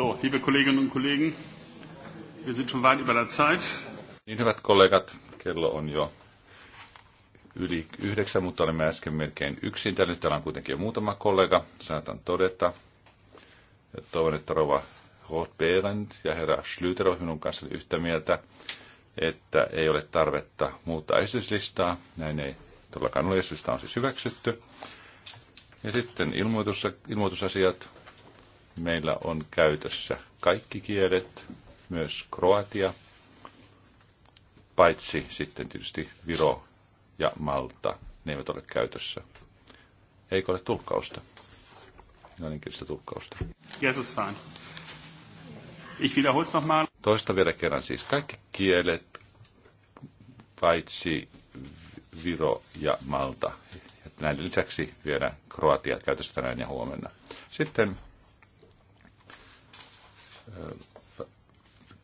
So, liebe Kolleginnen und Kollegen, wir sind schon weit über der Zeit. Niin, hyvät kollegat, kello on jo yli yhdeksän, mutta olemme äsken melkein yksin. Täällä nyt täällä on kuitenkin jo muutama kollega, saatan todeta. Ja toivon, että Rova Rothberend ja herra Schlüter ovat minun kanssa yhtä mieltä, että ei ole tarvetta muuttaa esityslistaa. Näin ei todellakaan ole. Esityslista on siis hyväksytty. Ja sitten ilmoitus, ilmoitusasiat meillä on käytössä kaikki kielet, myös kroatia, paitsi sitten tietysti Viro ja Malta, ne eivät ole käytössä. Eikö ole tulkkausta? Englanninkielistä tulkkausta. Yes, it's Ich wiederhol's nochmal. Toista vielä kerran siis. Kaikki kielet, paitsi Viro ja Malta. Näiden lisäksi vielä Kroatia käytössä tänään ja huomenna. Sitten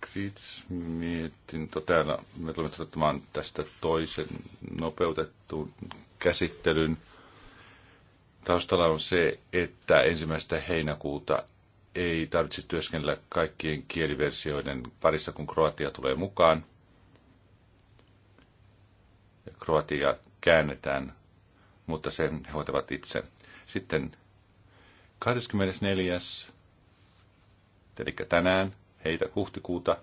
Kriits-mietintö täällä. Me tulemme ottamaan tästä toisen nopeutettuun käsittelyn. Taustalla on se, että ensimmäistä heinäkuuta ei tarvitse työskennellä kaikkien kieliversioiden parissa, kun Kroatia tulee mukaan. Kroatia käännetään, mutta sen he hoitavat itse. Sitten 24 eli tänään heitä huhtikuuta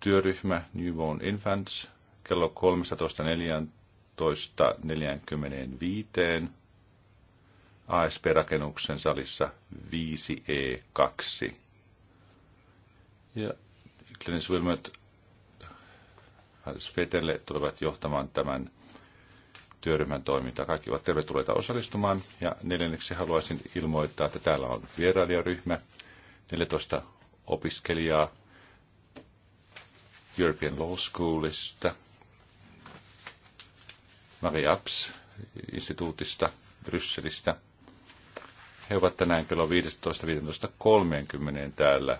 työryhmä Newborn Infants kello 13.14.45 ASP-rakennuksen salissa 5E2. Ja Glennis Wilmot Hans Fetelle tulevat johtamaan tämän työryhmän toimintaa. Kaikki ovat tervetulleita osallistumaan. Ja neljänneksi haluaisin ilmoittaa, että täällä on vierailijaryhmä – 14 opiskelijaa European Law Schoolista, Marie Apps instituutista Brysselistä. He ovat tänään kello 15.15.30 täällä.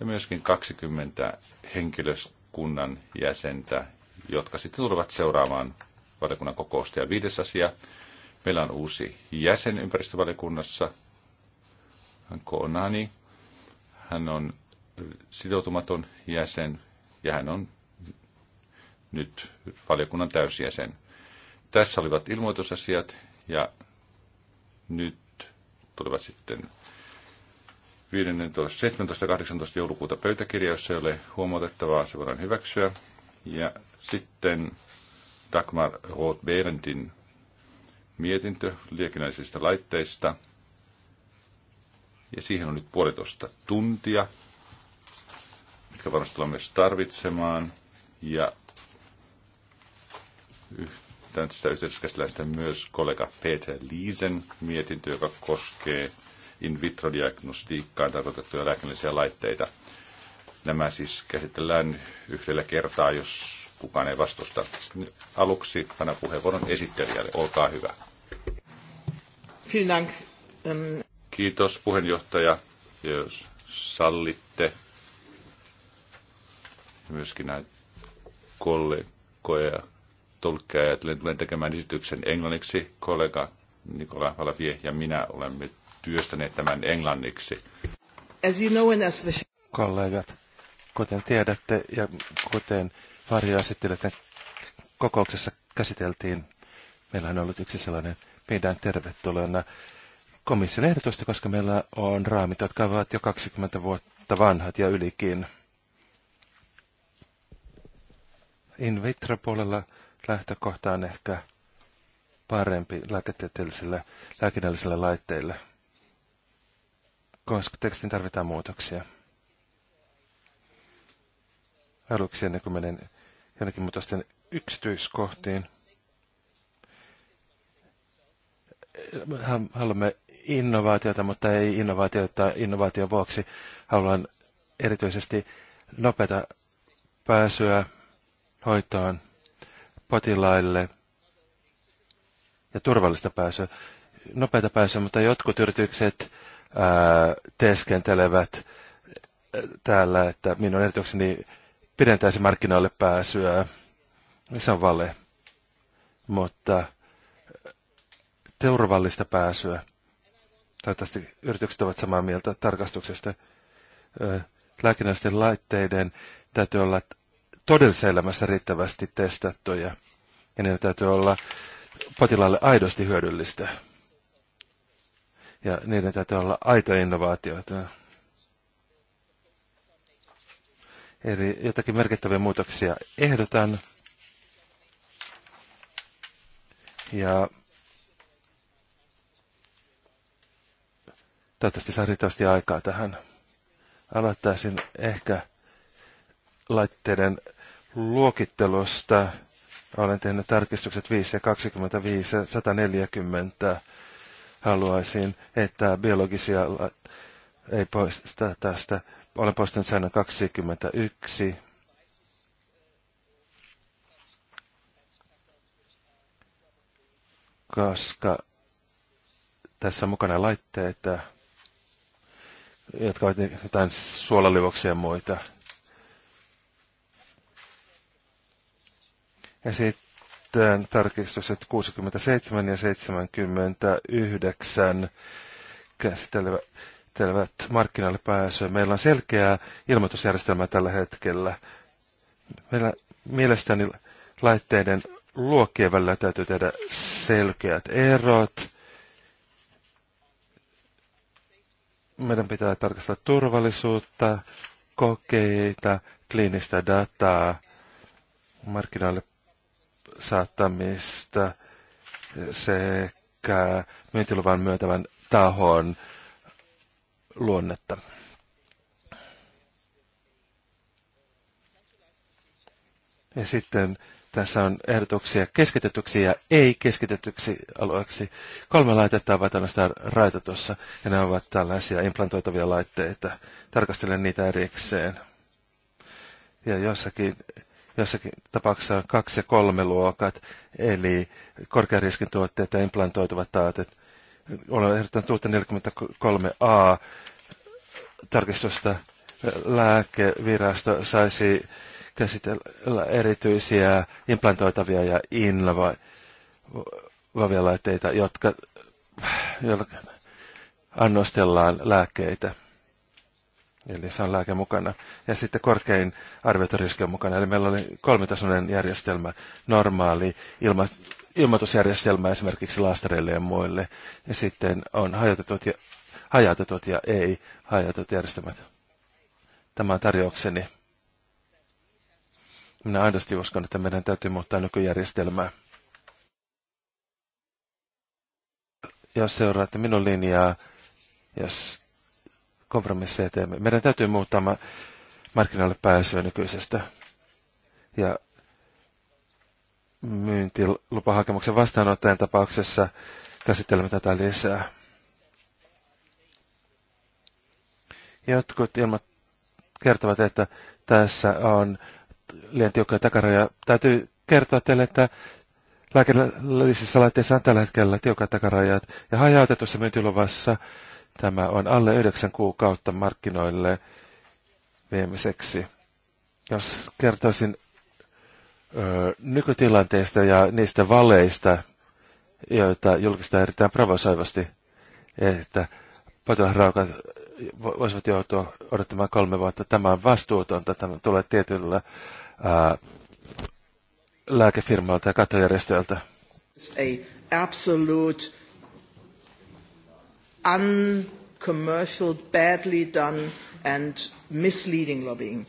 Ja myöskin 20 henkilöskunnan jäsentä, jotka sitten tulevat seuraamaan valiokunnan kokousta. Ja viides asia, meillä on uusi jäsen ympäristövaliokunnassa, hän Koonani. Hän on sitoutumaton jäsen ja hän on nyt valiokunnan täysjäsen. Tässä olivat ilmoitusasiat ja nyt tulevat sitten 15, 17, 18 joulukuuta pöytäkirja, jos ei ole huomautettavaa, se voidaan hyväksyä. Ja sitten Dagmar roth behrendin mietintö liekinnällisistä laitteista – ja siihen on nyt puolitoista tuntia, mitkä varmasti tullaan myös tarvitsemaan. Ja tässä yhteydessä käsitellään myös kollega Peter Liisen mietintö, joka koskee in vitro-diagnostiikkaan tarkoitettuja lääkinnällisiä laitteita. Nämä siis käsitellään yhdellä kertaa, jos kukaan ei vastusta. Aluksi tänä puheenvuoron esittelijälle. Olkaa hyvä. Vielen ähm, Kiitos puheenjohtaja, ja jos sallitte myöskin näitä kollegoja ja tulkkeja, että tulen tekemään esityksen englanniksi. Kollega Nikola Valavie ja minä olemme työstäneet tämän englanniksi. As you know, as the... Kollegat, kuten tiedätte ja kuten varjoesittelijöiden kokouksessa käsiteltiin, meillä on ollut yksi sellainen, meidän tervetulleena komission ehdotusta, koska meillä on raamit, jotka ovat jo 20 vuotta vanhat ja ylikin. In vitro-puolella lähtökohta on ehkä parempi lääketieteellisillä lääkinnällisillä laitteilla, koska tekstin tarvitaan muutoksia. Aluksi ennen kuin menen jonnekin muutosten yksityiskohtiin, haluamme innovaatiota, mutta ei innovaatiota innovaation vuoksi. Haluan erityisesti nopeata pääsyä hoitoon potilaille ja turvallista pääsyä. Nopeata pääsyä, mutta jotkut yritykset ää, teeskentelevät täällä, että minun yritykseni pidentäisi markkinoille pääsyä. Se on vale. Mutta turvallista pääsyä Toivottavasti yritykset ovat samaa mieltä tarkastuksesta. Lääkinnällisten laitteiden täytyy olla todellisessa elämässä riittävästi testattuja ja niiden täytyy olla potilaalle aidosti hyödyllistä. Ja niiden täytyy olla aitoja innovaatioita. Eli jotakin merkittäviä muutoksia ehdotan. Ja Toivottavasti saa riittävästi aikaa tähän. Aloittaisin ehkä laitteiden luokittelusta. Olen tehnyt tarkistukset 5 ja 25 ja 140. Haluaisin, että biologisia ei poista tästä. Olen poistanut säännön 21. koska tässä on mukana laitteita, jotka ovat jotain suolaliuoksia ja muita. Ja sitten että 67 ja 79 käsittelevät markkinoille pääsyä. Meillä on selkeää ilmoitusjärjestelmää tällä hetkellä. Meillä mielestäni laitteiden luokkien välillä täytyy tehdä selkeät erot. meidän pitää tarkastella turvallisuutta, kokeita, kliinistä dataa, markkinoille saattamista sekä myyntiluvan myötävän tahon luonnetta. Ja sitten tässä on ehdotuksia keskitetyksi ja ei-keskitetyksi alueeksi. Kolme laitetta ovat raita tuossa, ja ne ovat tällaisia implantoitavia laitteita. Tarkastelen niitä erikseen. Ja jossakin, jossakin tapauksessa on kaksi ja kolme luokat, eli korkean riskin tuotteet ja implantoituvat taatet. Olen ehdottanut 43a tarkistusta lääkevirasto saisi käsitellä erityisiä implantoitavia ja innovoivia laitteita, jotka, annostellaan lääkkeitä. Eli se on lääke mukana. Ja sitten korkein arvioitu riski on mukana. Eli meillä oli kolmitasoinen järjestelmä, normaali ilma, ilmoitusjärjestelmä esimerkiksi laastareille ja muille. Ja sitten on hajotetut ja, hajautetut ja ei hajautetut järjestelmät. Tämä on tarjoukseni. Minä aidosti uskon, että meidän täytyy muuttaa nykyjärjestelmää. Jos seuraatte minun linjaa, jos kompromisseja teemme, meidän täytyy muuttaa markkinoille pääsyä nykyisestä. Ja myyntilupahakemuksen vastaanottajan tapauksessa käsittelemme tätä lisää. Jotkut ilmat kertovat, että tässä on liian tiukkoja Täytyy kertoa teille, että lääkeläällisissä laitteissa on tällä hetkellä tiukat takarajat ja hajautetussa myyntiluvassa tämä on alle 9 kuukautta markkinoille viemiseksi. Jos kertoisin ö, nykytilanteesta ja niistä valeista, joita julkistaa erittäin provosoivasti, että potilasraukat voisivat joutua odottamaan kolme vuotta. Tämä on vastuutonta. Tämä tulee tietyllä ää, lääkefirmalta ja kattojärjestöltä. absolute uncommercial, badly done and misleading lobbying.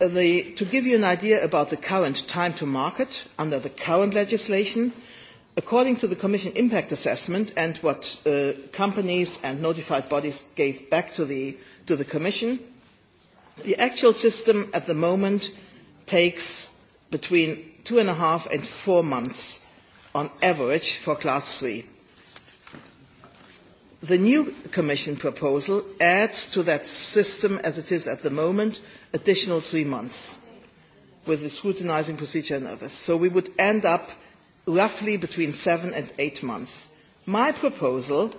Uh, the, to give you an idea about the current time to market under the current legislation – According to the Commission impact assessment and what uh, companies and notified bodies gave back to the, to the Commission, the actual system at the moment takes between two and a half and four months on average for class three. The new Commission proposal adds to that system as it is at the moment additional three months with the scrutinising procedure and others. So we would end up roughly between seven and eight months. My proposal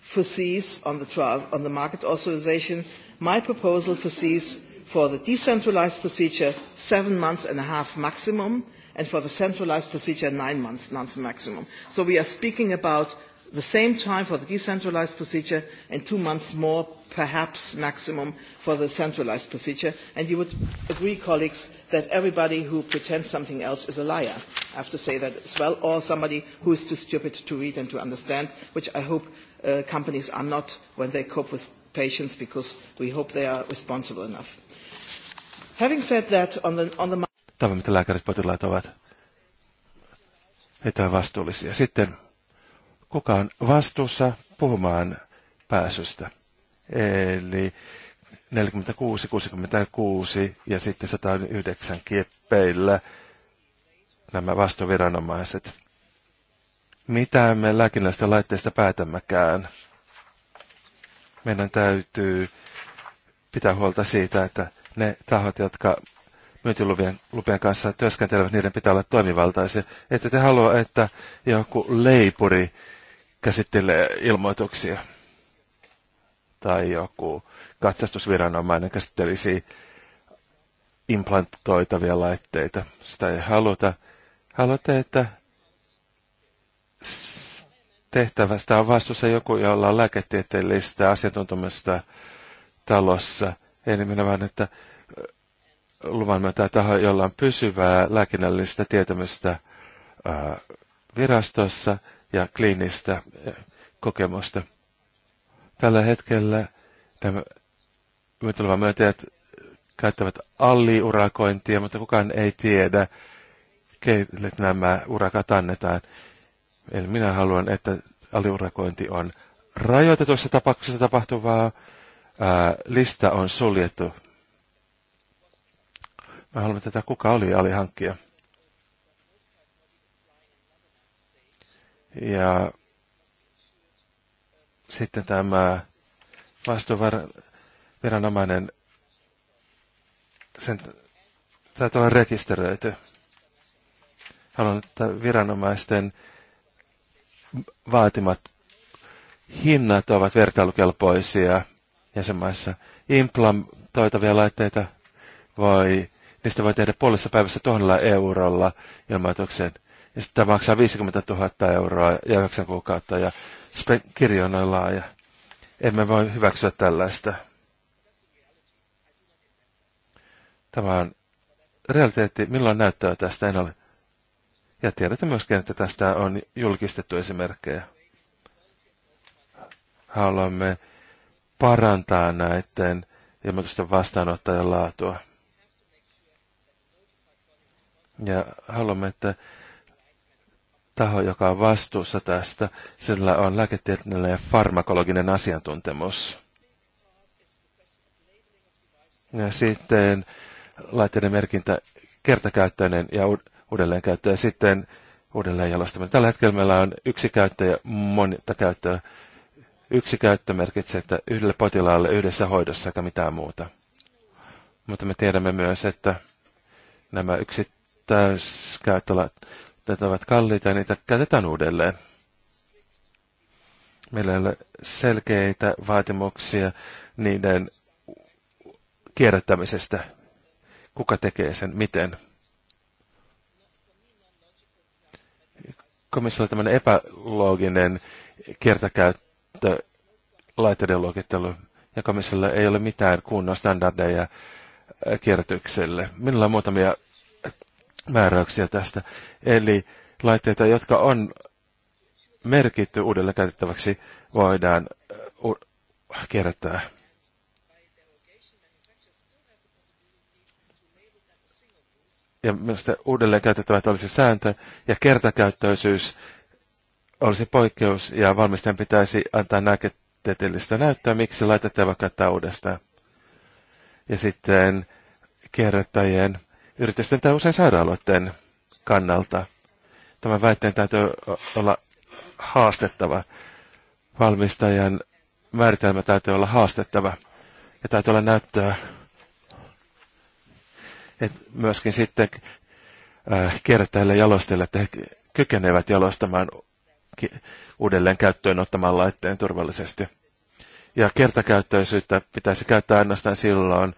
foresees on the, trial, on the market authorization, my proposal foresees for the decentralized procedure seven months and a half maximum, and for the centralized procedure nine months, months maximum. So we are speaking about the same time for the decentralized procedure and two months more, perhaps maximum, for the centralized procedure. And you would agree, colleagues, that everybody who pretends something else is a liar. I have to say that as well, or somebody who is too stupid to read and to understand, which I hope uh, companies are not when they cope with patients, because we hope they are responsible enough. Having said that, on the, on the... Tämä, mitä lääkärit potilaat ovat, he vastuullisia. Sitten kuka on vastuussa puhumaan pääsystä. Eli 46, 66 ja sitten 109 kieppeillä nämä vastuviranomaiset. Mitä me lääkinnällisistä laitteista päätämmekään? Meidän täytyy pitää huolta siitä, että ne tahot, jotka myyntiluvien lupien kanssa työskentelevät, niiden pitää olla toimivaltaisia. että te haluaa että joku leipuri käsittelee ilmoituksia. Tai joku katsastusviranomainen käsittelisi implantoitavia laitteita. Sitä ei haluta. Haluatte, että tehtävästä on vastuussa joku, jolla on lääketieteellistä asiantuntemusta talossa. Eli minä vaan, että luvan myötä taho, jolla on pysyvää lääkinnällistä tietämystä virastossa, ja kliinistä eh, kokemusta. Tällä hetkellä nämä myötäilyvamyöntäjät käyttävät alliurakointia, mutta kukaan ei tiedä, keille nämä urakat annetaan. Eli minä haluan, että aliurakointi on rajoitetussa tapauksessa tapahtuvaa, ää, lista on suljettu. Mä haluan tätä, kuka oli alihankkija. Ja sitten tämä vastuuviranomainen, sen täytyy olla rekisteröity. Haluan, että viranomaisten vaatimat hinnat ovat vertailukelpoisia jäsenmaissa. Implantoitavia laitteita voi, niistä voi tehdä puolessa päivässä tuhannella eurolla ilmoituksen ja tämä maksaa 50 000 euroa ja 9 kuukautta ja kirjo on laaja. Emme voi hyväksyä tällaista. Tämä on realiteetti, milloin näyttää tästä en ole. Ja tiedätte myöskin, että tästä on julkistettu esimerkkejä. Haluamme parantaa näiden ilmoitusten vastaanottajan laatua. Ja haluamme, että taho, joka on vastuussa tästä. Sillä on lääketieteellinen ja farmakologinen asiantuntemus. Ja sitten laitteiden merkintä kertakäyttöinen ja uudelleenkäyttö ja sitten uudelleenjalostaminen. Tällä hetkellä meillä on yksi ja monta käyttöä. Yksi käyttö merkitsee, että yhdelle potilaalle yhdessä hoidossa eikä mitään muuta. Mutta me tiedämme myös, että nämä yksittäiskäyttölaitteet Tätä ovat kalliita ja niitä käytetään uudelleen. Meillä ei ole selkeitä vaatimuksia niiden kierrättämisestä. Kuka tekee sen, miten? Komissiolla tämmöinen epälooginen kiertäkäyttö laitteiden luokittelu, ja komissiolla ei ole mitään kunnon standardeja kierrätykselle. Minulla on muutamia määräyksiä tästä. Eli laitteita, jotka on merkitty uudelle käytettäväksi, voidaan uh, kierrättää. Ja myös uudelleen käytettävät olisi sääntö ja kertakäyttöisyys olisi poikkeus ja valmistajan pitäisi antaa lääketieteellistä näyttöä, miksi laitetta ei voi käyttää uudestaan. Ja sitten kierrättäjien yritysten tai usein sairaaloiden kannalta. Tämän väitteen täytyy olla haastettava. Valmistajan määritelmä täytyy olla haastettava ja täytyy olla näyttöä. että myöskin sitten äh, kierrättäjille jalostajille, että he kykenevät jalostamaan uudelleen käyttöön ottamaan laitteen turvallisesti. Ja kertakäyttöisyyttä pitäisi käyttää ainoastaan silloin,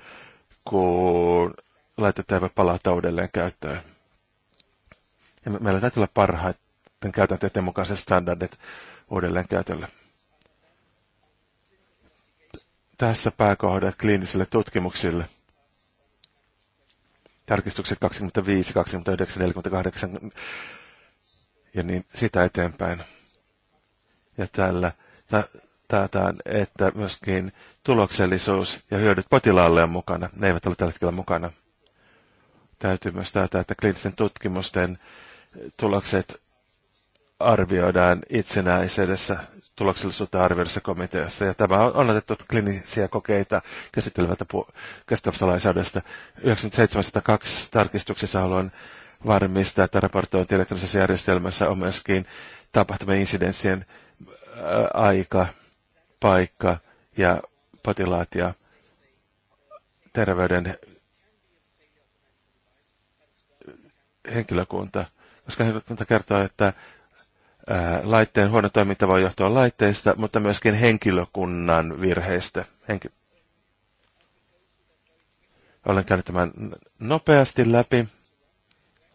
kun laitetaan ja palata uudelleen käyttöön. Ja meillä täytyy olla parhaiten käytäntöjen mukaiset standardit uudelleen käytölle. Tässä pääkohdat kliinisille tutkimuksille. Tarkistukset 25, 29, 48 ja niin sitä eteenpäin. Ja tällä taataan, että myöskin tuloksellisuus ja hyödyt potilaalle on mukana. Ne eivät ole tällä hetkellä mukana. Täytyy myös taata, että kliinisten tutkimusten tulokset arvioidaan itsenäisessä tuloksellisuutta arvioidessa komiteassa. Ja tämä on otettu klinisiä kokeita käsittelevältä pu- käsittelevästä lainsäädännöstä. 9702 tarkistuksessa haluan varmistaa, että raportointi elektronisessa järjestelmässä on myöskin tapahtumien insidenssien aika, paikka ja potilaat ja terveyden henkilökunta, koska henkilökunta kertoo, että ää, laitteen huono toiminta voi johtua laitteista, mutta myöskin henkilökunnan virheistä. Henki- olen käynyt tämän nopeasti läpi.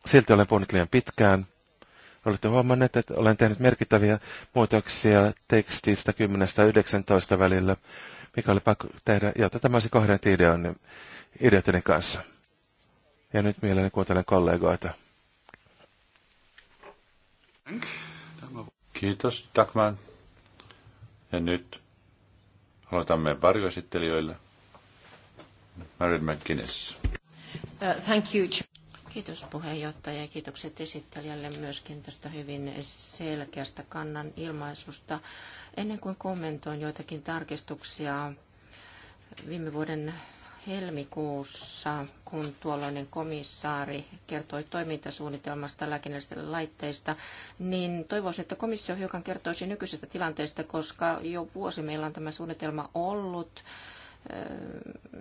Silti olen puhunut liian pitkään. Olette huomanneet, että olen tehnyt merkittäviä muutoksia tekstistä 10-19 välillä, mikä oli pakko tehdä, jotta tämä olisi kohdentti ideoiden kanssa. Ja nyt mielelläni kuuntelen kollegoita. Kiitos Dagman. Ja nyt aloitamme varjoesittelijöille. Mary McGuinness. Uh, thank you. Kiitos puheenjohtaja ja kiitokset esittelijälle myöskin tästä hyvin selkeästä kannan ilmaisusta. Ennen kuin kommentoin joitakin tarkistuksia viime vuoden helmikuussa, kun tuolloinen komissaari kertoi toimintasuunnitelmasta lääkinnällisistä laitteista, niin toivoisin, että komissio hiukan kertoisi nykyisestä tilanteesta, koska jo vuosi meillä on tämä suunnitelma ollut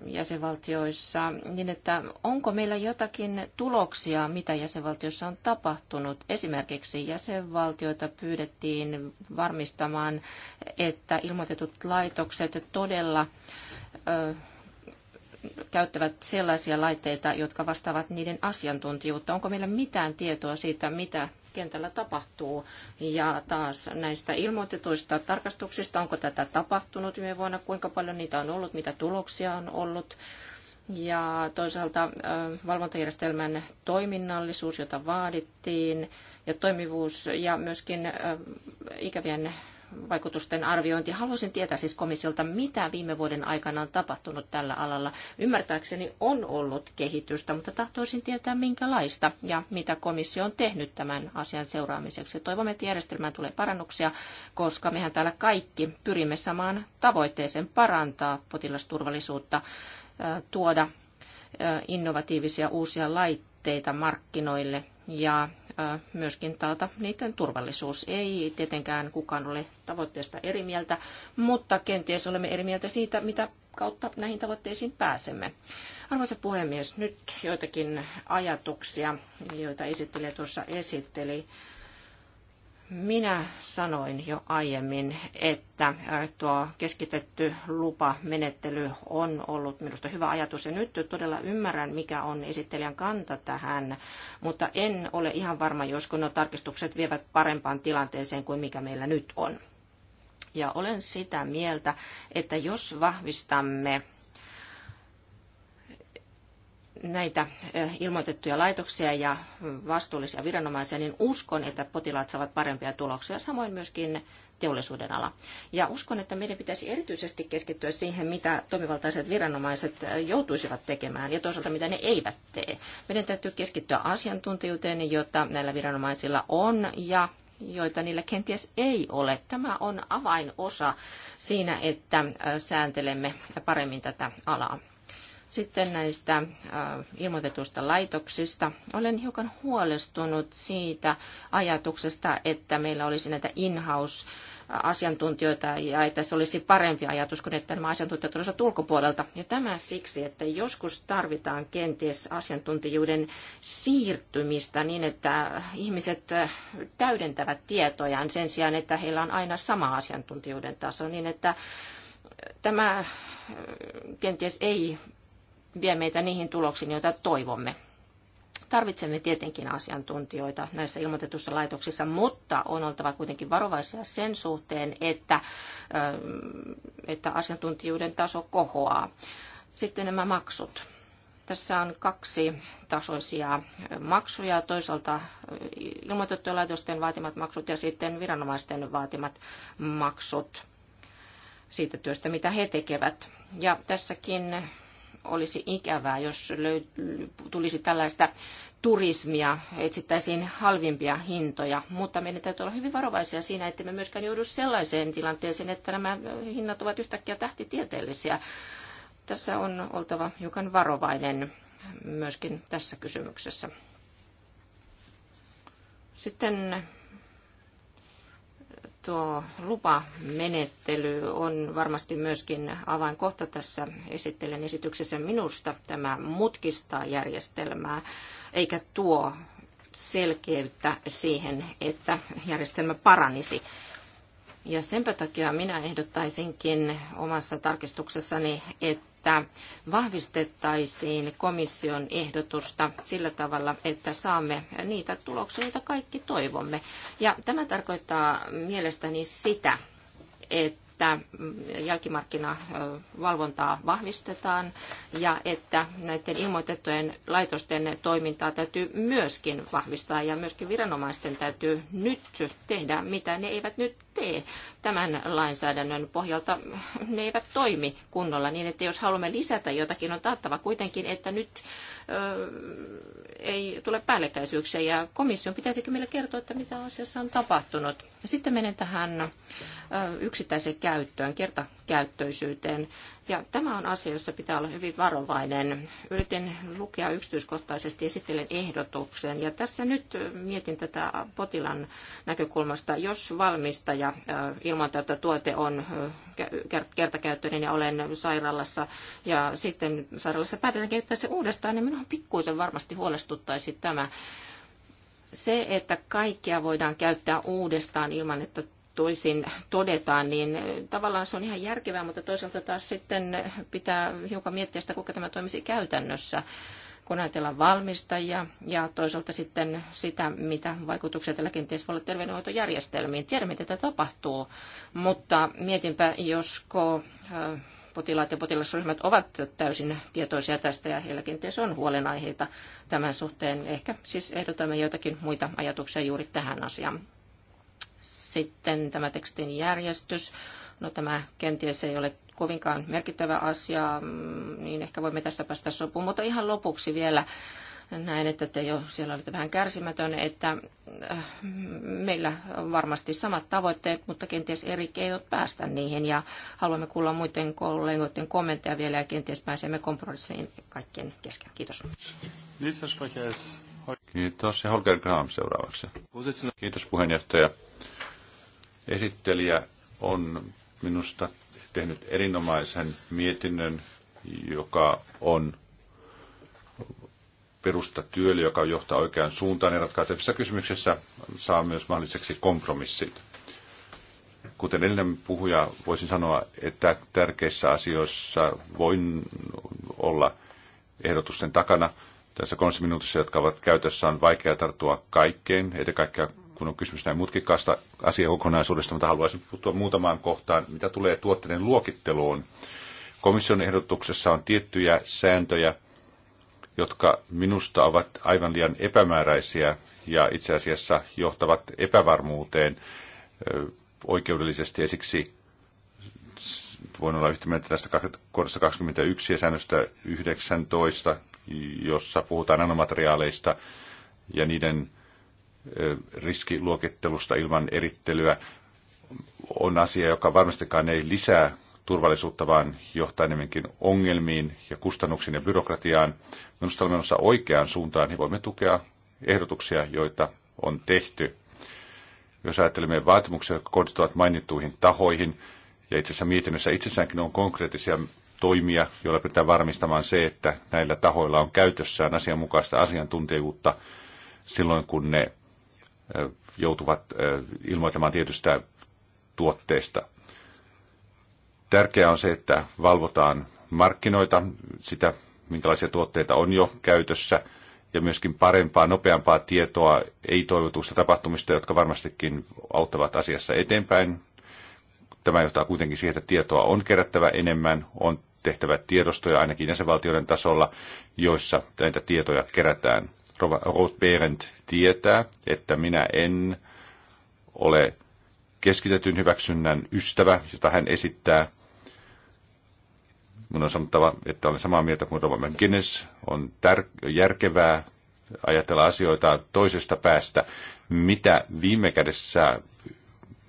jäsenvaltioissa, niin että onko meillä jotakin tuloksia, mitä jäsenvaltioissa on tapahtunut? Esimerkiksi jäsenvaltioita pyydettiin varmistamaan, että ilmoitetut laitokset todella käyttävät sellaisia laitteita, jotka vastaavat niiden asiantuntijuutta. Onko meillä mitään tietoa siitä, mitä kentällä tapahtuu? Ja taas näistä ilmoitetuista tarkastuksista, onko tätä tapahtunut viime vuonna, kuinka paljon niitä on ollut, mitä tuloksia on ollut? Ja toisaalta valvontajärjestelmän toiminnallisuus, jota vaadittiin, ja toimivuus ja myöskin ikävien vaikutusten arviointi. Haluaisin tietää siis komissiolta, mitä viime vuoden aikana on tapahtunut tällä alalla. Ymmärtääkseni on ollut kehitystä, mutta tahtoisin tietää minkälaista ja mitä komissio on tehnyt tämän asian seuraamiseksi. Toivomme, että järjestelmään tulee parannuksia, koska mehän täällä kaikki pyrimme samaan tavoitteeseen parantaa potilasturvallisuutta, tuoda innovatiivisia uusia laitteita markkinoille ja myöskin taata niiden turvallisuus. Ei tietenkään kukaan ole tavoitteesta eri mieltä, mutta kenties olemme eri mieltä siitä, mitä kautta näihin tavoitteisiin pääsemme. Arvoisa puhemies, nyt joitakin ajatuksia, joita esittelijä tuossa esitteli. Minä sanoin jo aiemmin, että tuo keskitetty lupamenettely on ollut minusta hyvä ajatus ja nyt todella ymmärrän, mikä on esittelijän kanta tähän, mutta en ole ihan varma, josko nuo tarkistukset vievät parempaan tilanteeseen kuin mikä meillä nyt on. Ja olen sitä mieltä, että jos vahvistamme näitä ilmoitettuja laitoksia ja vastuullisia viranomaisia, niin uskon, että potilaat saavat parempia tuloksia, samoin myöskin teollisuuden ala. Ja uskon, että meidän pitäisi erityisesti keskittyä siihen, mitä toimivaltaiset viranomaiset joutuisivat tekemään ja toisaalta mitä ne eivät tee. Meidän täytyy keskittyä asiantuntijuuteen, jota näillä viranomaisilla on ja joita niillä kenties ei ole. Tämä on avainosa siinä, että sääntelemme paremmin tätä alaa. Sitten näistä äh, ilmoitetuista laitoksista. Olen hiukan huolestunut siitä ajatuksesta, että meillä olisi näitä in-house äh, asiantuntijoita ja että se olisi parempi ajatus kuin että nämä asiantuntijat olisivat ulkopuolelta. Ja tämä siksi, että joskus tarvitaan kenties asiantuntijuuden siirtymistä niin, että ihmiset äh, täydentävät tietojaan sen sijaan, että heillä on aina sama asiantuntijuuden taso, niin että tämä kenties ei vie meitä niihin tuloksiin, joita toivomme. Tarvitsemme tietenkin asiantuntijoita näissä ilmoitetuissa laitoksissa, mutta on oltava kuitenkin varovaisia sen suhteen, että, että asiantuntijuuden taso kohoaa. Sitten nämä maksut. Tässä on kaksi tasoisia maksuja, toisaalta ilmoitettujen laitosten vaatimat maksut ja sitten viranomaisten vaatimat maksut siitä työstä, mitä he tekevät. Ja tässäkin olisi ikävää, jos tulisi tällaista turismia, etsittäisiin halvimpia hintoja, mutta meidän täytyy olla hyvin varovaisia siinä, että me myöskään joudu sellaiseen tilanteeseen, että nämä hinnat ovat yhtäkkiä tähtitieteellisiä. Tässä on oltava hiukan varovainen myöskin tässä kysymyksessä. Sitten tuo lupamenettely on varmasti myöskin avainkohta tässä esittelen esityksessä. Minusta tämä mutkistaa järjestelmää eikä tuo selkeyttä siihen, että järjestelmä paranisi. Ja senpä takia minä ehdottaisinkin omassa tarkistuksessani, että että vahvistettaisiin komission ehdotusta sillä tavalla, että saamme niitä tuloksia, joita kaikki toivomme. Ja tämä tarkoittaa mielestäni sitä, että että jälkimarkkinavalvontaa vahvistetaan ja että näiden ilmoitettujen laitosten toimintaa täytyy myöskin vahvistaa ja myöskin viranomaisten täytyy nyt tehdä, mitä ne eivät nyt tee tämän lainsäädännön pohjalta. Ne eivät toimi kunnolla niin, että jos haluamme lisätä jotakin, on taattava kuitenkin, että nyt ei tule päällekkäisyyksiä ja komission pitäisikö meille kertoa, että mitä asiassa on tapahtunut. Ja sitten menen tähän yksittäiseen käyttöön, kertakäyttöisyyteen. Ja tämä on asia, jossa pitää olla hyvin varovainen. Yritin lukea yksityiskohtaisesti esittelen ehdotuksen. Ja tässä nyt mietin tätä potilan näkökulmasta. Jos valmistaja ilmoittaa, että tuote on kertakäyttöinen ja olen sairaalassa ja sitten sairaalassa päätetään käyttää se uudestaan, niin minun on pikkuisen varmasti huolestunut muistuttaisi tämä. Se, että kaikkea voidaan käyttää uudestaan ilman, että toisin todetaan, niin tavallaan se on ihan järkevää, mutta toisaalta taas sitten pitää hiukan miettiä sitä, kuinka tämä toimisi käytännössä kun ajatellaan valmistajia ja toisaalta sitten sitä, mitä vaikutuksia tällä kenties voi olla terveydenhoitojärjestelmiin. Tiedämme, että tätä tapahtuu, mutta mietinpä, josko äh, potilaat ja potilasryhmät ovat täysin tietoisia tästä ja heillä kenties on huolenaiheita tämän suhteen. Ehkä siis ehdotamme joitakin muita ajatuksia juuri tähän asiaan. Sitten tämä tekstin järjestys. No tämä kenties ei ole kovinkaan merkittävä asia, mm, niin ehkä voimme tässä päästä sopuun. Mutta ihan lopuksi vielä näin, että te jo siellä olitte vähän kärsimätön, että äh, meillä on varmasti samat tavoitteet, mutta kenties eri keinot päästä niihin ja haluamme kuulla muiden kollegoiden kommentteja vielä ja kenties pääsemme kompromissiin kaikkien kesken. Kiitos. Kiitos. Ja Holger Graham seuraavaksi. Kiitos puheenjohtaja. Esittelijä on minusta tehnyt erinomaisen mietinnön, joka on perusta työlle, joka johtaa oikeaan suuntaan ja ratkaisevissa kysymyksissä saa myös mahdolliseksi kompromissit. Kuten edellinen puhuja, voisin sanoa, että tärkeissä asioissa voin olla ehdotusten takana. Tässä kolmessa minuutissa, jotka ovat käytössä, on vaikea tarttua kaikkeen, eikä kaikkea kun on kysymys näin mutkikkaasta asiakokonaisuudesta, mutta haluaisin puuttua muutamaan kohtaan, mitä tulee tuotteiden luokitteluun. Komission ehdotuksessa on tiettyjä sääntöjä, jotka minusta ovat aivan liian epämääräisiä ja itse asiassa johtavat epävarmuuteen oikeudellisesti. Esiksi voin olla yhtä mieltä tästä kohdasta 21 ja säännöstä 19, jossa puhutaan nanomateriaaleista ja niiden riskiluokittelusta ilman erittelyä on asia, joka varmastikaan ei lisää turvallisuutta, vaan johtaa enemmänkin ongelmiin ja kustannuksiin ja byrokratiaan. Minusta olemme menossa oikeaan suuntaan, niin voimme tukea ehdotuksia, joita on tehty. Jos ajattelemme vaatimuksia, jotka kohdistuvat mainittuihin tahoihin, ja itse asiassa mietinnössä itsessäänkin on konkreettisia toimia, joilla pitää varmistamaan se, että näillä tahoilla on käytössään asianmukaista asiantuntijuutta silloin, kun ne joutuvat ilmoittamaan tietystä tuotteesta. Tärkeää on se, että valvotaan markkinoita, sitä minkälaisia tuotteita on jo käytössä, ja myöskin parempaa, nopeampaa tietoa ei-toivotuista tapahtumista, jotka varmastikin auttavat asiassa eteenpäin. Tämä johtaa kuitenkin siihen, että tietoa on kerättävä enemmän, on tehtävä tiedostoja ainakin jäsenvaltioiden tasolla, joissa näitä tietoja kerätään. Roth Behrendt tietää, että minä en ole keskitetyn hyväksynnän ystävä, jota hän esittää, Minun on sanottava, että olen samaa mieltä kuin Rova McGuinness. On tär- järkevää ajatella asioita toisesta päästä. Mitä viime kädessä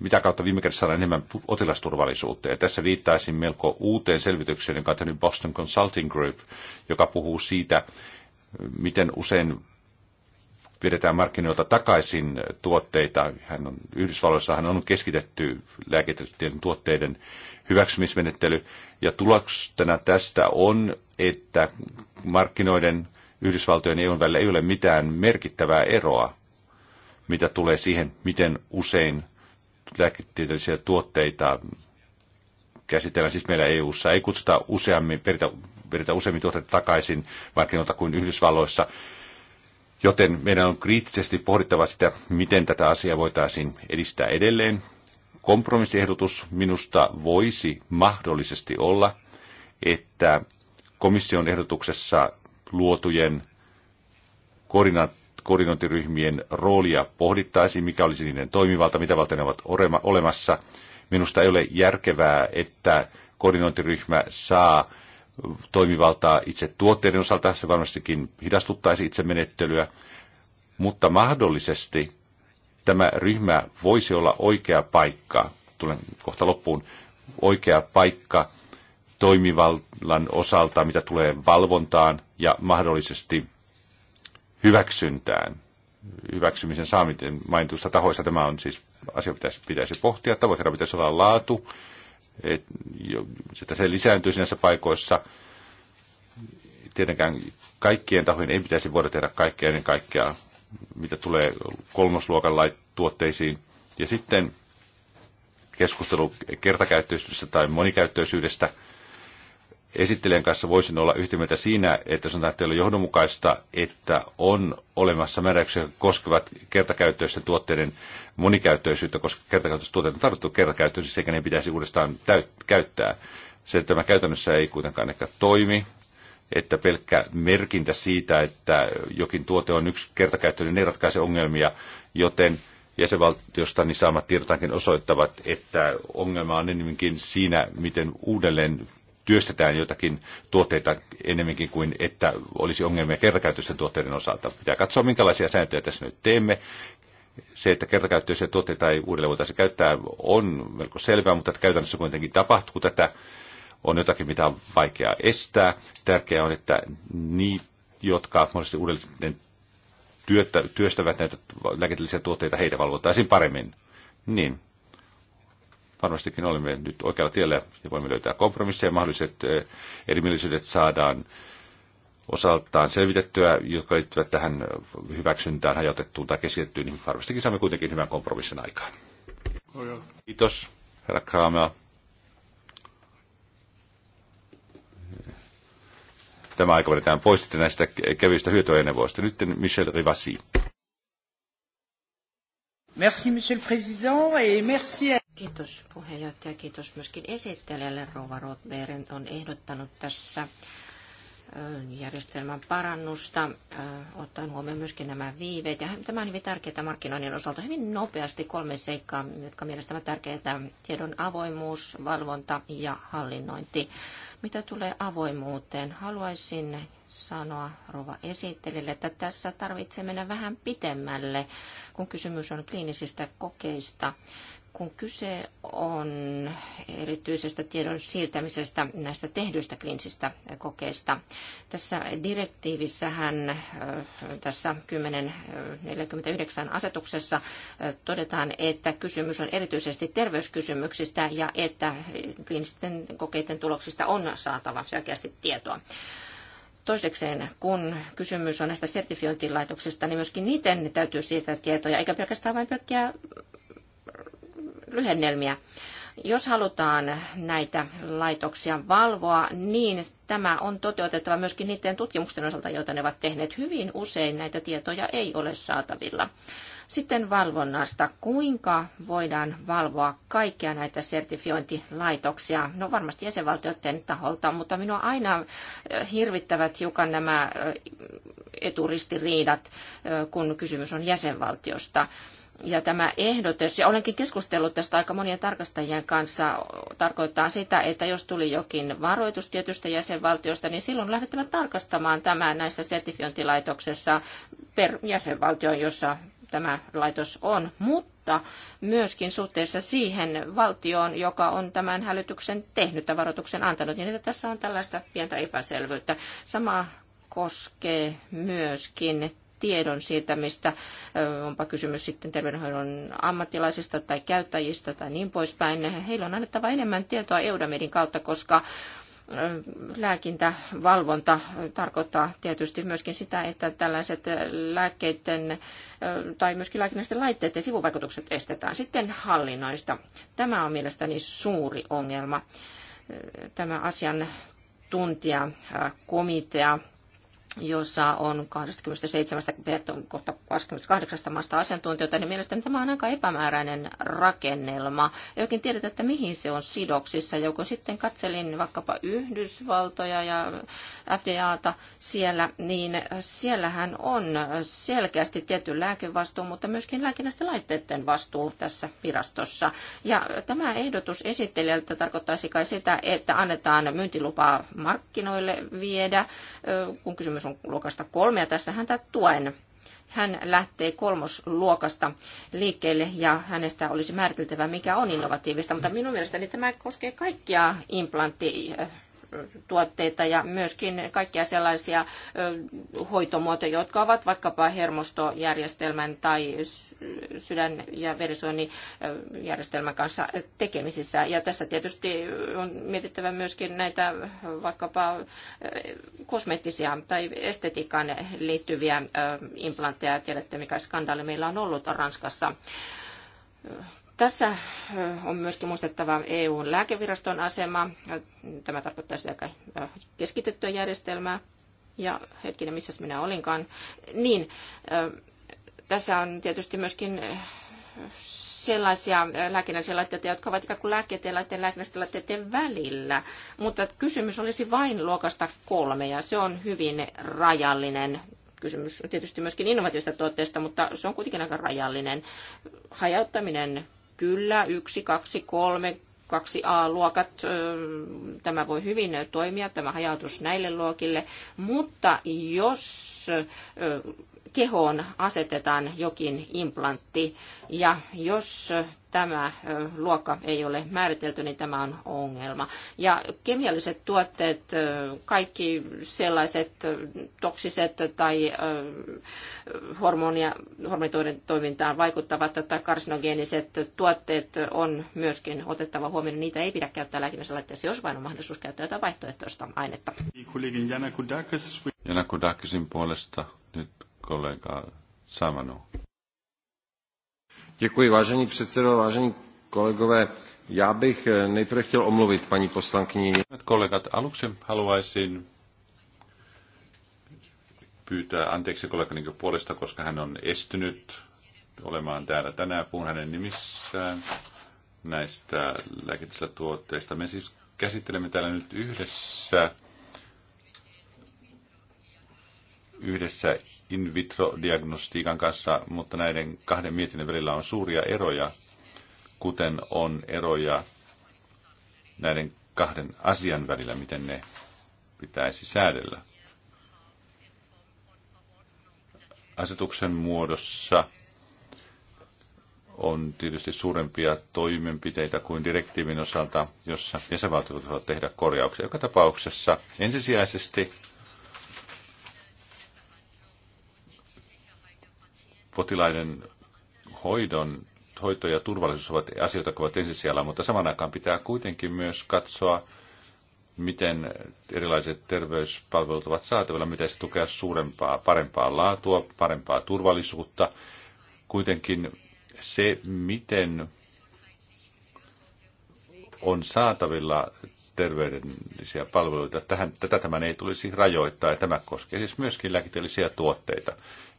mitä kautta viime kädessä saadaan enemmän potilasturvallisuutta. Ja tässä viittaisin melko uuteen selvitykseen, jonka on tehnyt Boston Consulting Group, joka puhuu siitä, miten usein vedetään markkinoilta takaisin tuotteita. Hän on, Yhdysvalloissa hän on keskitetty lääketieteen tuotteiden hyväksymismenettely. Ja tuloksena tästä on, että markkinoiden Yhdysvaltojen ja EUn välillä ei ole mitään merkittävää eroa, mitä tulee siihen, miten usein lääketieteellisiä tuotteita käsitellään. Siis meillä EU:ssa ei kutsuta useammin, peritä, peritä useammin tuotteita takaisin markkinoilta kuin Yhdysvalloissa. Joten meidän on kriittisesti pohdittava sitä, miten tätä asiaa voitaisiin edistää edelleen kompromissiehdotus minusta voisi mahdollisesti olla, että komission ehdotuksessa luotujen koordinointiryhmien roolia pohdittaisiin, mikä olisi niiden toimivalta, mitä valta ne ovat olemassa. Minusta ei ole järkevää, että koordinointiryhmä saa toimivaltaa itse tuotteiden osalta. Se varmastikin hidastuttaisi itse menettelyä, mutta mahdollisesti tämä ryhmä voisi olla oikea paikka, tulen kohta loppuun, oikea paikka toimivallan osalta, mitä tulee valvontaan ja mahdollisesti hyväksyntään, hyväksymisen saamisen mainitusta tahoista. Tämä on siis asia, pitäisi, pitäisi pohtia. Tavoitteena pitäisi olla laatu, että se lisääntyisi näissä paikoissa. Tietenkään kaikkien tahojen ei pitäisi voida tehdä kaikkea ennen kaikkea mitä tulee kolmosluokan tuotteisiin. Ja sitten keskustelu kertakäyttöisyydestä tai monikäyttöisyydestä. Esittelijän kanssa voisin olla yhtä mieltä siinä, että se on ei johdonmukaista, että on olemassa määräyksiä, jotka koskevat kertakäyttöisten tuotteiden monikäyttöisyyttä, koska kertakäyttöiset tuotteet on tarvittu kertakäyttöisesti sekä ne pitäisi uudestaan täyt- käyttää. Se, että tämä käytännössä ei kuitenkaan ehkä toimi, että pelkkä merkintä siitä, että jokin tuote on yksi kertakäyttöinen, ei ratkaise ongelmia, joten jäsenvaltiosta niin saamat tiedotankin osoittavat, että ongelma on enemmänkin siinä, miten uudelleen työstetään jotakin tuotteita enemmänkin kuin että olisi ongelmia kertakäyttöisten tuotteiden osalta. Pitää katsoa, minkälaisia sääntöjä tässä nyt teemme. Se, että kertakäyttöisiä tuotteita ei uudelleen voitaisiin käyttää, on melko selvää, mutta käytännössä kuitenkin tapahtuu tätä on jotakin, mitä on vaikea estää. Tärkeää on, että niitä, jotka mahdollisesti uudelleen työtä, työstävät näitä lääketieteellisiä tuotteita, heitä valvotaisiin paremmin. Niin, varmastikin olemme nyt oikealla tiellä ja voimme löytää kompromisseja. Mahdolliset erimielisyydet saadaan osaltaan selvitettyä, jotka liittyvät tähän hyväksyntään, hajautettuun tai keskittyyn, niin varmastikin saamme kuitenkin hyvän kompromissin aikaan. Kiitos, herra Kramer. tämä aika vedetään pois sitten näistä kevyistä hyötyajoneuvoista. Nyt Michel Rivasi. Merci, monsieur le président, et merci à... Kiitos puheenjohtaja, kiitos myöskin esittelijälle. Rova Rothberg on ehdottanut tässä järjestelmän parannusta, ottaen huomioon myöskin nämä viiveet. Ja tämä on hyvin tärkeää markkinoinnin osalta. Hyvin nopeasti kolme seikkaa, jotka mielestäni ovat tärkeitä. Tiedon avoimuus, valvonta ja hallinnointi. Mitä tulee avoimuuteen, haluaisin sanoa rova esittelijälle, että tässä tarvitsee mennä vähän pitemmälle, kun kysymys on kliinisistä kokeista kun kyse on erityisestä tiedon siirtämisestä näistä tehdyistä kliinisistä kokeista. Tässä direktiivissähän tässä 1049 asetuksessa todetaan, että kysymys on erityisesti terveyskysymyksistä ja että kliinisten kokeiden tuloksista on saatava selkeästi tietoa. Toisekseen, kun kysymys on näistä sertifiointilaitoksista, niin myöskin niiden täytyy siirtää tietoja, eikä pelkästään vain pelkkiä lyhennelmiä. Jos halutaan näitä laitoksia valvoa, niin tämä on toteutettava myöskin niiden tutkimusten osalta, joita ne ovat tehneet. Hyvin usein näitä tietoja ei ole saatavilla. Sitten valvonnasta. Kuinka voidaan valvoa kaikkia näitä sertifiointilaitoksia? No varmasti jäsenvaltioiden taholta, mutta minua aina hirvittävät hiukan nämä eturistiriidat, kun kysymys on jäsenvaltiosta. Ja tämä ehdotus, ja olenkin keskustellut tästä aika monien tarkastajien kanssa, tarkoittaa sitä, että jos tuli jokin varoitus tietystä jäsenvaltiosta, niin silloin lähdetään tarkastamaan tämä näissä sertifiointilaitoksessa per jäsenvaltio, jossa tämä laitos on, mutta myöskin suhteessa siihen valtioon, joka on tämän hälytyksen tehnyt tai varoituksen antanut, niin että tässä on tällaista pientä epäselvyyttä. Sama koskee myöskin tiedon siirtämistä, onpa kysymys sitten terveydenhoidon ammattilaisista tai käyttäjistä tai niin poispäin. Heillä on annettava enemmän tietoa Eudamedin kautta, koska lääkintävalvonta tarkoittaa tietysti myöskin sitä, että tällaiset lääkkeiden tai myöskin lääkinnällisten laitteiden sivuvaikutukset estetään. Sitten hallinnoista. Tämä on mielestäni suuri ongelma. Tämä asian tuntijakomitea komitea jossa on 27 kohta 28 maasta asiantuntijoita, niin mielestäni tämä on aika epämääräinen rakennelma. Ei oikein tiedetä, että mihin se on sidoksissa. Ja kun sitten katselin vaikkapa Yhdysvaltoja ja FDAta siellä, niin siellähän on selkeästi tietty lääkevastuu, mutta myöskin lääkinnästä laitteiden vastuu tässä virastossa. Ja tämä ehdotus esittelijältä tarkoittaisi kai sitä, että annetaan myyntilupaa markkinoille viedä, kun kysymys kysymys on luokasta kolme ja tässä häntä tuen. Hän lähtee kolmosluokasta liikkeelle ja hänestä olisi määriteltävä, mikä on innovatiivista, mutta minun mielestäni tämä koskee kaikkia implantti tuotteita ja myöskin kaikkia sellaisia hoitomuotoja, jotka ovat vaikkapa hermostojärjestelmän tai sydän- ja verisuonijärjestelmän kanssa tekemisissä. Ja tässä tietysti on mietittävä myöskin näitä vaikkapa kosmeettisia tai estetiikkaan liittyviä implantteja. Tiedätte, mikä skandaali meillä on ollut Ranskassa tässä on myöskin muistettava EUn lääkeviraston asema. Tämä tarkoittaa sitä aika keskitettyä järjestelmää. Ja hetkinen, missä minä olinkaan. Niin, tässä on tietysti myöskin sellaisia lääkinnällisiä laitteita, jotka ovat ikään kuin lääkkeiden ja lääkinnällisten laitteiden välillä. Mutta kysymys olisi vain luokasta kolme ja se on hyvin rajallinen. Kysymys on tietysti myöskin innovatiivisista tuotteista, mutta se on kuitenkin aika rajallinen. Hajauttaminen kyllä yksi, kaksi, kolme, kaksi a luokat tämä voi hyvin toimia, tämä hajautus näille luokille, mutta jos kehoon asetetaan jokin implantti. Ja jos tämä luokka ei ole määritelty, niin tämä on ongelma. Ja kemialliset tuotteet, kaikki sellaiset toksiset tai hormonia, hormonitoiden toimintaan vaikuttavat tai karsinogeeniset tuotteet on myöskin otettava huomioon. Niitä ei pidä käyttää lääkinnässä laitteessa, jos vain on mahdollisuus käyttää jotain vaihtoehtoista ainetta. Jana Kudakisin puolesta nyt kollega Samanu. Děkuji, vážení předsedo, vážení kolegové. Já bych eh, nejprve chtěl omluvit paní poslankyni. Kollegat, aluksi haluaisin pyytää anteeksi kollegani puolesta, koska hän on estynyt olemaan täällä tänään. Puhun hänen nimissään näistä lääketieteellisistä tuotteista. Me siis käsittelemme täällä nyt yhdessä, yhdessä in vitro-diagnostiikan kanssa, mutta näiden kahden mietinnön välillä on suuria eroja, kuten on eroja näiden kahden asian välillä, miten ne pitäisi säädellä. Asetuksen muodossa on tietysti suurempia toimenpiteitä kuin direktiivin osalta, jossa jäsenvaltiot voivat tehdä korjauksia. Joka tapauksessa ensisijaisesti potilaiden hoidon, hoito ja turvallisuus ovat asioita, jotka ovat ensisijalla, mutta saman aikaan pitää kuitenkin myös katsoa, miten erilaiset terveyspalvelut ovat saatavilla, miten se tukea suurempaa, parempaa laatua, parempaa turvallisuutta. Kuitenkin se, miten on saatavilla terveydellisiä palveluita. Tähän, tätä tämän ei tulisi rajoittaa ja tämä koskee siis myöskin lääketieteellisiä tuotteita.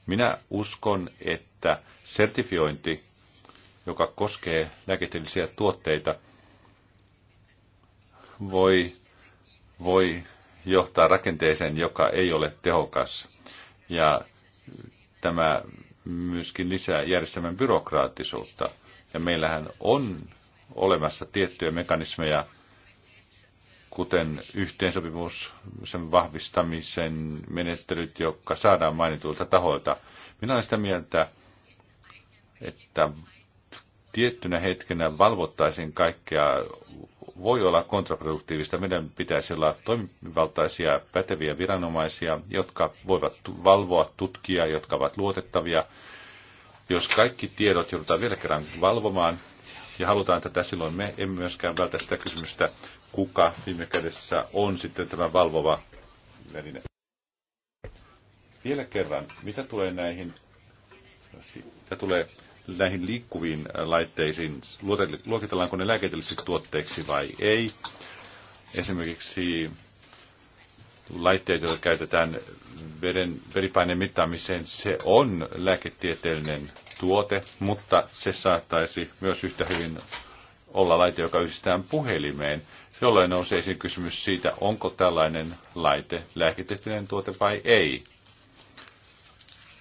Minä uskon, että sertifiointi, joka koskee lääketieteellisiä tuotteita, voi, voi johtaa rakenteeseen, joka ei ole tehokas. Ja tämä myöskin lisää järjestelmän byrokraattisuutta. Ja meillähän on olemassa tiettyjä mekanismeja, kuten yhteensopimus, sen vahvistamisen menettelyt, jotka saadaan mainituilta tahoilta. Minä olen sitä mieltä, että tiettynä hetkenä valvottaisiin kaikkea voi olla kontraproduktiivista. Meidän pitäisi olla toimivaltaisia, päteviä viranomaisia, jotka voivat valvoa, tutkia, jotka ovat luotettavia. Jos kaikki tiedot joudutaan vielä kerran valvomaan, ja halutaan tätä silloin, me emme myöskään vältä sitä kysymystä, kuka viime kädessä on sitten tämä valvova väline. Vielä kerran, mitä tulee näihin, mitä tulee näihin liikkuviin laitteisiin, luokitellaanko ne lääketieteellisiksi tuotteiksi vai ei? Esimerkiksi laitteet, joita käytetään veden, veripaineen mittaamiseen, se on lääketieteellinen tuote, mutta se saattaisi myös yhtä hyvin olla laite, joka yhdistetään puhelimeen jolloin nousee esiin kysymys siitä, onko tällainen laite lääketieteellinen tuote vai ei.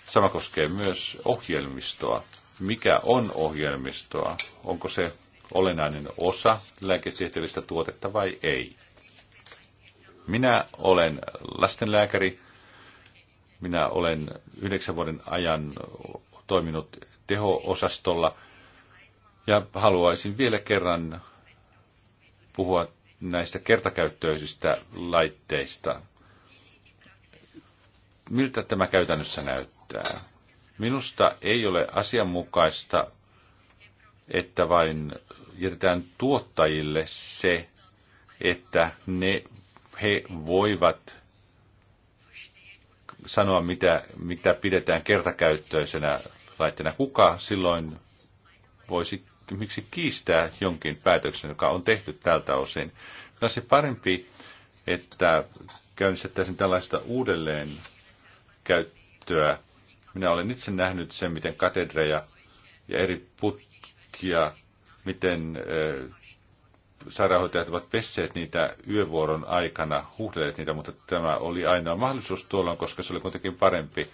Sama koskee myös ohjelmistoa. Mikä on ohjelmistoa? Onko se olennainen osa lääketieteellistä tuotetta vai ei? Minä olen lastenlääkäri. Minä olen yhdeksän vuoden ajan toiminut teho-osastolla ja haluaisin vielä kerran puhua näistä kertakäyttöisistä laitteista. Miltä tämä käytännössä näyttää? Minusta ei ole asianmukaista, että vain jätetään tuottajille se, että ne, he voivat sanoa, mitä, mitä pidetään kertakäyttöisenä laitteena. Kuka silloin voisi miksi kiistää jonkin päätöksen, joka on tehty tältä osin. Kyllä se parempi, että käynnistettäisiin tällaista uudelleen käyttöä. Minä olen itse nähnyt sen, miten katedreja ja eri putkia, miten sairaanhoitajat ovat pesseet niitä yövuoron aikana, huhdelleet niitä, mutta tämä oli ainoa mahdollisuus tuolloin, koska se oli kuitenkin parempi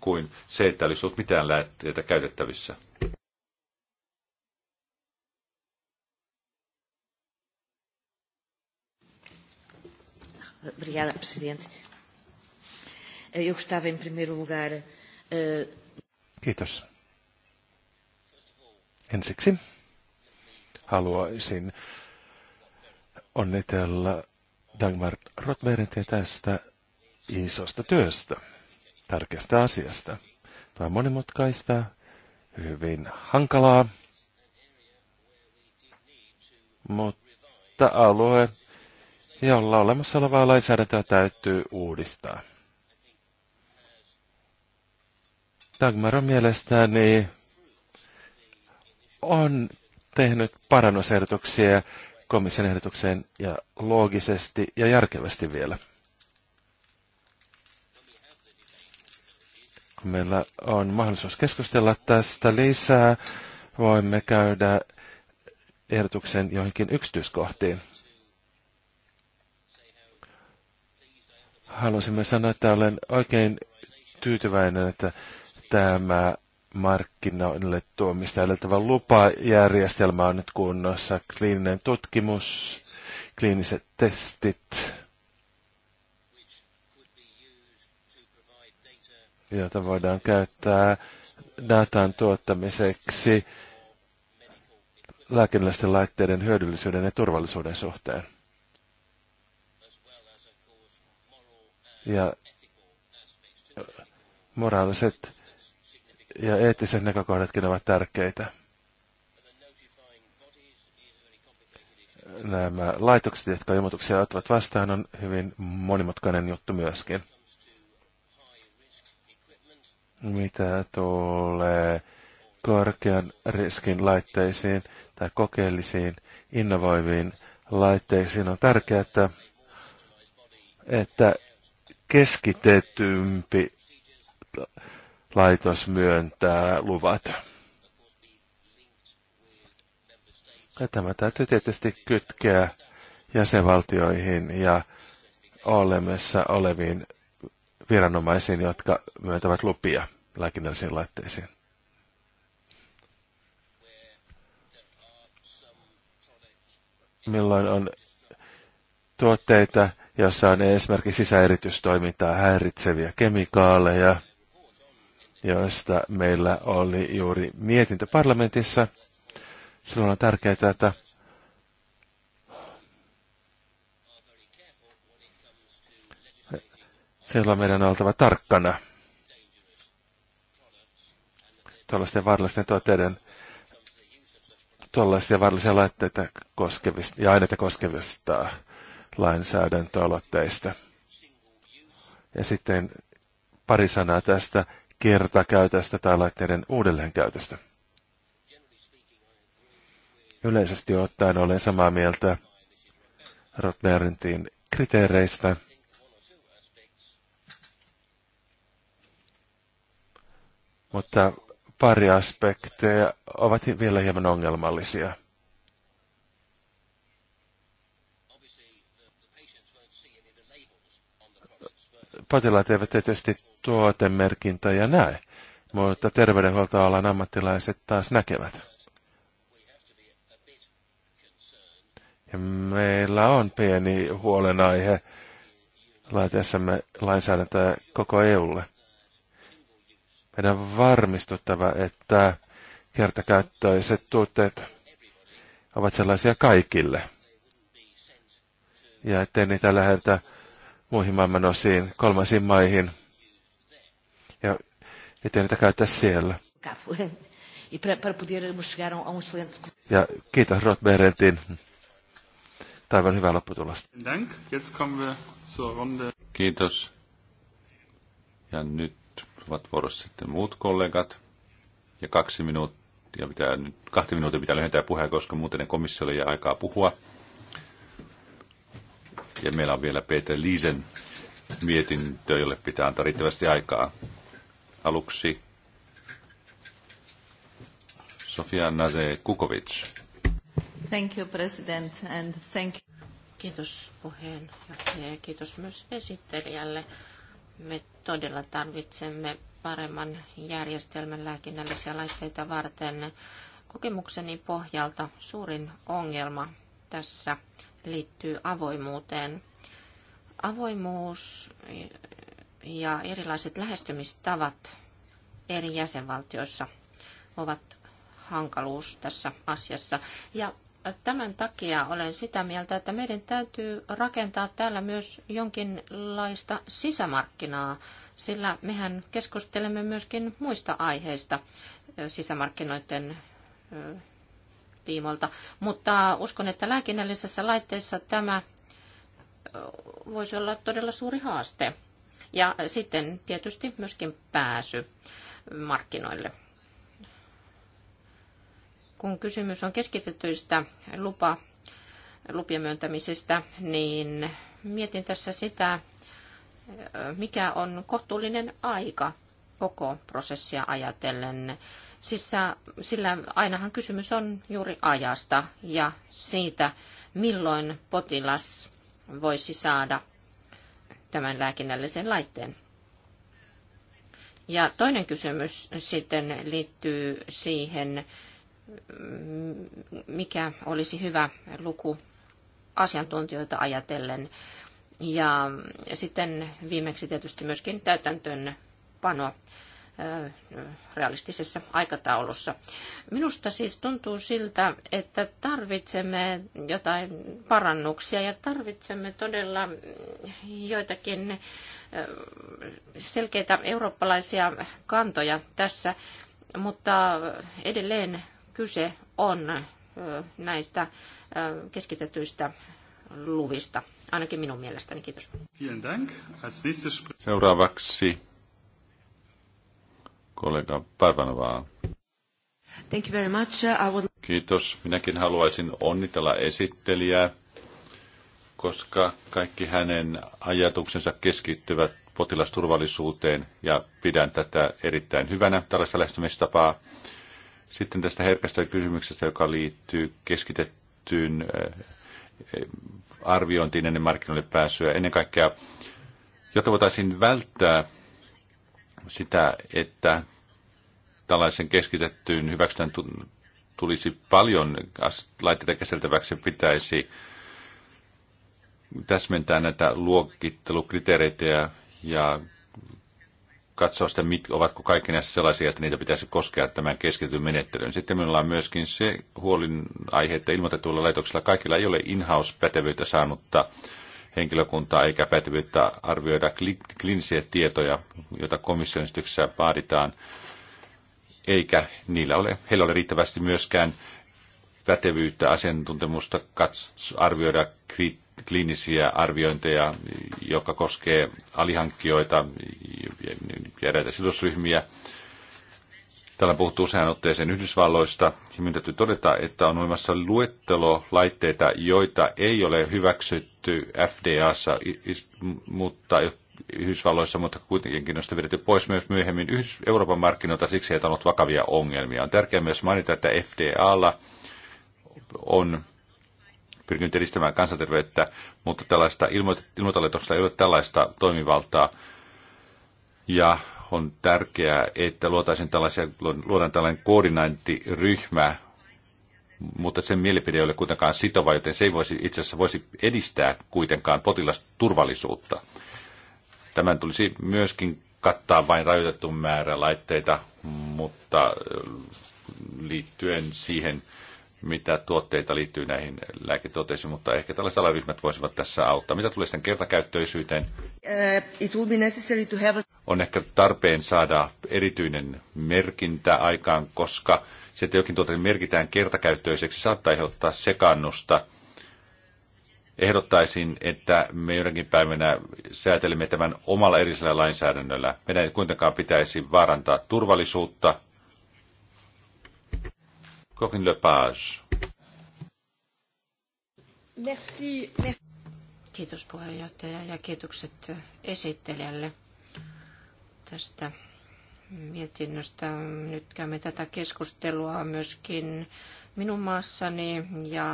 kuin se, että olisi ollut mitään lähteitä käytettävissä. Obrigada, Presidente. Eu gostava, em primeiro lugar... Eh, Kiitos. Ensiksi haluaisin onnitella Dagmar Rotmerentia tästä isosta työstä, tärkeästä asiasta. Tämä on monimutkaista, hyvin hankalaa, mutta alue, jolla olemassa olevaa lainsäädäntöä täytyy uudistaa. Dagmar on mielestäni on tehnyt parannusehdotuksia komission ehdotukseen ja loogisesti ja järkevästi vielä. Kun meillä on mahdollisuus keskustella tästä lisää, voimme käydä ehdotuksen johonkin yksityiskohtiin. Haluaisimme sanoa, että olen oikein tyytyväinen, että tämä markkinoille tuomista edeltävä lupajärjestelmä on nyt kunnossa. Kliininen tutkimus, kliiniset testit, joita voidaan käyttää datan tuottamiseksi lääkinnällisten laitteiden hyödyllisyyden ja turvallisuuden suhteen. ja moraaliset ja eettiset näkökohdatkin ovat tärkeitä. Nämä laitokset, jotka ilmoituksia ottavat vastaan, on hyvin monimutkainen juttu myöskin. Mitä tulee korkean riskin laitteisiin tai kokeellisiin innovoiviin laitteisiin, on tärkeää, että, että keskitetympi laitos myöntää luvat. Ja tämä täytyy tietysti kytkeä jäsenvaltioihin ja olemassa oleviin viranomaisiin, jotka myöntävät lupia lääkinnällisiin laitteisiin. Milloin on tuotteita, jossa on esimerkiksi sisäeritystoimintaa häiritseviä kemikaaleja, joista meillä oli juuri mietintö parlamentissa. Silloin on tärkeää, että silloin meidän on oltava tarkkana tuollaisten vaarallisten tuotteiden tuollaisia vaarallisia laitteita koskevista ja aineita koskevista lainsäädäntöaloitteista. Ja sitten pari sanaa tästä kertakäytöstä tai laitteiden uudelleenkäytöstä. Yleisesti ottaen olen samaa mieltä Rotbergentin kriteereistä. Mutta pari aspekteja ovat vielä hieman ongelmallisia. potilaat eivät tietysti tuotemerkintöjä näe, mutta terveydenhuoltoalan ammattilaiset taas näkevät. Ja meillä on pieni huolenaihe laitessamme lainsäädäntöä koko EUlle. Meidän on varmistuttava, että kertakäyttöiset tuotteet ovat sellaisia kaikille. Ja ettei niitä lähetä muihin maailman osiin, kolmansiin maihin, ja ettei niitä käytä siellä. E um ja kiitos Rod Berentin. on hyvää lopputulosta. Kiitos. Ja nyt ovat vuorossa sitten muut kollegat. Ja kaksi minuuttia pitää, nyt, kahti minuuttia pitää lyhentää puheen, koska muuten komissiolle jää aikaa puhua. Ja meillä on vielä Peter Liisen mietintö, jolle pitää antaa riittävästi aikaa. Aluksi Sofia Naze Kukovic. Thank you, President, and thank you. Kiitos puheenjohtaja ja kiitos myös esittelijälle. Me todella tarvitsemme paremman järjestelmän lääkinnällisiä laitteita varten. Kokemukseni pohjalta suurin ongelma tässä liittyy avoimuuteen. Avoimuus ja erilaiset lähestymistavat eri jäsenvaltioissa ovat hankaluus tässä asiassa. Ja tämän takia olen sitä mieltä, että meidän täytyy rakentaa täällä myös jonkinlaista sisämarkkinaa, sillä mehän keskustelemme myöskin muista aiheista sisämarkkinoiden tiimolta, mutta uskon, että lääkinnällisessä laitteessa tämä voisi olla todella suuri haaste. Ja sitten tietysti myöskin pääsy markkinoille. Kun kysymys on keskitetyistä lupa, lupien myöntämisestä, niin mietin tässä sitä, mikä on kohtuullinen aika koko prosessia ajatellen. Sissä sillä ainahan kysymys on juuri ajasta ja siitä, milloin potilas voisi saada tämän lääkinnällisen laitteen. Ja toinen kysymys sitten liittyy siihen, mikä olisi hyvä luku asiantuntijoita ajatellen. Ja sitten viimeksi tietysti myöskin täytäntöönpanoa. pano realistisessa aikataulussa. Minusta siis tuntuu siltä, että tarvitsemme jotain parannuksia ja tarvitsemme todella joitakin selkeitä eurooppalaisia kantoja tässä, mutta edelleen kyse on näistä keskitetyistä luvista, ainakin minun mielestäni. Kiitos. Seuraavaksi kollega Parvanovaa. Thank you very much. I would... Kiitos. Minäkin haluaisin onnitella esittelijää, koska kaikki hänen ajatuksensa keskittyvät potilasturvallisuuteen ja pidän tätä erittäin hyvänä tällaista lähestymistapaa. Sitten tästä herkästä kysymyksestä, joka liittyy keskitettyyn eh, arviointiin ennen markkinoille pääsyä. Ennen kaikkea, jotta voitaisiin välttää sitä, että tällaisen keskitettyyn hyväksytään tulisi paljon laitteita käsiteltäväksi, pitäisi täsmentää näitä luokittelukriteereitä ja, ja katsoa sitä, mit, ovatko kaikki näissä sellaisia, että niitä pitäisi koskea tämän keskityn menettelyyn. Sitten meillä on myöskin se huolin aihe, että ilmoitetuilla laitoksilla kaikilla ei ole in-house-pätevyyttä saanutta henkilökuntaa eikä pätevyyttä arvioida kliinisiä tietoja, joita komission esityksessä vaaditaan, eikä niillä ole, heillä ole riittävästi myöskään pätevyyttä, asiantuntemusta arvioida kliinisiä arviointeja, joka koskee alihankkijoita ja eräitä sidosryhmiä. Täällä puhuttu usean otteeseen Yhdysvalloista, ja minun täytyy todeta, että on olemassa luettelo laitteita, joita ei ole hyväksytty FDAssa, mutta Yhdysvalloissa, mutta kuitenkin on sitä vedetty pois myös myöhemmin Yhdys- Euroopan markkinoilta siksi, että on ollut vakavia ongelmia. On tärkeää myös mainita, että FDAlla on pyrkinyt edistämään kansanterveyttä, mutta tällaista ilmoitalaitoksella ei ole tällaista toimivaltaa. Ja on tärkeää, että luotaisiin tällaisia, luodaan tällainen koordinointiryhmä, mutta sen mielipide ei ole kuitenkaan sitova, joten se ei voisi, itse asiassa voisi edistää kuitenkaan potilasturvallisuutta. Tämän tulisi myöskin kattaa vain rajoitettu määrä laitteita, mutta liittyen siihen, mitä tuotteita liittyy näihin lääketuotteisiin, mutta ehkä tällaiset alaryhmät voisivat tässä auttaa. Mitä tulee sitten kertakäyttöisyyteen? Uh, a... On ehkä tarpeen saada erityinen merkintä aikaan, koska se, että jokin tuote merkitään kertakäyttöiseksi, saattaa aiheuttaa sekannusta. Ehdottaisin, että me jonakin päivänä säätelemme tämän omalla erillisellä lainsäädännöllä. Meidän ei kuitenkaan pitäisi vaarantaa turvallisuutta, Corinne Lepage. Merci. Kiitos puheenjohtaja ja kiitokset esittelijälle tästä mietinnöstä. Nyt käymme tätä keskustelua myöskin minun maassani ja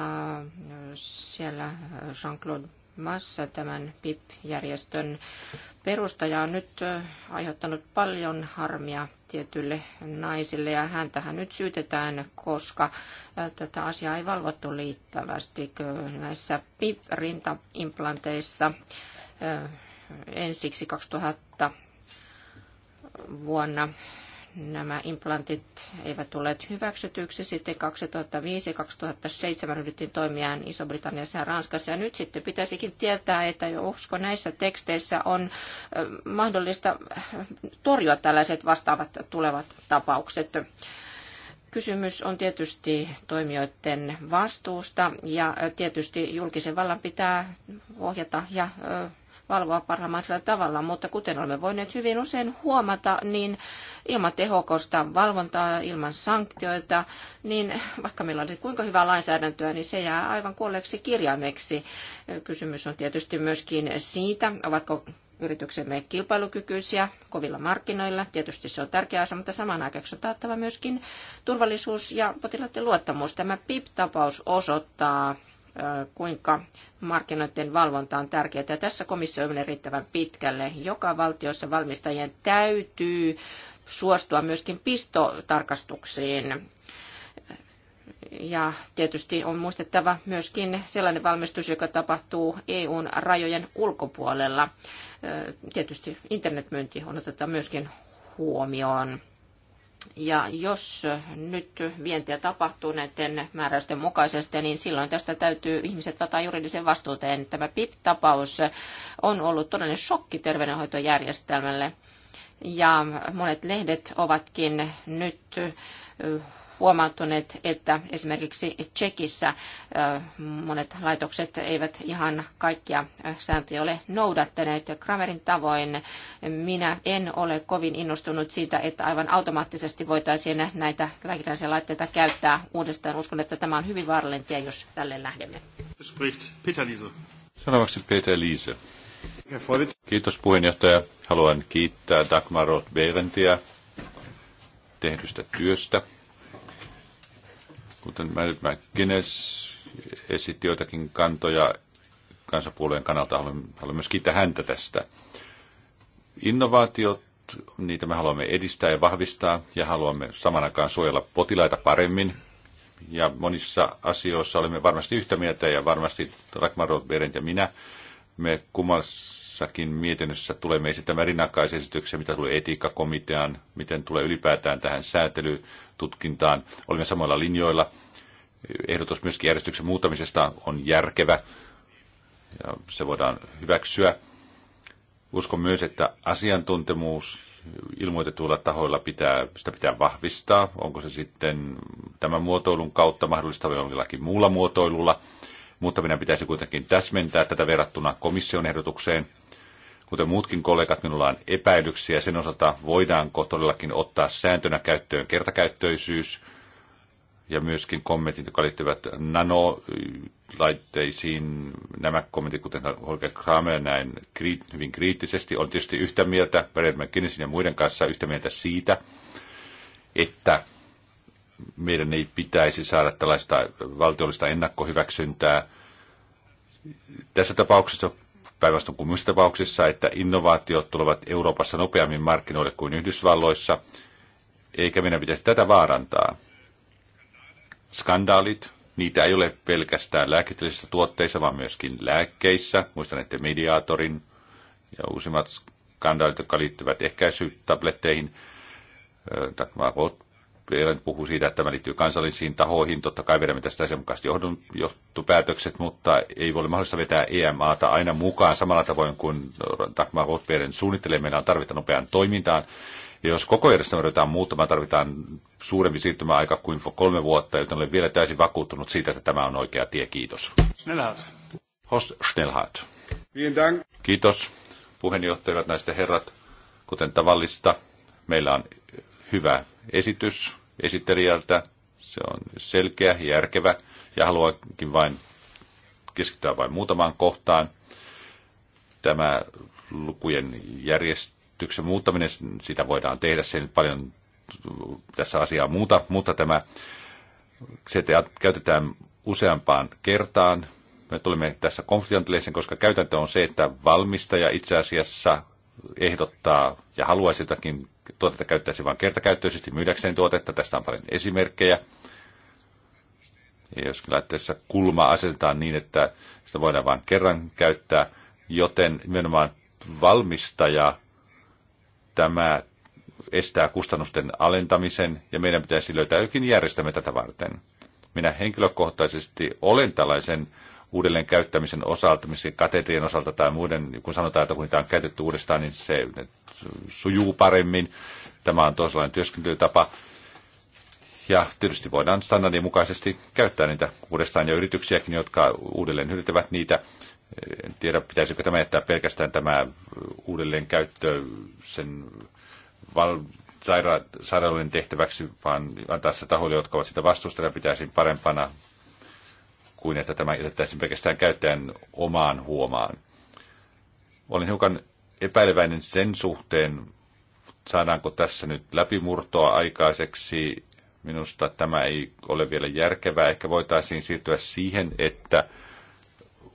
siellä Jean-Claude Massa, tämän PIP-järjestön perustaja, on nyt aiheuttanut paljon harmia tietyille naisille ja häntähän nyt syytetään, koska tätä asiaa ei valvottu liittävästi näissä PIP-rintaimplanteissa ensiksi 2000 vuonna nämä implantit eivät tulleet hyväksytyksi. Sitten 2005-2007 ryhdyttiin toimiaan Iso-Britanniassa ja Ranskassa. Ja nyt sitten pitäisikin tietää, että usko näissä teksteissä on mahdollista torjua tällaiset vastaavat tulevat tapaukset. Kysymys on tietysti toimijoiden vastuusta ja tietysti julkisen vallan pitää ohjata ja valvoa parhaimmalla tavalla, mutta kuten olemme voineet hyvin usein huomata, niin ilman tehokosta valvontaa, ilman sanktioita, niin vaikka meillä olisi kuinka hyvää lainsäädäntöä, niin se jää aivan kuolleeksi kirjaimeksi. Kysymys on tietysti myöskin siitä, ovatko yrityksemme kilpailukykyisiä kovilla markkinoilla. Tietysti se on tärkeä asia, mutta samaan aikaan on taattava myöskin turvallisuus ja potilaiden luottamus. Tämä PIP-tapaus osoittaa kuinka markkinoiden valvonta on tärkeää. Ja tässä komissio menee riittävän pitkälle. Joka valtiossa valmistajien täytyy suostua myöskin pistotarkastuksiin. Ja tietysti on muistettava myöskin sellainen valmistus, joka tapahtuu EUn rajojen ulkopuolella. Tietysti internetmyynti on otettava myöskin huomioon. Ja jos nyt vientiä tapahtuu näiden määräysten mukaisesti, niin silloin tästä täytyy ihmiset vataa juridisen vastuuteen. Tämä PIP-tapaus on ollut todellinen shokki terveydenhoitojärjestelmälle. Ja monet lehdet ovatkin nyt huomauttaneet, että esimerkiksi Tsekissä monet laitokset eivät ihan kaikkia sääntöjä ole noudattaneet. Kramerin tavoin minä en ole kovin innostunut siitä, että aivan automaattisesti voitaisiin näitä lääkinnällisiä laitteita käyttää uudestaan. Uskon, että tämä on hyvin vaarallinen tie, jos tälle lähdemme. Peter Liese. Sanovaksi Peter Liese. Kiitos puheenjohtaja. Haluan kiittää Dagmar Roth-Berentiä tehdystä työstä. Kuten McGuinness esitti joitakin kantoja kansapuolueen kannalta, haluan, haluan myös kiittää häntä tästä. Innovaatiot, niitä me haluamme edistää ja vahvistaa ja haluamme saman aikaan suojella potilaita paremmin. Ja monissa asioissa olemme varmasti yhtä mieltä ja varmasti Ragnar Berend ja minä, me kummas jossakin mietinnössä tulemme esittämään rinnakkaisesityksiä, mitä tulee etiikkakomiteaan, miten tulee ylipäätään tähän säätelytutkintaan. Olemme samoilla linjoilla. Ehdotus myöskin järjestyksen muuttamisesta on järkevä ja se voidaan hyväksyä. Uskon myös, että asiantuntemus ilmoitetuilla tahoilla pitää, sitä pitää vahvistaa. Onko se sitten tämän muotoilun kautta mahdollista vai jollakin muulla muotoilulla? mutta minä pitäisi kuitenkin täsmentää tätä verrattuna komission ehdotukseen. Kuten muutkin kollegat, minulla on epäilyksiä sen osalta, voidaanko todellakin ottaa sääntönä käyttöön kertakäyttöisyys ja myöskin kommentit, jotka liittyvät nanolaitteisiin. Nämä kommentit, kuten Holger Kramer näin hyvin kriittisesti, on tietysti yhtä mieltä Brad McKinneysin ja muiden kanssa yhtä mieltä siitä, että meidän ei pitäisi saada tällaista valtiollista ennakkohyväksyntää. Tässä tapauksessa päinvastoin kuin muissa tapauksissa, että innovaatiot tulevat Euroopassa nopeammin markkinoille kuin Yhdysvalloissa, eikä meidän pitäisi tätä vaarantaa. Skandaalit, niitä ei ole pelkästään lääketieteellisissä tuotteissa, vaan myöskin lääkkeissä. Muistan, että mediaatorin ja uusimmat skandaalit, jotka liittyvät ehkäisytabletteihin, Even puhuu siitä, että tämä liittyy kansallisiin tahoihin. Totta kai vedämme tästä asianmukaiset johtopäätökset, mutta ei voi mahdollista vetää EMAta aina mukaan samalla tavoin kuin Dagmar Rothbergin suunnittelee. Meillä on tarvita nopeaan toimintaan. Ja jos koko järjestelmä ruvetaan muuttamaan, tarvitaan suurempi siirtymäaika kuin kolme vuotta, joten olen vielä täysin vakuuttunut siitä, että tämä on oikea tie. Kiitos. Schnellhardt. Host Schnellhardt. Kiitos puheenjohtajat, näistä herrat. Kuten tavallista, meillä on hyvä esitys esittelijältä. Se on selkeä, järkevä ja haluankin vain keskittyä vain muutamaan kohtaan. Tämä lukujen järjestyksen muuttaminen, sitä voidaan tehdä, sen paljon tässä asiaa muuta, mutta tämä, se käytetään useampaan kertaan, me tulemme tässä konfliktiantileeseen, koska käytäntö on se, että valmistaja itse asiassa ehdottaa ja haluaisi jotakin tuotetta käyttäisi vain kertakäyttöisesti myydäkseen tuotetta. Tästä on paljon esimerkkejä. Ja jos laitteessa kulma asetetaan niin, että sitä voidaan vain kerran käyttää, joten nimenomaan valmistaja tämä estää kustannusten alentamisen ja meidän pitäisi löytää jokin järjestelmä tätä varten. Minä henkilökohtaisesti olen tällaisen uudelleen käyttämisen osalta, missä katetrien osalta tai muiden, kun sanotaan, että kun niitä on käytetty uudestaan, niin se sujuu paremmin. Tämä on toisenlainen työskentelytapa. Ja tietysti voidaan standardin mukaisesti käyttää niitä uudestaan ja yrityksiäkin, jotka uudelleen hyödyntävät niitä. En tiedä, pitäisikö tämä jättää pelkästään tämä uudelleen käyttö sen val- saira- sairaaloiden tehtäväksi, vaan antaa se tahoille, jotka ovat sitä vastustajia, pitäisi parempana kuin että tämä jätettäisiin pelkästään käyttäjän omaan huomaan. Olen hiukan epäileväinen sen suhteen, saadaanko tässä nyt läpimurtoa aikaiseksi. Minusta tämä ei ole vielä järkevää. Ehkä voitaisiin siirtyä siihen, että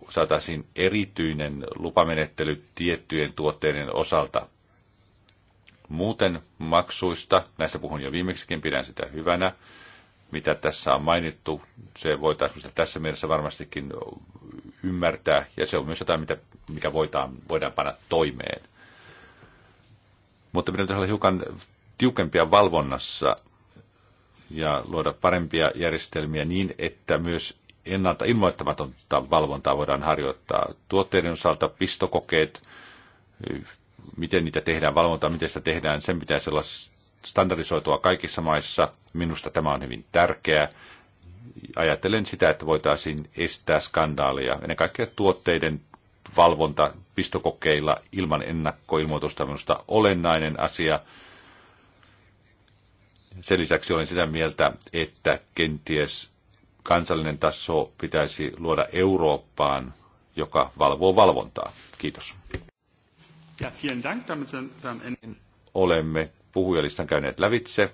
saataisiin erityinen lupamenettely tiettyjen tuotteiden osalta. Muuten maksuista, näistä puhun jo viimeksikin, pidän sitä hyvänä mitä tässä on mainittu. Se voitaisiin tässä mielessä varmastikin ymmärtää, ja se on myös jotain, mitä, mikä voidaan, voidaan panna toimeen. Mutta meidän olla hiukan tiukempia valvonnassa ja luoda parempia järjestelmiä niin, että myös ennalta ilmoittamatonta valvontaa voidaan harjoittaa. Tuotteiden osalta pistokokeet, miten niitä tehdään, valvontaa, miten sitä tehdään, sen pitäisi olla standardisoitua kaikissa maissa. Minusta tämä on hyvin tärkeää. Ajattelen sitä, että voitaisiin estää skandaaleja. Ennen kaikkea tuotteiden valvonta pistokokeilla ilman ennakkoilmoitusta minusta olennainen asia. Sen lisäksi olen sitä mieltä, että kenties kansallinen taso pitäisi luoda Eurooppaan, joka valvoo valvontaa. Kiitos. Ja, Olemme puhujalistan käyneet lävitse.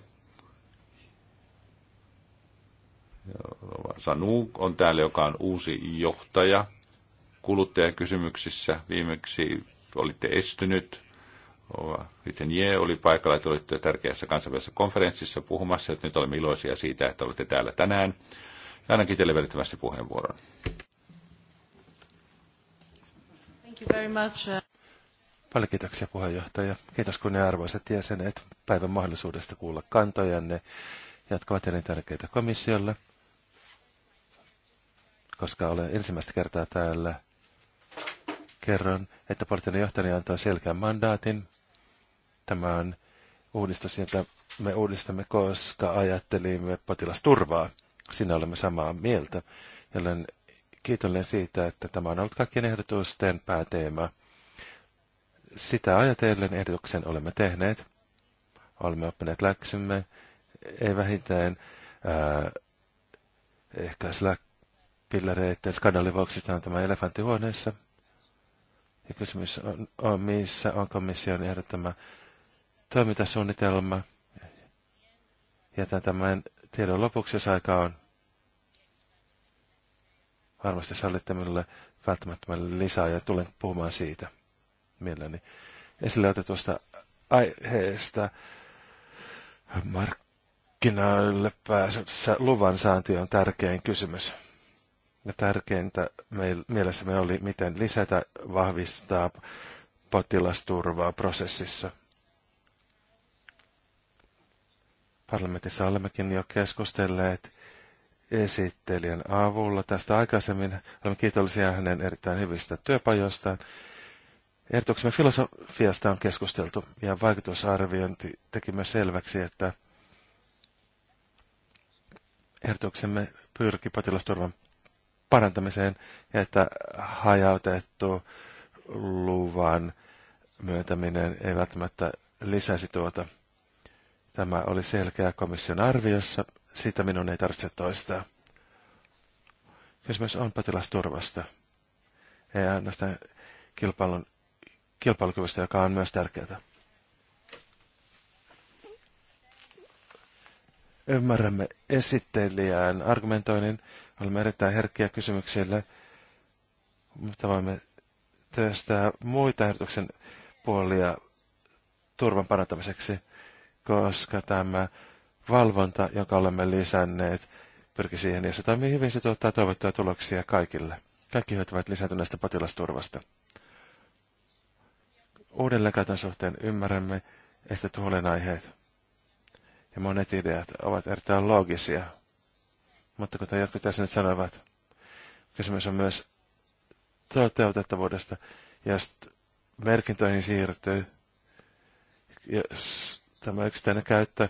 Sanu on täällä, joka on uusi johtaja kuluttajakysymyksissä. Viimeksi olitte estynyt. Vitenier oli paikalla, että olitte tärkeässä kansainvälisessä konferenssissa puhumassa, että nyt olemme iloisia siitä, että olette täällä tänään. Ja ainakin teille välittömästi puheenvuoron. Thank you very much. Uh, Paljon kiitoksia puheenjohtaja. Kiitos kunnia-arvoiset jäsenet päivän mahdollisuudesta kuulla kantojanne, jotka ovat tärkeitä komissiolle. Koska olen ensimmäistä kertaa täällä, kerron, että poliittinen johtajani antaa selkeän mandaatin. Tämä on uudistus, jota me uudistamme, koska ajattelimme potilasturvaa. Siinä olemme samaa mieltä. Ja olen kiitollinen siitä, että tämä on ollut kaikkien ehdotusten pääteema – sitä ajatellen ehdotuksen olemme tehneet. Olemme oppineet läksymme, ei vähintään äh, ehkä pillareiden skandaalivauksista on tämä elefanttihuoneessa. Ja kysymys on, on missä on komission ehdottama toimintasuunnitelma. Jätän tämän tiedon lopuksi, jos aika on varmasti sallitte minulle välttämättömän lisää ja tulen puhumaan siitä mielelläni esille otetusta aiheesta markkinoille pääsyssä luvan saanti on tärkein kysymys. Ja tärkeintä mielessämme oli, miten lisätä, vahvistaa potilasturvaa prosessissa. Parlamentissa olemmekin jo keskustelleet esittelijän avulla tästä aikaisemmin. Olemme kiitollisia hänen erittäin hyvistä työpajoistaan Ehdotuksemme filosofiasta on keskusteltu ja vaikutusarviointi teki myös selväksi, että ehdotuksemme pyrki potilasturvan parantamiseen ja että hajautettu luvan myöntäminen ei välttämättä lisäisi tuota. Tämä oli selkeä komission arviossa, sitä minun ei tarvitse toistaa. Kysymys on potilasturvasta, ei ainoastaan kilpailun kilpailukyvystä, joka on myös tärkeää. Ymmärrämme esittelijään argumentoinnin, olemme erittäin herkkiä kysymyksille, mutta voimme työstää muita ehdotuksen puolia turvan parantamiseksi, koska tämä valvonta, jonka olemme lisänneet, pyrki siihen, ja se toimii hyvin, se tuottaa toivottuja tuloksia kaikille. Kaikki hyötyvät lisääntyneestä potilasturvasta uudelleenkäytön suhteen ymmärrämme estet huolenaiheet. Ja monet ideat ovat erittäin loogisia. Mutta kuten jotkut nyt sanovat, kysymys on myös toteutettavuudesta. Ja merkintöihin siirtyy, jos tämä yksittäinen käyttö,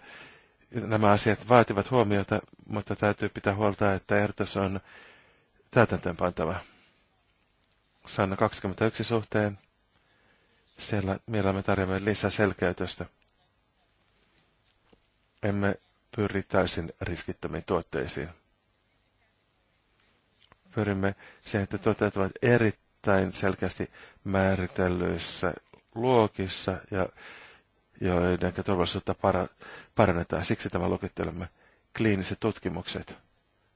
nämä asiat vaativat huomiota, mutta täytyy pitää huolta, että ehdotus on täytäntöönpantava. Sanna 21 suhteen siellä, millä me tarjoamme lisää selkeytystä. Emme pyri täysin riskittömiin tuotteisiin. Pyrimme siihen, että tuotteet ovat erittäin selkeästi määritellyissä luokissa ja joiden turvallisuutta parannetaan. Siksi tämä luokittelemme kliiniset tutkimukset.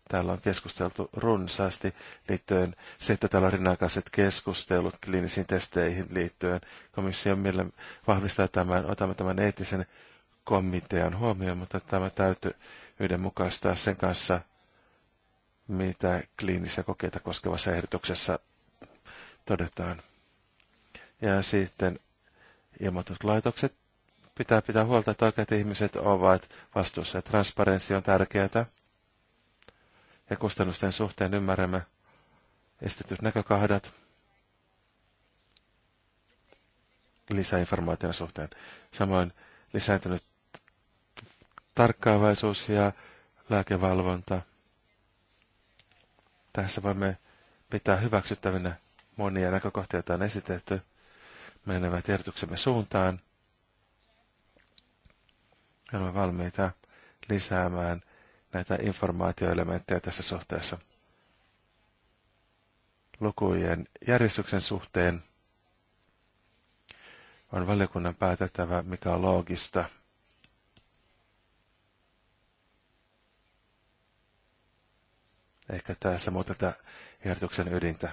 Täällä on keskusteltu runsaasti liittyen se, että täällä on rinnakkaiset keskustelut kliinisiin testeihin liittyen. Komissio millä vahvistaa tämän, otamme tämän eettisen komitean huomioon, mutta tämä täytyy yhdenmukaistaa sen kanssa, mitä kliinisiä kokeita koskevassa ehdotuksessa todetaan. Ja sitten ilmoituslaitokset pitää pitää huolta, että oikeat ihmiset ovat vastuussa. Transparenssi on tärkeää ja kustannusten suhteen ymmärrämme estetyt näkökahdat lisäinformaation suhteen. Samoin lisääntynyt tarkkaavaisuus ja lääkevalvonta. Tässä voimme pitää hyväksyttävinä monia näkökohtia, joita on esitetty, menevät tiedotuksemme suuntaan. Olemme valmiita lisäämään näitä informaatioelementtejä tässä suhteessa. Lukujen järjestyksen suhteen on valiokunnan päätettävä, mikä on loogista. Ehkä tässä muuta tätä ehdotuksen ydintä.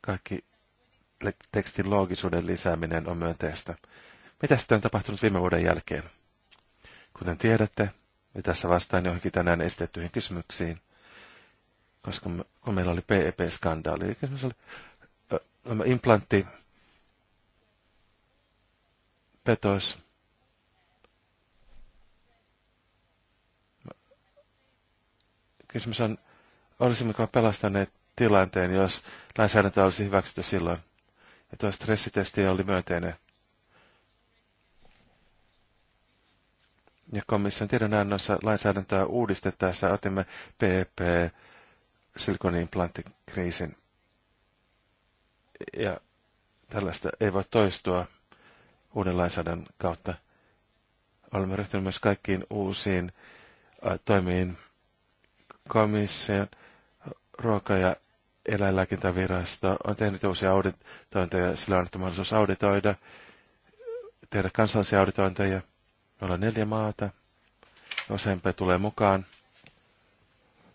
Kaikki tekstin loogisuuden lisääminen on myönteistä. Mitä sitten on tapahtunut viime vuoden jälkeen? Kuten tiedätte, me tässä vastaan johonkin tänään esitettyihin kysymyksiin, koska me, kun meillä oli PEP-skandaali, niin kysymys oli ö, implantti, petos, kysymys on, olisimmeko pelastaneet tilanteen, jos lainsäädäntö olisi hyväksytty silloin. Ja tuo stressitesti oli myönteinen. ja komission tiedonannossa lainsäädäntöä uudistettaessa otimme PP silikoniimplanttikriisin. Ja tällaista ei voi toistua uuden lainsäädännön kautta. Olemme ryhtyneet myös kaikkiin uusiin ä, toimiin komission ruoka- ja eläinlääkintävirasto on tehnyt uusia auditointeja, sillä on annettu mahdollisuus auditoida, tehdä kansallisia auditointeja – Meillä on neljä maata. Osempe no, tulee mukaan.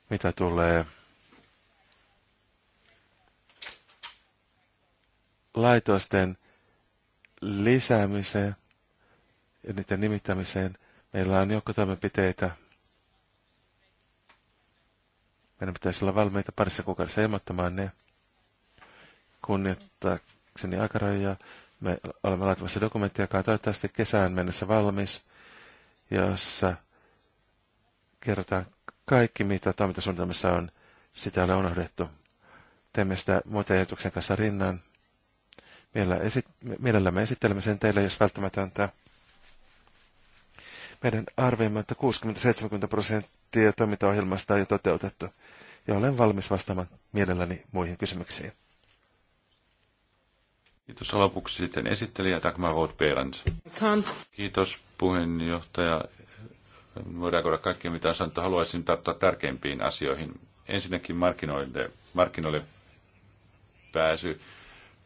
Mitä tulee laitosten lisäämiseen ja niiden nimittämiseen, meillä on joukko toimenpiteitä. Meidän pitäisi olla valmiita parissa kuukaudessa ilmoittamaan ne kunnioittaakseni aikarajoja. Me olemme laittamassa dokumenttia, joka on toivottavasti kesään mennessä valmis jossa kerrotaan kaikki, mitä toimintasuunnitelmassa on. Sitä ei ole unohdettu. Teemme sitä muiden ehdotuksen kanssa rinnan. Mielellämme esittelemme sen teille, jos välttämätöntä. Meidän arvioimme, että 60-70 prosenttia toimintaohjelmasta on jo toteutettu, ja olen valmis vastaamaan mielelläni muihin kysymyksiin. Kiitos lopuksi sitten esittelijä Dagmar Roth-Berend. Kiitos puheenjohtaja. Voidaan kohdata kaikki, mitä on sanottu. Haluaisin tarttua tärkeimpiin asioihin. Ensinnäkin markkinoille, markkinoille pääsy.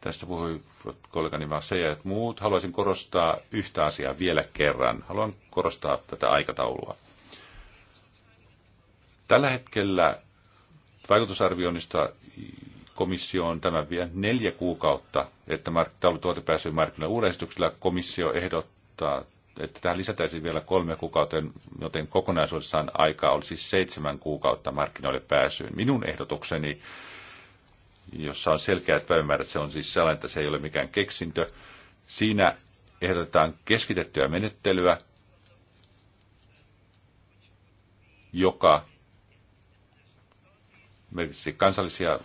Tästä puhui kollegani se, ja muut. Haluaisin korostaa yhtä asiaa vielä kerran. Haluan korostaa tätä aikataulua. Tällä hetkellä vaikutusarvioinnista Komissio on Tämä vielä neljä kuukautta, että tuote pääsee markkinoille. esityksellä. komissio ehdottaa, että tähän lisätäisiin vielä kolme kuukautta, joten kokonaisuudessaan aikaa olisi siis seitsemän kuukautta markkinoille pääsyyn. Minun ehdotukseni, jossa on selkeät päivämäärät, se on siis sellainen, että se ei ole mikään keksintö. Siinä ehdotetaan keskitettyä menettelyä, joka merkitsisi kansallisia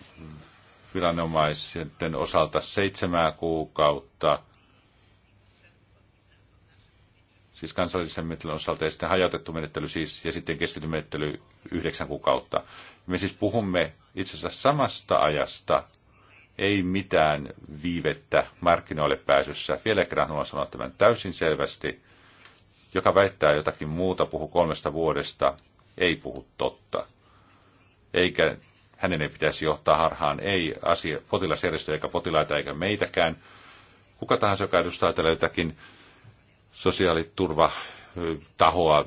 viranomaisten osalta seitsemää kuukautta, siis kansallisen menettelyn osalta, ja sitten hajautettu menettely siis, ja sitten keskitty menettely yhdeksän kuukautta. Me siis puhumme itse asiassa samasta ajasta, ei mitään viivettä markkinoille pääsyssä. Vielä kerran haluan sanoa tämän täysin selvästi. Joka väittää jotakin muuta, puhu kolmesta vuodesta, ei puhu totta. Eikä hänen ei pitäisi johtaa harhaan ei asia, potilasjärjestöjä eikä potilaita eikä meitäkään. Kuka tahansa, joka edustaa tällä jotakin sosiaaliturvatahoa,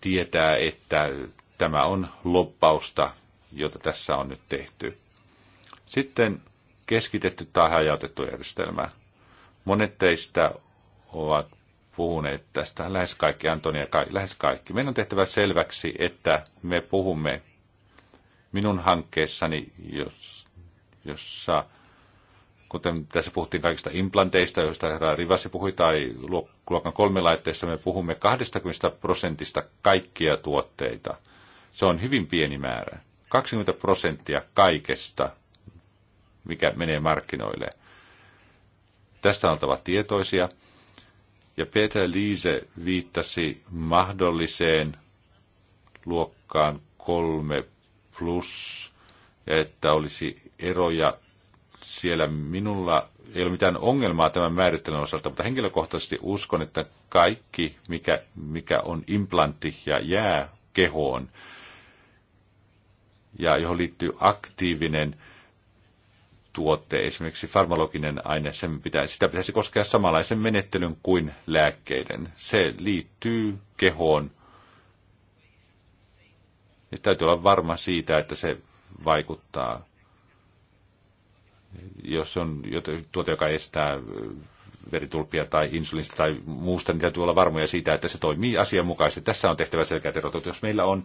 tietää, että tämä on loppausta, jota tässä on nyt tehty. Sitten keskitetty tai hajautettu järjestelmä. Monet teistä ovat puhuneet tästä, lähes kaikki, Antonia, lähes kaikki. Meidän on tehtävä selväksi, että me puhumme minun hankkeessani, jos, jossa kuten tässä puhuttiin kaikista implanteista, joista herra Rivasi puhui, tai luokan kolme laitteessa, me puhumme 20 prosentista kaikkia tuotteita. Se on hyvin pieni määrä. 20 prosenttia kaikesta, mikä menee markkinoille. Tästä on oltava tietoisia. Ja Peter Liise viittasi mahdolliseen luokkaan kolme plus, että olisi eroja siellä minulla ei ole mitään ongelmaa tämän määrittelyn osalta, mutta henkilökohtaisesti uskon, että kaikki, mikä, mikä on implantti ja jää kehoon, ja johon liittyy aktiivinen tuote, esimerkiksi farmaloginen aine, sen pitäisi, sitä pitäisi koskea samanlaisen menettelyn kuin lääkkeiden. Se liittyy kehoon niin täytyy olla varma siitä, että se vaikuttaa. Jos on tuote, joka estää veritulpia tai insulinista tai muusta, niin täytyy olla varmoja siitä, että se toimii asianmukaisesti. Tässä on tehtävä selkeät erot. Jos meillä on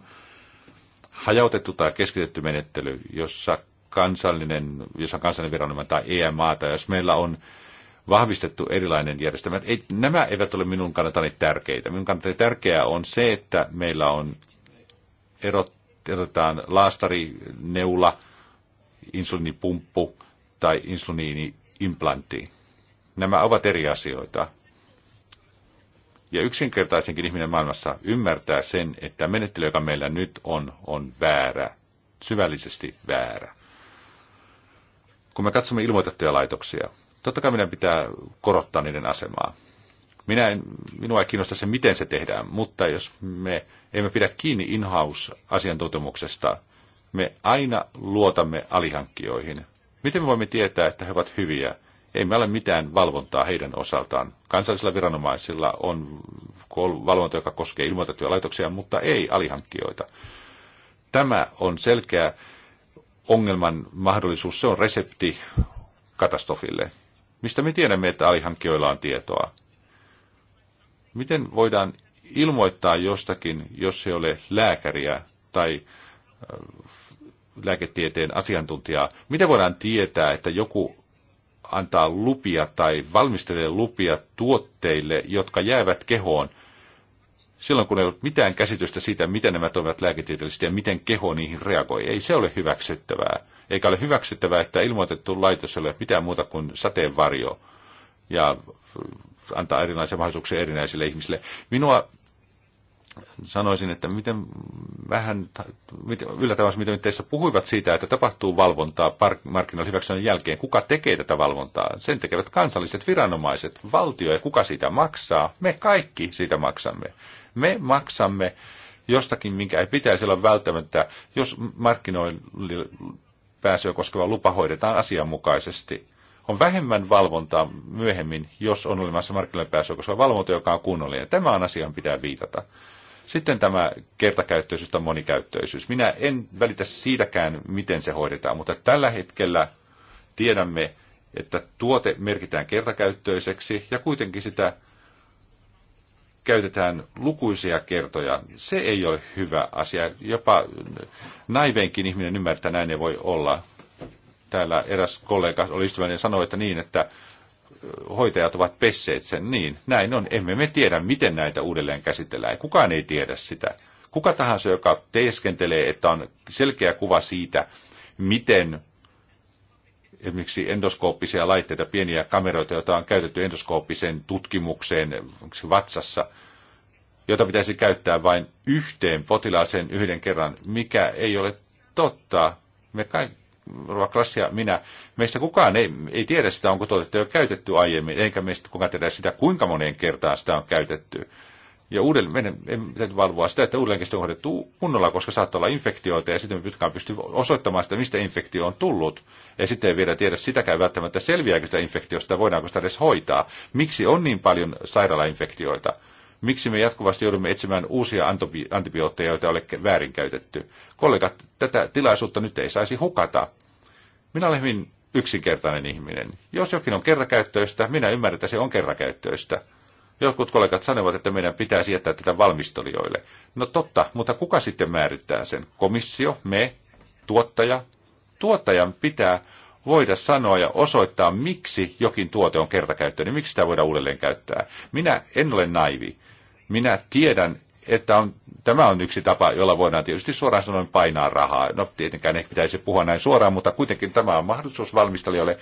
hajautettu tai keskitetty menettely, jossa kansallinen, jossa on kansallinen viranomainen tai EMA, tai jos meillä on vahvistettu erilainen järjestelmä. Ei, nämä eivät ole minun kannaltani tärkeitä. Minun kannaltani tärkeää on se, että meillä on erotetaan laastari, neula, insuliinipumppu tai insuliiniimplantti. Nämä ovat eri asioita. Ja yksinkertaisenkin ihminen maailmassa ymmärtää sen, että menettely, joka meillä nyt on, on väärä, syvällisesti väärä. Kun me katsomme ilmoitettuja laitoksia, totta kai meidän pitää korottaa niiden asemaa. Minä en, minua ei kiinnosta se, miten se tehdään, mutta jos me emme pidä kiinni in-house-asiantuntemuksesta. Me aina luotamme alihankkijoihin. Miten me voimme tietää, että he ovat hyviä? Ei meillä ole mitään valvontaa heidän osaltaan. Kansallisilla viranomaisilla on valvonta, joka koskee ilmoitettuja laitoksia, mutta ei alihankkijoita. Tämä on selkeä ongelman mahdollisuus. Se on resepti katastrofille. Mistä me tiedämme, että alihankkijoilla on tietoa? Miten voidaan ilmoittaa jostakin, jos ei ole lääkäriä tai äh, lääketieteen asiantuntijaa. Mitä voidaan tietää, että joku antaa lupia tai valmistelee lupia tuotteille, jotka jäävät kehoon, silloin kun ei ole mitään käsitystä siitä, miten nämä toimivat lääketieteellisesti ja miten keho niihin reagoi. Ei se ole hyväksyttävää. Eikä ole hyväksyttävää, että ilmoitettu laitos ei ole mitään muuta kuin sateenvarjo. Ja antaa erilaisia mahdollisuuksia erinäisille ihmisille. Minua sanoisin, että miten vähän, yllättävästi miten teissä puhuivat siitä, että tapahtuu valvontaa markkinoilla hyväksynnän jälkeen. Kuka tekee tätä valvontaa? Sen tekevät kansalliset viranomaiset, valtio ja kuka siitä maksaa? Me kaikki siitä maksamme. Me maksamme jostakin, minkä ei pitäisi olla välttämättä, jos markkinoille pääsyä koskeva lupa hoidetaan asianmukaisesti on vähemmän valvontaa myöhemmin, jos on olemassa markkinoille pääsy, koska valvonta, joka on kunnollinen. Tämä on asiaan pitää viitata. Sitten tämä kertakäyttöisyys tai monikäyttöisyys. Minä en välitä siitäkään, miten se hoidetaan, mutta tällä hetkellä tiedämme, että tuote merkitään kertakäyttöiseksi ja kuitenkin sitä käytetään lukuisia kertoja. Se ei ole hyvä asia. Jopa naiveinkin ihminen ymmärtää, näin ei voi olla täällä eräs kollega oli ja sanoi, että niin, että hoitajat ovat pesseet sen. Niin, näin on. Emme me tiedä, miten näitä uudelleen käsitellään. Kukaan ei tiedä sitä. Kuka tahansa, joka teeskentelee, että on selkeä kuva siitä, miten esimerkiksi endoskooppisia laitteita, pieniä kameroita, joita on käytetty endoskooppiseen tutkimukseen vatsassa, jota pitäisi käyttää vain yhteen potilaaseen yhden kerran, mikä ei ole totta. Me kaikki Rova Klassi ja minä, meistä kukaan ei, ei tiedä sitä, onko tuotetta jo käytetty aiemmin, eikä meistä kukaan tiedä sitä, kuinka moneen kertaan sitä on käytetty. Ja uudelleen, meidän täytyy valvoa sitä, että uudelleenkin on hoidettu kunnolla, koska saattaa olla infektioita ja sitten me pitkään pystyy osoittamaan sitä, mistä infektio on tullut. Ja sitten ei vielä tiedä sitäkään välttämättä selviääkö sitä infektiosta, voidaanko sitä edes hoitaa. Miksi on niin paljon sairaalainfektioita? Miksi me jatkuvasti joudumme etsimään uusia antibiootteja, joita ole väärinkäytetty? Kollegat, tätä tilaisuutta nyt ei saisi hukata. Minä olen hyvin yksinkertainen ihminen. Jos jokin on kertakäyttöistä, minä ymmärrän, että se on kertakäyttöistä. Jotkut kollegat sanovat, että meidän pitää jättää tätä valmistelijoille. No totta, mutta kuka sitten määrittää sen? Komissio, me, tuottaja? Tuottajan pitää voida sanoa ja osoittaa, miksi jokin tuote on kertakäyttöinen, miksi sitä voidaan uudelleen käyttää. Minä en ole naivi. Minä tiedän, että on, tämä on yksi tapa, jolla voidaan tietysti suoraan sanoen painaa rahaa. No tietenkään ei pitäisi puhua näin suoraan, mutta kuitenkin tämä on mahdollisuus valmistelijoille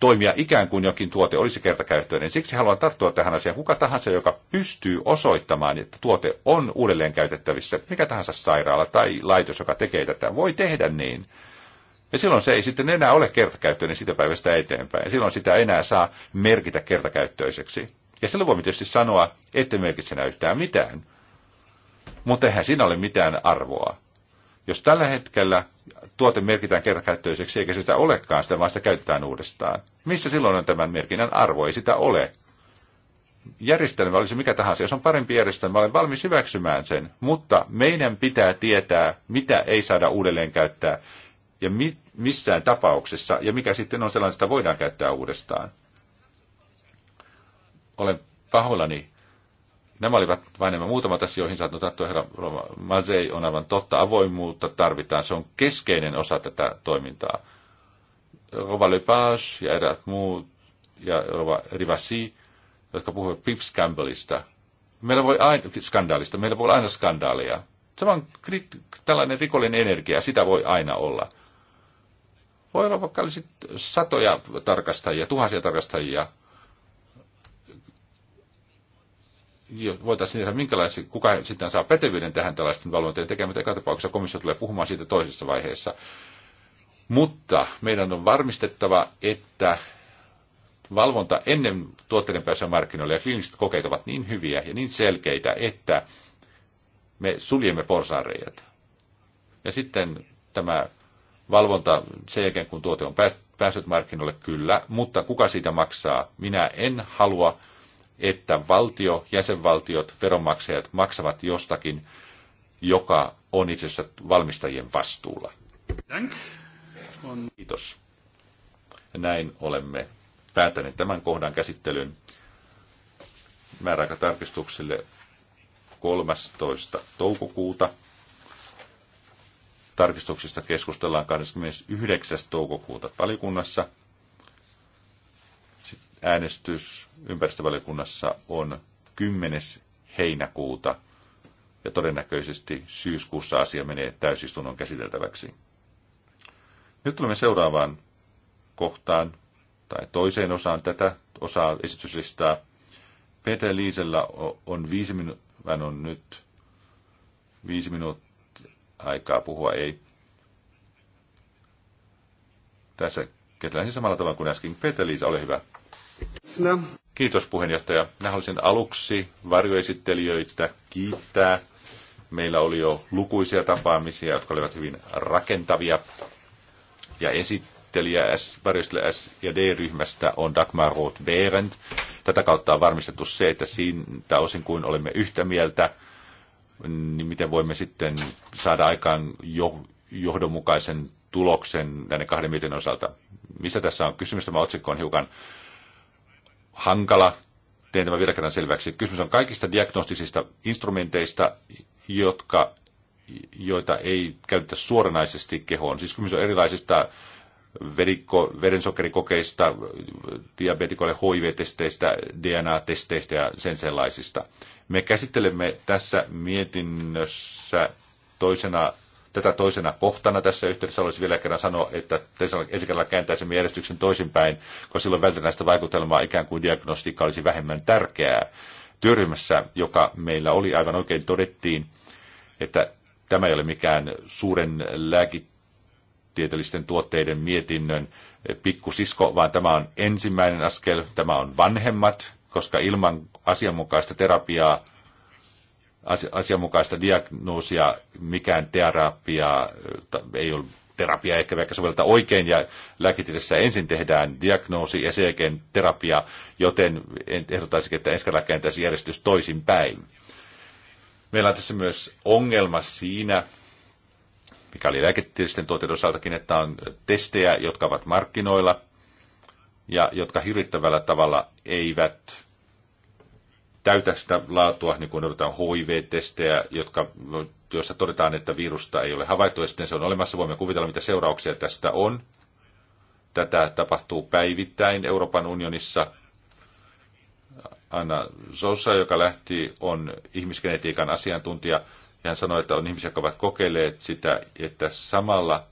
toimia ikään kuin jokin tuote olisi kertakäyttöinen. Siksi haluan tarttua tähän asiaan. Kuka tahansa, joka pystyy osoittamaan, että tuote on uudelleen käytettävissä, mikä tahansa sairaala tai laitos, joka tekee tätä, voi tehdä niin. Ja silloin se ei sitten enää ole kertakäyttöinen sitä päivästä eteenpäin. Silloin sitä enää saa merkitä kertakäyttöiseksi. Ja silloin voimme tietysti sanoa, että merkitse näyttää mitään. Mutta eihän siinä ole mitään arvoa. Jos tällä hetkellä tuote merkitään kertakäyttöiseksi eikä sitä olekaan, sitä vaan sitä käytetään uudestaan. Missä silloin on tämän merkinnän arvo? Ei sitä ole. Järjestelmä olisi mikä tahansa. Jos on parempi järjestelmä, olen valmis hyväksymään sen. Mutta meidän pitää tietää, mitä ei saada uudelleen käyttää ja mi- missään tapauksessa, ja mikä sitten on sellainen, sitä voidaan käyttää uudestaan. Olen pahoillani. Nämä olivat vain nämä muutamat asioita, joihin saat notattua. Herra Mazei on aivan totta. Avoimuutta tarvitaan. Se on keskeinen osa tätä toimintaa. Rova Lepage ja eräät muut ja Rova Rivasi, jotka puhuvat Pips Campbellista. Meillä voi aina, skandaalista, meillä voi olla aina skandaaleja. Tämä on tällainen rikollinen energia, sitä voi aina olla. Voi olla vaikka satoja tarkastajia, tuhansia tarkastajia, voitaisiin tehdä, minkälaisia, kuka sitten saa pätevyyden tähän tällaisten valvontojen tekemään, mutta eka tapauksessa komissio tulee puhumaan siitä toisessa vaiheessa. Mutta meidän on varmistettava, että valvonta ennen tuotteiden pääsyä markkinoille ja kliiniset kokeet ovat niin hyviä ja niin selkeitä, että me suljemme porsaanreijät. Ja sitten tämä valvonta sen jälkeen, kun tuote on päässyt markkinoille, kyllä, mutta kuka siitä maksaa? Minä en halua että valtio, jäsenvaltiot, veronmaksajat maksavat jostakin, joka on itse asiassa valmistajien vastuulla. Kiitos. Näin olemme päättäneet tämän kohdan käsittelyn määräaikatarkistuksille 13. toukokuuta. Tarkistuksista keskustellaan 29. toukokuuta valiokunnassa äänestys ympäristövaliokunnassa on 10. heinäkuuta ja todennäköisesti syyskuussa asia menee täysistunnon käsiteltäväksi. Nyt tulemme seuraavaan kohtaan tai toiseen osaan tätä osaa esityslistaa. Peter Liisellä on viisi minuuttia, on nyt viisi minuuttia aikaa puhua, ei. Tässä ketään siis samalla tavalla kuin äsken. Peter Liisa, ole hyvä. Kiitos puheenjohtaja. Mä haluaisin aluksi varjoesittelijöitä kiittää. Meillä oli jo lukuisia tapaamisia, jotka olivat hyvin rakentavia. Ja esittelijä S, varjoesittelijä S ja D-ryhmästä on Dagmar roth Berend. Tätä kautta on varmistettu se, että siitä osin kuin olemme yhtä mieltä, niin miten voimme sitten saada aikaan jo, johdonmukaisen tuloksen näiden kahden mietinnön osalta. Mistä tässä on kysymys? Tämä otsikko on hiukan hankala. Teen tämän vielä kerran selväksi. Kysymys on kaikista diagnostisista instrumenteista, jotka, joita ei käytetä suoranaisesti kehoon. Siis kysymys on erilaisista verikko, verensokerikokeista, diabetikoille HIV-testeistä, DNA-testeistä ja sen sellaisista. Me käsittelemme tässä mietinnössä toisena tätä toisena kohtana tässä yhteydessä. olisi vielä kerran sanoa, että ensi kerralla kääntäisimme järjestyksen toisinpäin, koska silloin vältetään sitä vaikutelmaa ikään kuin diagnostiikka olisi vähemmän tärkeää. Työryhmässä, joka meillä oli aivan oikein todettiin, että tämä ei ole mikään suuren lääketieteellisten tuotteiden mietinnön pikkusisko, vaan tämä on ensimmäinen askel, tämä on vanhemmat, koska ilman asianmukaista terapiaa asianmukaista diagnoosia, mikään terapia ei ole terapia ehkä vaikka sovelta oikein ja lääketieteessä ensin tehdään diagnoosi ja sen jälkeen terapia, joten ehdottaisin, että ensin kerralla kääntäisi järjestys toisinpäin. Meillä on tässä myös ongelma siinä, mikä oli lääketieteellisten tuotteiden osaltakin, että on testejä, jotka ovat markkinoilla ja jotka hirvittävällä tavalla eivät täytä sitä laatua, niin kuin odotetaan HIV-testejä, jotka, joissa todetaan, että virusta ei ole havaittu, ja sitten se on olemassa. Voimme kuvitella, mitä seurauksia tästä on. Tätä tapahtuu päivittäin Euroopan unionissa. Anna Sosa, joka lähti, on ihmisgenetiikan asiantuntija, ja hän sanoi, että on ihmisiä, jotka ovat kokeilleet sitä, että samalla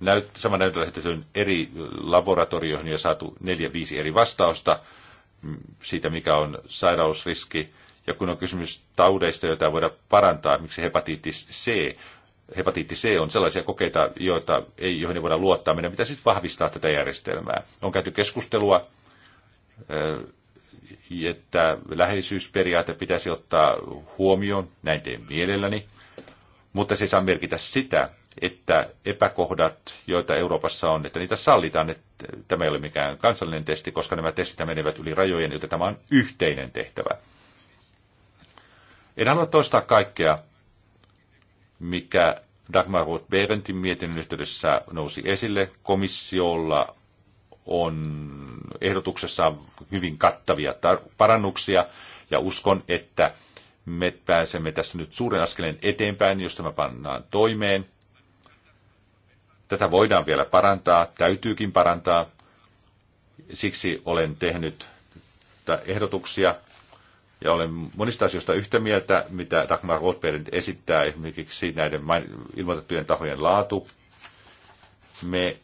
näyt, sama näytö lähetetyn eri laboratorioihin ja saatu neljä, viisi eri vastausta, siitä, mikä on sairausriski. Ja kun on kysymys taudeista, joita voida parantaa, miksi hepatiitis C, hepatiitti C on sellaisia kokeita, joita ei, joihin ei voida luottaa. Meidän pitäisi vahvistaa tätä järjestelmää. On käyty keskustelua, että läheisyysperiaate pitäisi ottaa huomioon, näin teen mielelläni, mutta se saa merkitä sitä, että epäkohdat, joita Euroopassa on, että niitä sallitaan. Että tämä ei ole mikään kansallinen testi, koska nämä testit menevät yli rajojen, joten tämä on yhteinen tehtävä. En halua toistaa kaikkea, mikä Dagmar Ruth Behrentin mietinnön yhteydessä nousi esille. Komissiolla on ehdotuksessa hyvin kattavia parannuksia ja uskon, että me pääsemme tässä nyt suuren askeleen eteenpäin, jos tämä pannaan toimeen. Tätä voidaan vielä parantaa, täytyykin parantaa. Siksi olen tehnyt ehdotuksia ja olen monista asioista yhtä mieltä, mitä Dagmar Rothberg esittää, esimerkiksi näiden ilmoitettujen tahojen laatu. Me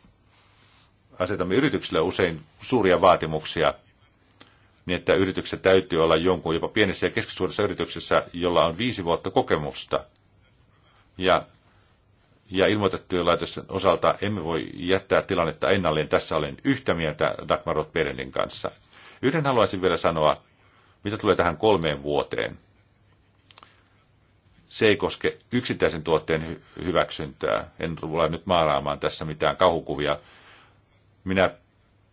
asetamme yrityksille usein suuria vaatimuksia, niin että yrityksessä täytyy olla jonkun, jopa pienessä ja keskisuuressa yrityksessä, jolla on viisi vuotta kokemusta. Ja ja ilmoitettujen laitosten osalta emme voi jättää tilannetta ennalleen. Tässä olen yhtä mieltä Dagmar Rothbergin kanssa. Yhden haluaisin vielä sanoa, mitä tulee tähän kolmeen vuoteen. Se ei koske yksittäisen tuotteen hyväksyntää. En tule nyt maaraamaan tässä mitään kauhukuvia. Minä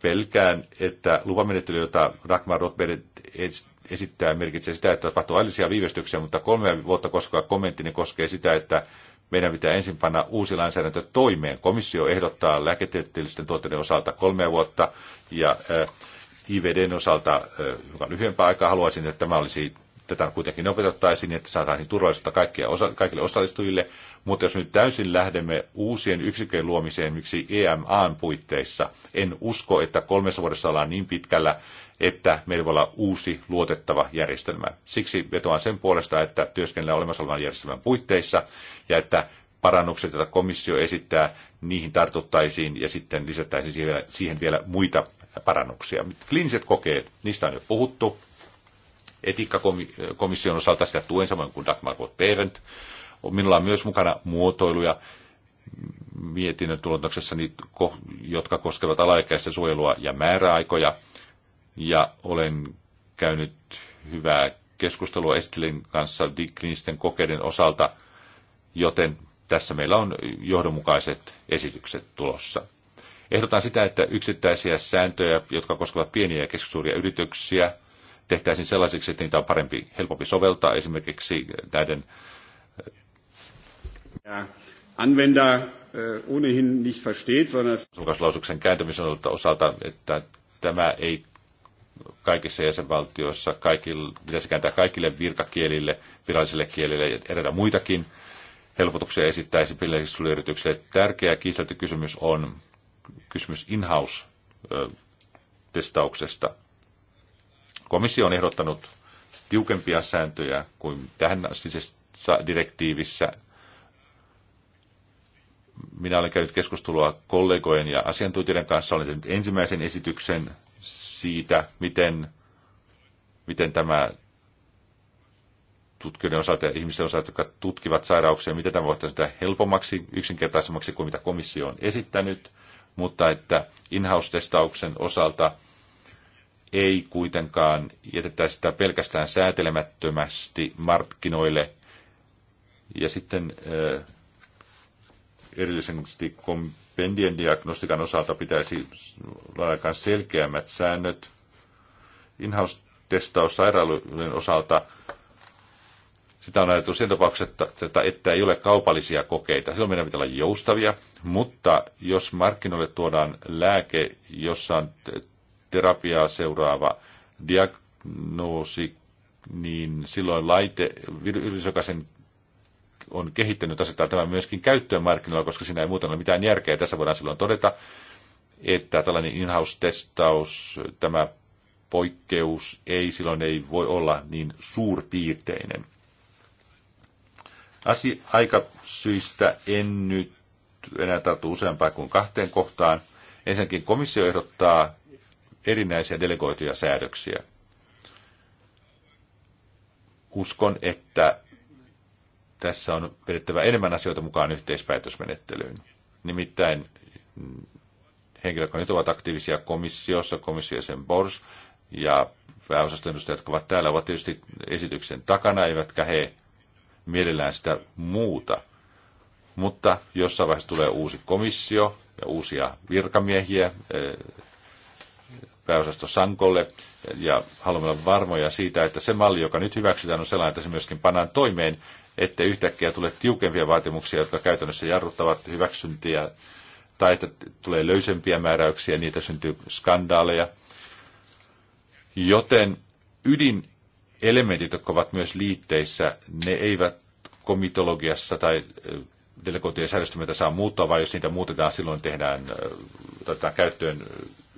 pelkään, että lupamenettely, jota Dagmar Rothberg esittää, merkitsee sitä, että tapahtuu aillisia viivästyksiä, mutta kolme vuotta koskeva kommenttini koskee sitä, että meidän pitää ensin panna uusi lainsäädäntö toimeen. Komissio ehdottaa lääketieteellisten tuotteiden osalta kolmea vuotta ja äh, IVDn osalta, äh, joka lyhyempää aikaa, haluaisin, että tämä olisi tätä kuitenkin nopeutettaisiin, että saataisiin turvallisuutta kaikkia osa, kaikille osallistujille. Mutta jos nyt täysin lähdemme uusien yksikön luomiseen, miksi EMAn puitteissa, en usko, että kolmessa vuodessa ollaan niin pitkällä, että meillä voi olla uusi luotettava järjestelmä. Siksi vetoan sen puolesta, että työskennellään olemassa olevan järjestelmän puitteissa ja että parannukset, joita komissio esittää, niihin tartuttaisiin ja sitten lisättäisiin siihen vielä muita parannuksia. Kliiniset kokeet, niistä on jo puhuttu. Etiikkakomission osalta sitä tuen samoin kuin Dagmar Parent. Minulla on myös mukana muotoiluja mietinnön tulotuksessani, jotka koskevat alaikäisten suojelua ja määräaikoja ja olen käynyt hyvää keskustelua Estelin kanssa kliinisten kokeiden osalta, joten tässä meillä on johdonmukaiset esitykset tulossa. Ehdotan sitä, että yksittäisiä sääntöjä, jotka koskevat pieniä ja keskisuuria yrityksiä, tehtäisiin sellaisiksi, että niitä on parempi, helpompi soveltaa esimerkiksi näiden Anwender äh, ohnehin nicht versteht, sondern... kääntämisen osalta, että tämä ei kaikissa jäsenvaltioissa, kaikille, pitäisi kääntää kaikille virkakielille, virallisille kielille ja eräitä muitakin helpotuksia esittäisi pienellisille yrityksille. Tärkeä kiistelty kysymys on kysymys in-house-testauksesta. Komissio on ehdottanut tiukempia sääntöjä kuin tähän asiassa direktiivissä. Minä olen käynyt keskustelua kollegojen ja asiantuntijoiden kanssa. Olen tehnyt ensimmäisen esityksen siitä, miten, miten tämä tutkijoiden osalta ja ihmisten osalta, jotka tutkivat sairauksia, miten tämä voitaisiin tehdä helpommaksi, yksinkertaisemmaksi kuin mitä komissio on esittänyt, mutta että in-house-testauksen osalta ei kuitenkaan jätettäisi sitä pelkästään säätelemättömästi markkinoille. Ja sitten erillisesti kom- pendien diagnostikan osalta pitäisi olla selkeämmät säännöt. Inhouse-testaus sairaaloiden osalta sitä on ajateltu sen tapauksessa, että, että ei ole kaupallisia kokeita. Silloin meidän pitää olla joustavia, mutta jos markkinoille tuodaan lääke, jossa on terapiaa seuraava diagnoosi, niin silloin laite, virus, joka sen on kehittänyt asettaa tämä myöskin käyttöön markkinoilla, koska siinä ei muuten ole mitään järkeä. Tässä voidaan silloin todeta, että tällainen in-house-testaus, tämä poikkeus ei silloin ei voi olla niin suurpiirteinen. Asi, aika syistä en nyt enää tartu useampaan kuin kahteen kohtaan. Ensinnäkin komissio ehdottaa erinäisiä delegoituja säädöksiä. Uskon, että tässä on vedettävä enemmän asioita mukaan yhteispäätösmenettelyyn. Nimittäin mm, henkilöt, jotka nyt ovat aktiivisia komissiossa, komissio sen Bors ja pääosaston edustajat, jotka ovat täällä, ovat tietysti esityksen takana, eivätkä he mielellään sitä muuta. Mutta jossain vaiheessa tulee uusi komissio ja uusia virkamiehiä eh, pääosasto Sankolle, ja haluamme olla varmoja siitä, että se malli, joka nyt hyväksytään, on sellainen, että se myöskin pannaan toimeen, että yhtäkkiä tulee tiukempia vaatimuksia, jotka käytännössä jarruttavat hyväksyntiä, tai että tulee löysempiä määräyksiä, niitä syntyy skandaaleja. Joten ydinelementit, jotka ovat myös liitteissä, ne eivät komitologiassa tai delegoitujen säädöstömyöntä saa muuttaa, vaan jos niitä muutetaan, silloin tehdään, otetaan käyttöön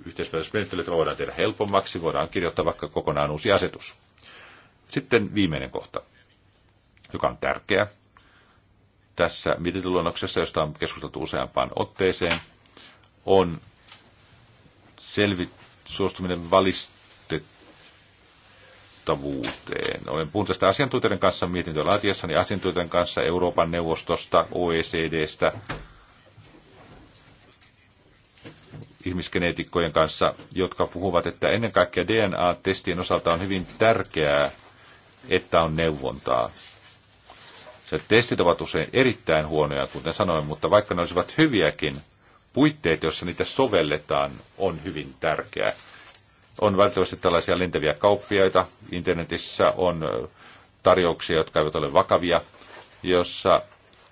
yhteispäätösmenettelyt, voidaan tehdä helpommaksi, voidaan kirjoittaa vaikka kokonaan uusi asetus. Sitten viimeinen kohta joka on tärkeä tässä mietintöluonnoksessa, josta on keskusteltu useampaan otteeseen, on selvit, suostuminen valistettavuuteen. Olen puhunut tästä asiantuntijoiden kanssa mietintölaatiessani, asiantuntijoiden kanssa Euroopan neuvostosta, OECDstä, ihmisgeneetikkojen kanssa, jotka puhuvat, että ennen kaikkea DNA-testien osalta on hyvin tärkeää, että on neuvontaa. Sen testit ovat usein erittäin huonoja, kuten sanoin, mutta vaikka ne olisivat hyviäkin, puitteet, joissa niitä sovelletaan, on hyvin tärkeää. On välttämättä tällaisia lentäviä kauppiaita. Internetissä on tarjouksia, jotka eivät ole vakavia, jossa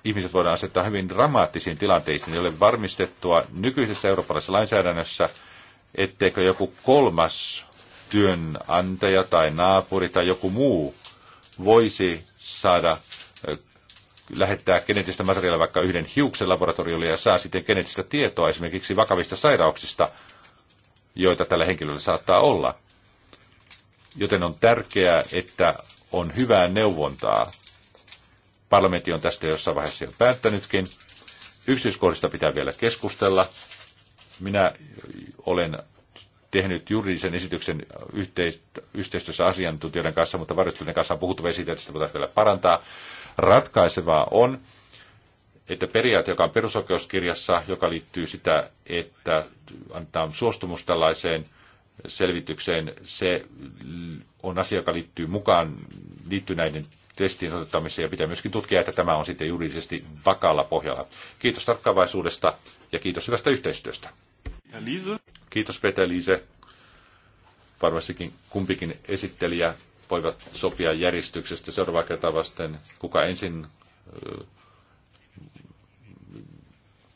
ihmiset voidaan asettaa hyvin dramaattisiin tilanteisiin, joille varmistettua nykyisessä eurooppalaisessa lainsäädännössä, etteikö joku kolmas työnantaja tai naapuri tai joku muu voisi saada lähettää geneettistä materiaalia vaikka yhden hiuksen laboratoriolle ja saa sitten geneettistä tietoa esimerkiksi vakavista sairauksista, joita tällä henkilöllä saattaa olla. Joten on tärkeää, että on hyvää neuvontaa. Parlamentti on tästä jossain vaiheessa jo päättänytkin. Yksityiskohdista pitää vielä keskustella. Minä olen tehnyt juridisen esityksen yhteistyössä asiantuntijoiden kanssa, mutta varjostuneiden kanssa on puhuttu siitä, että sitä voitaisiin vielä parantaa. Ratkaisevaa on, että periaate, joka on perusoikeuskirjassa, joka liittyy sitä, että antaa suostumus tällaiseen selvitykseen, se on asia, joka liittyy mukaan liittyneiden testiin otettamiseen ja pitää myöskin tutkia, että tämä on sitten juridisesti vakaalla pohjalla. Kiitos tarkkaavaisuudesta ja kiitos hyvästä yhteistyöstä. Liise. Kiitos Peter Liise. Varmastikin kumpikin esittelijä voivat sopia järjestyksestä seuraavaa kertaa vasten, kuka ensin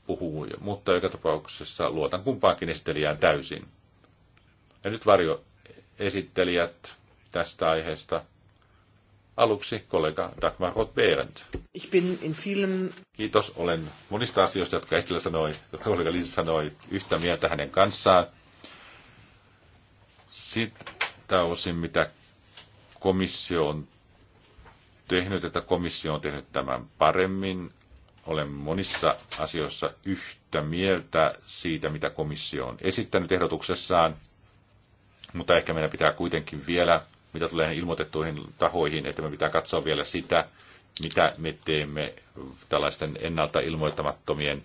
puhuu, mutta joka tapauksessa luotan kumpaankin esittelijään täysin. Ja nyt varjo esittelijät tästä aiheesta. Aluksi kollega Dagmar Roth-Behrendt. Ich bin in vielen... Kiitos, olen monista asioista, jotka esitellä sanoi, jotka kollega Liisa sanoi, yhtä mieltä hänen kanssaan. Sitten osin, mitä komissio on tehnyt, että komissio on tehnyt tämän paremmin. Olen monissa asioissa yhtä mieltä siitä, mitä komissio on esittänyt ehdotuksessaan, mutta ehkä meidän pitää kuitenkin vielä, mitä tulee ilmoitettuihin tahoihin, että me pitää katsoa vielä sitä, mitä me teemme tällaisten ennalta ilmoittamattomien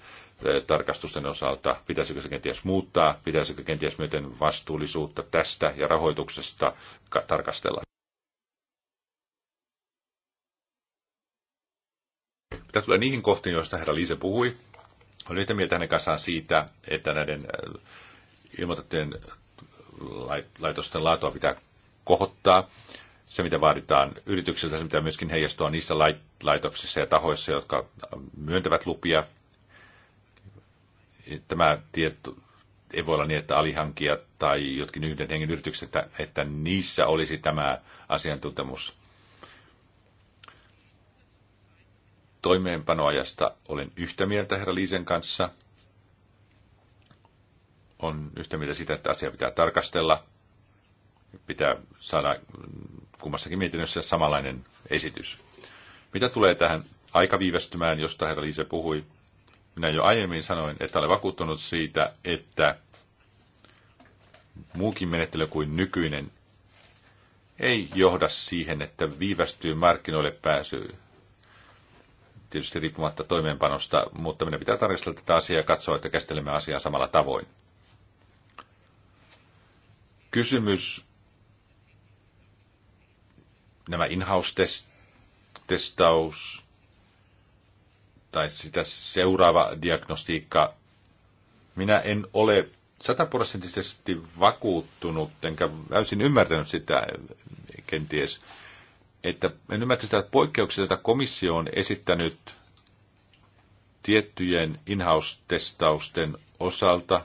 tarkastusten osalta, pitäisikö se kenties muuttaa, pitäisikö kenties myöten vastuullisuutta tästä ja rahoituksesta tarkastella. Mitä tulee niihin kohtiin, joista herra Liise puhui, olen yhtä mieltä hänen kanssaan siitä, että näiden äh, ilmoitettujen laitosten laatua pitää kohottaa. Se, mitä vaaditaan yrityksiltä, se mitä myöskin heijastua niissä laitoksissa ja tahoissa, jotka myöntävät lupia. Tämä tieto, ei voi olla niin, että alihankijat tai jotkin yhden hengen yritykset, että, että niissä olisi tämä asiantuntemus. toimeenpanoajasta olen yhtä mieltä herra Liisen kanssa. On yhtä mieltä sitä, että asia pitää tarkastella. Pitää saada kummassakin mietinnössä samanlainen esitys. Mitä tulee tähän aikaviivästymään, josta herra Liise puhui, minä jo aiemmin sanoin, että olen vakuuttunut siitä, että muukin menettely kuin nykyinen ei johda siihen, että viivästyy markkinoille pääsy tietysti riippumatta toimeenpanosta, mutta meidän pitää tarkastella tätä asiaa ja katsoa, että käsittelemme asiaa samalla tavoin. Kysymys nämä in-house-testaus tai sitä seuraava diagnostiikka. Minä en ole sataprosenttisesti vakuuttunut, enkä täysin ymmärtänyt sitä kenties että en ymmärrä sitä, poikkeuksia, joita komissio on esittänyt tiettyjen in-house-testausten osalta,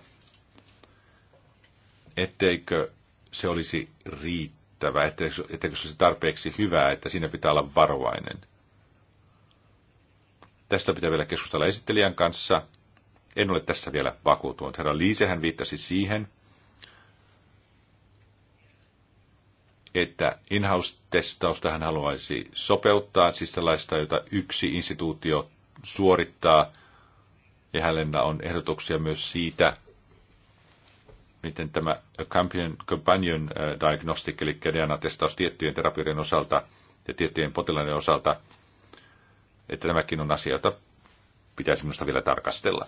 etteikö se olisi riittävä, etteikö, etteikö se olisi tarpeeksi hyvää, että siinä pitää olla varovainen. Tästä pitää vielä keskustella esittelijän kanssa. En ole tässä vielä vakuutunut. Herra Liisehän viittasi siihen – että in-house-testausta hän haluaisi sopeuttaa, siis sellaista, jota yksi instituutio suorittaa, ja hänellä on ehdotuksia myös siitä, miten tämä companion, companion äh, diagnostic, eli DNA-testaus tiettyjen terapioiden osalta ja tiettyjen potilaiden osalta, että tämäkin on asia, jota pitäisi minusta vielä tarkastella.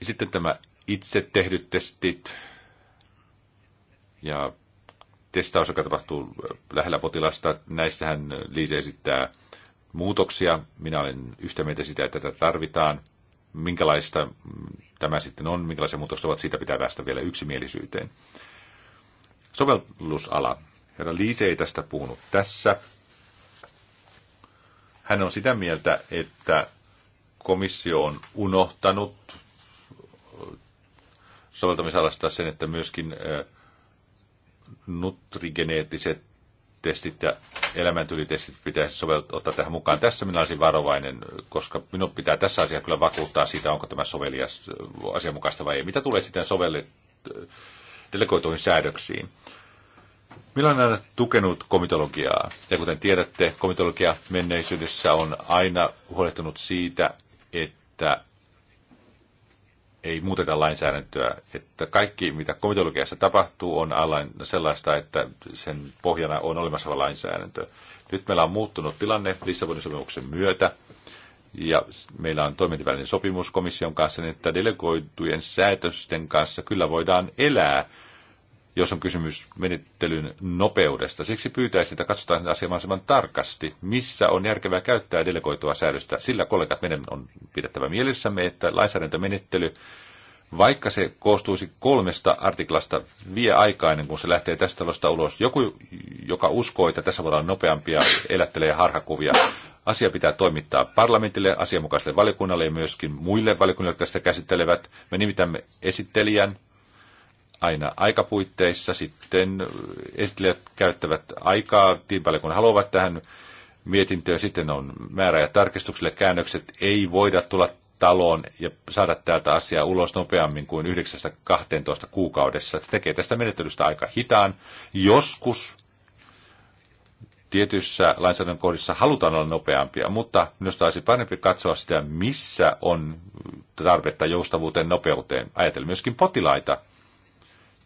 Ja sitten tämä itse tehdyt testit ja testaus, joka tapahtuu äh, lähellä potilasta. Näissähän äh, Liise esittää muutoksia. Minä olen yhtä mieltä sitä, että tätä tarvitaan. Minkälaista mm, tämä sitten on, minkälaisia muutoksia ovat, siitä pitää päästä vielä yksimielisyyteen. Sovellusala. Herra Liise ei tästä puhunut tässä. Hän on sitä mieltä, että komissio on unohtanut äh, soveltamisalasta sen, että myöskin nutrigeneettiset testit ja elämäntyylitestit pitäisi soveltaa, ottaa tähän mukaan. Tässä minä olisin varovainen, koska minun pitää tässä asiaa kyllä vakuuttaa siitä, onko tämä sovelias äh, asianmukaista vai ei. Mitä tulee sitten sovellet delegoituihin säädöksiin? Millä on aina tukenut komitologiaa. Ja kuten tiedätte, komitologia menneisyydessä on aina huolehtunut siitä, että ei muuteta lainsäädäntöä, että kaikki mitä komitologiassa tapahtuu on alla sellaista, että sen pohjana on olemassa oleva lainsäädäntö. Nyt meillä on muuttunut tilanne Lissabonin sopimuksen myötä ja meillä on toimintavälinen sopimus komission kanssa, niin että delegoitujen säätösten kanssa kyllä voidaan elää jos on kysymys menettelyn nopeudesta. Siksi pyytäisin, että katsotaan asiaa mahdollisimman tarkasti, missä on järkevää käyttää delegoitua säädöstä. Sillä kollegat meidän on pidettävä mielessämme, että lainsäädäntömenettely, vaikka se koostuisi kolmesta artiklasta, vie aikaa ennen kuin se lähtee tästä talosta ulos. Joku, joka uskoo, että tässä voidaan nopeampia, elättelee harhakuvia. Asia pitää toimittaa parlamentille, asianmukaiselle valiokunnalle ja myöskin muille valiokunnille, jotka sitä käsittelevät. Me nimitämme esittelijän, aina aikapuitteissa. Sitten esittelijät käyttävät aikaa niin paljon kuin haluavat tähän mietintöön. Sitten on määrä ja tarkistuksille käännökset. Ei voida tulla taloon ja saada täältä asiaa ulos nopeammin kuin 9-12 kuukaudessa. Se tekee tästä menettelystä aika hitaan. Joskus tietyissä lainsäädännön kohdissa halutaan olla nopeampia, mutta minusta olisi parempi katsoa sitä, missä on tarvetta joustavuuteen, nopeuteen. Ajatellaan myöskin potilaita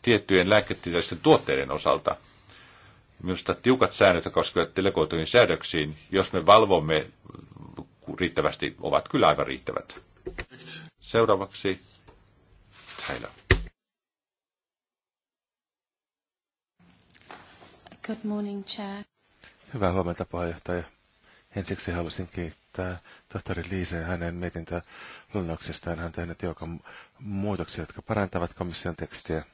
tiettyjen lääketieteellisten tuotteiden osalta. Minusta tiukat säännöt, jotka koskevat delegoituihin säädöksiin, jos me valvomme riittävästi, ovat kyllä aivan riittävät. Seuraavaksi Taylor. Good morning, Chair. Hyvää huomenta, puheenjohtaja. Ensiksi haluaisin kiittää tohtori Liise ja hänen mietintöluonnoksestaan. Hän on tehnyt joukon muutoksia, jotka parantavat komission tekstiä.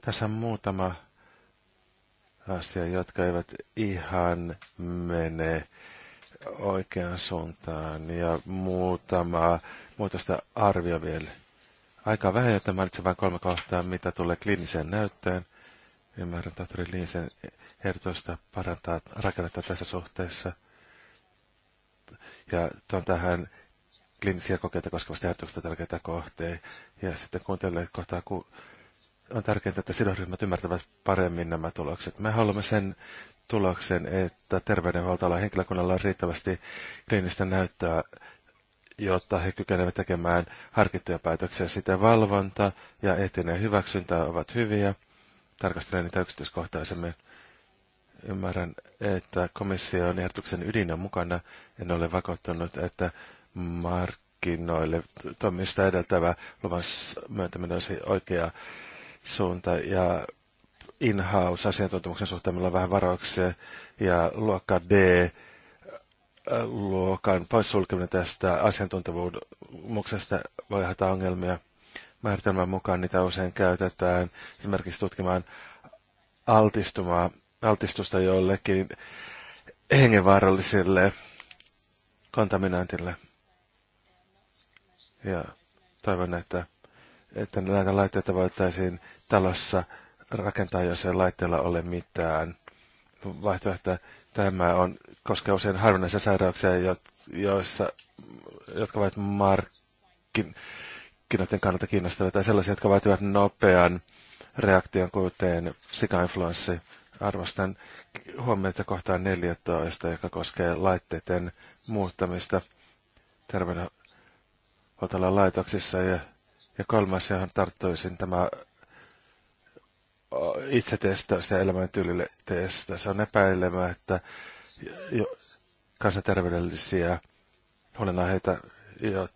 Tässä on muutama asia, jotka eivät ihan mene oikeaan suuntaan ja muutama muutosta arvio vielä. Aika vähän, että mainitsen vain kolme kohtaa, mitä tulee kliiniseen näyttöön. Ymmärrän tohtori Liinsen ehdotusta parantaa rakennetta tässä suhteessa. Ja tuon tähän kliinisiä kokeita koskevasta ehdotuksesta tärkeitä kohteita. Ja sitten kuuntelen kohtaa ku, on tärkeää, että sidosryhmät ymmärtävät paremmin nämä tulokset. Me haluamme sen tuloksen, että terveydenhuoltoalan henkilökunnalla on riittävästi kliinistä näyttöä, jotta he kykenevät tekemään harkittuja päätöksiä. Sitä valvonta ja eettinen hyväksyntä ovat hyviä. Tarkastelen niitä yksityiskohtaisemmin. Ymmärrän, että komission ehdotuksen ydin on mukana. En ole vakuuttunut, että markkinoille toimista edeltävä luvan myöntäminen olisi oikea suunta ja in-house asiantuntemuksen suhteen meillä on vähän varauksia ja luokka D luokan poissulkeminen tästä asiantuntemuksesta voi aiheuttaa ongelmia. Määritelmän mukaan niitä usein käytetään esimerkiksi tutkimaan altistumaa, altistusta jollekin hengenvaarallisille kontaminaantille. Ja toivon, että että näitä laitteita voitaisiin talossa rakentaa, jos ei laitteella ole mitään vaihtoehtoa. Tämä on, koskee usein harvinaisia sairauksia, joissa, jotka ovat markkinoiden kannalta kiinnostavia, tai sellaisia, jotka vaativat nopean reaktion, kuten sikainfluenssi. Arvostan huomiota kohtaan 14, joka koskee laitteiden muuttamista terveydenhuoltoalan laitoksissa ja ja kolmas, johon tarttuisin, tämä testaus ja elämäntyylille testa. Se on että jo kansanterveydellisiä huolenaiheita, jo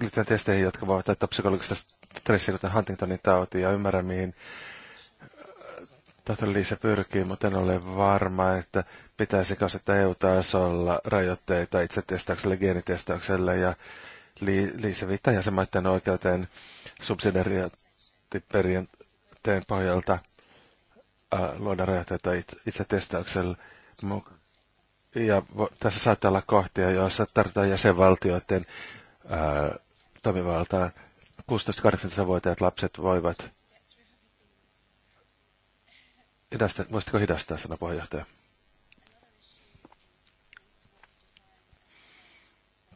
liittyen testeihin, jotka voivat täyttää psykologista stressiä, kuten Huntingtonin tauti, ja ymmärrän, mihin tohtori Liisa pyrkii, mutta en ole varma, että pitäisikö asettaa EU-tasolla rajoitteita itse testaukselle, geenitestaukselle ja Liisa viittaa jäsenmaiden oikeuteen subsidiariteettiperiaatteen pohjalta luoda rajoitteita itse testaukselle. Ja tässä saattaa olla kohtia, joissa tarvitaan jäsenvaltioiden ää, toimivaltaan. 16-18-vuotiaat lapset voivat... Hidasta, voisitko hidastaa, sana puheenjohtaja?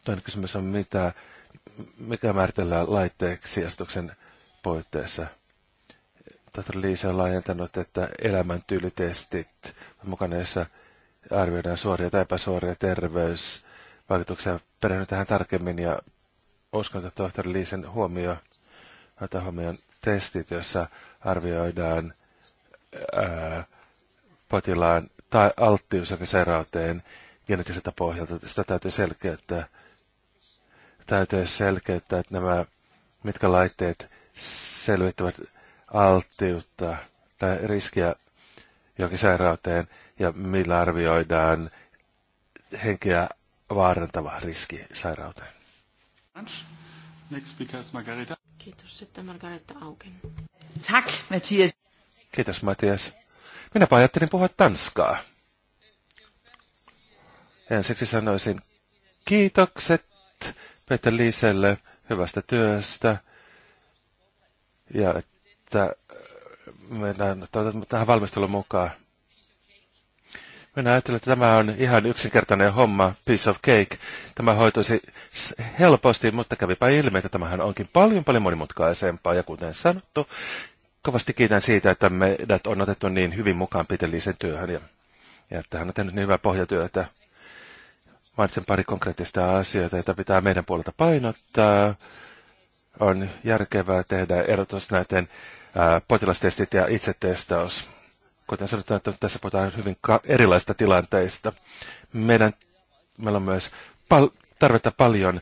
Toinen kysymys on, mitä, mikä määritellään laitteeksi asetuksen puitteissa. Tätä Liisa on laajentanut, että elämäntyylitestit mukana, arvioidaan suoria tai epäsuoria terveysvaikutuksia. Perehdy tähän tarkemmin ja uskon, että tohtori Liisen huomio ottaa huomioon testit, jossa arvioidaan ää, potilaan tai alttius jonkin sairauteen genetiseltä pohjalta. Sitä täytyy selkeyttää täytyy selkeyttää, että nämä, mitkä laitteet selvittävät alttiutta tai riskiä johonkin sairauteen ja millä arvioidaan henkeä vaarantava riski sairauteen. Next speaker Margareta. Kiitos sitten Margareta Auken. Tack Mattias. Kiitos Mattias. Minäpä ajattelin puhua tanskaa. Ensiksi sanoisin kiitokset Peter Liselle hyvästä työstä ja että äh, mennään tähän valmistelun mukaan. Minä ajattelin, että tämä on ihan yksinkertainen homma, piece of cake. Tämä hoituisi helposti, mutta kävipä ilmi, että tämähän onkin paljon paljon monimutkaisempaa. Ja kuten sanottu, kovasti kiitän siitä, että meidät on otettu niin hyvin mukaan pitelliseen työhön ja, ja että hän on tehnyt niin hyvää pohjatyötä mainitsen pari konkreettista asiaa, joita pitää meidän puolelta painottaa. On järkevää tehdä erotus näiden potilastestit ja itsetestaus. Kuten sanotaan, että tässä puhutaan hyvin erilaisista tilanteista. Meidän, meillä on myös pal- tarvetta paljon,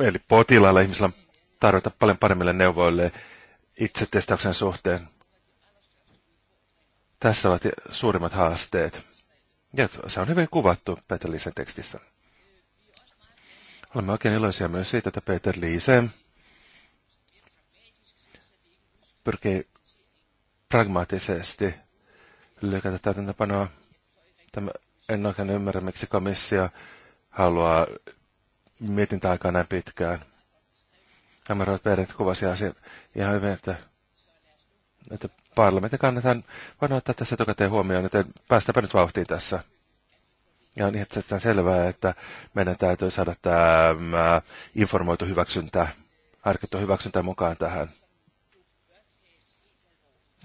eli potilailla ihmisillä on tarvetta paljon paremmille neuvoille itsetestauksen suhteen. Tässä ovat suurimmat haasteet. Ja se on hyvin kuvattu Peter Liisen tekstissä. Olemme oikein iloisia myös siitä, että Peter Liise pyrkii pragmaattisesti lykätä täytäntöpanoa. Tämä en oikein ymmärrä, miksi komissio haluaa mietintäaikaa näin pitkään. Cameron Peret kuvasi asia ihan hyvin, että, että parlamentin kannetaan, voin ottaa tässä etukäteen huomioon, että päästäpä nyt vauhtiin tässä. Ja on itsestään selvää, että meidän täytyy saada tämä äh, informoitu hyväksyntä, harkittu hyväksyntä mukaan tähän.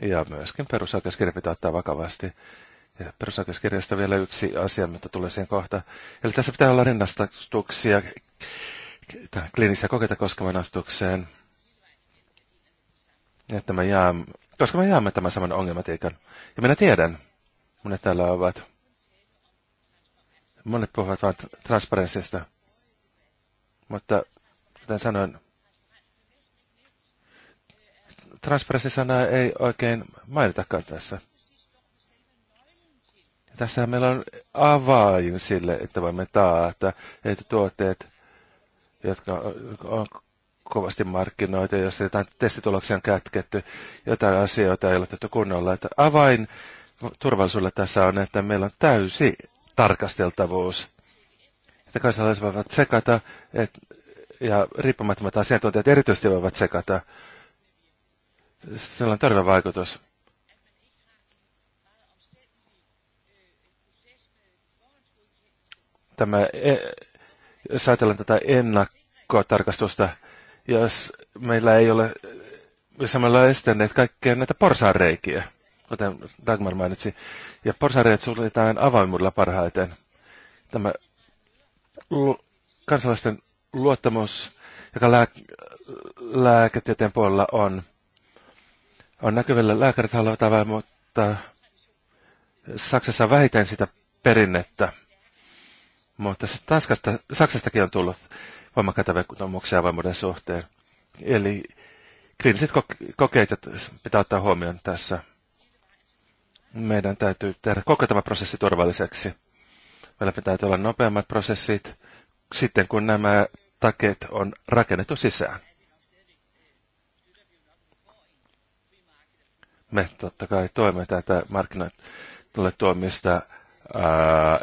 Ja myöskin perusoikeuskirja pitää ottaa vakavasti. Ja perusoikeuskirjasta vielä yksi asia, mitä tulee siihen kohta. Eli tässä pitää olla rinnastuksia kliinisiä kokeita koskevan astukseen. Että me jää koska me jaamme tämän saman ongelmatiikan. Ja minä tiedän, monet täällä ovat. Monet puhuvat vain transparenssista. Mutta kuten sanoin, transparenssisanaa ei oikein mainitakaan tässä. Tässä meillä on avain sille, että voimme taata, että tuotteet, jotka on kovasti markkinoita, jos jotain testituloksia on kätketty, jotain asioita ei ole tehty kunnolla. Että avain turvallisuudella tässä on, että meillä on täysi tarkasteltavuus. Että kansalaiset voivat sekata, et, ja riippumattomat asiantuntijat erityisesti voivat sekata. Sillä on törmä vaikutus. Tämä, e, jos ajatellaan tätä ennakkotarkastusta, jos meillä ei ole, jos me ollaan estäneet kaikkea näitä porsareikiä, kuten Dagmar mainitsi, ja porsareet suljetaan avaimuudella parhaiten. Tämä lu- kansalaisten luottamus, joka lää- lääketieteen puolella on, on näkyvillä. Lääkärit haluavat mutta Saksassa on vähiten sitä perinnettä, mutta Tanskasta, Saksastakin on tullut voimakkaita vekomuksia avoimuuden suhteen. Eli kliiniset kokeet pitää ottaa huomioon tässä. Meidän täytyy tehdä koko tämä prosessi turvalliseksi. Meillä pitää olla nopeammat prosessit sitten, kun nämä takeet on rakennettu sisään. Me totta kai toimme tätä markkinoille tuomista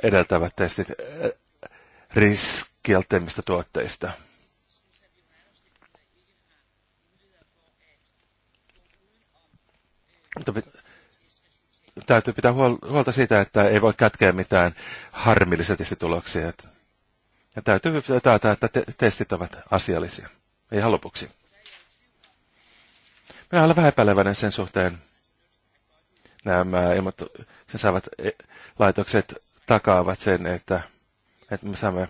edeltävät testit riskialteimmista tuotteista. Täytyy pitää huolta siitä, että ei voi kätkeä mitään harmillisia testituloksia. Ja täytyy taata, että testit ovat asiallisia. Ihan lopuksi. Minä olen vähän epäileväinen sen suhteen. Nämä ilmat, sen saavat e- laitokset takaavat sen, että että me saamme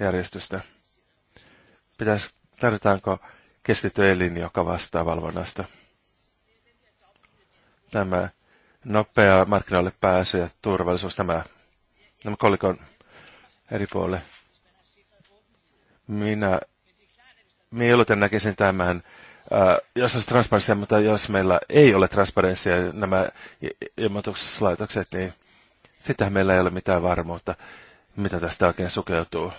järjestystä. Pitäis, tarvitaanko keskittyä elin, joka vastaa valvonnasta? Tämä nopea markkinoille pääsy ja turvallisuus, tämä, nämä kolikon eri puolelle. Minä mieluiten näkisin tämän, äh, jos olisi transparenssia, mutta jos meillä ei ole transparenssia nämä ilmoituslaitokset, niin sitähän meillä ei ole mitään varmuutta mitä tästä oikein sukeutuu.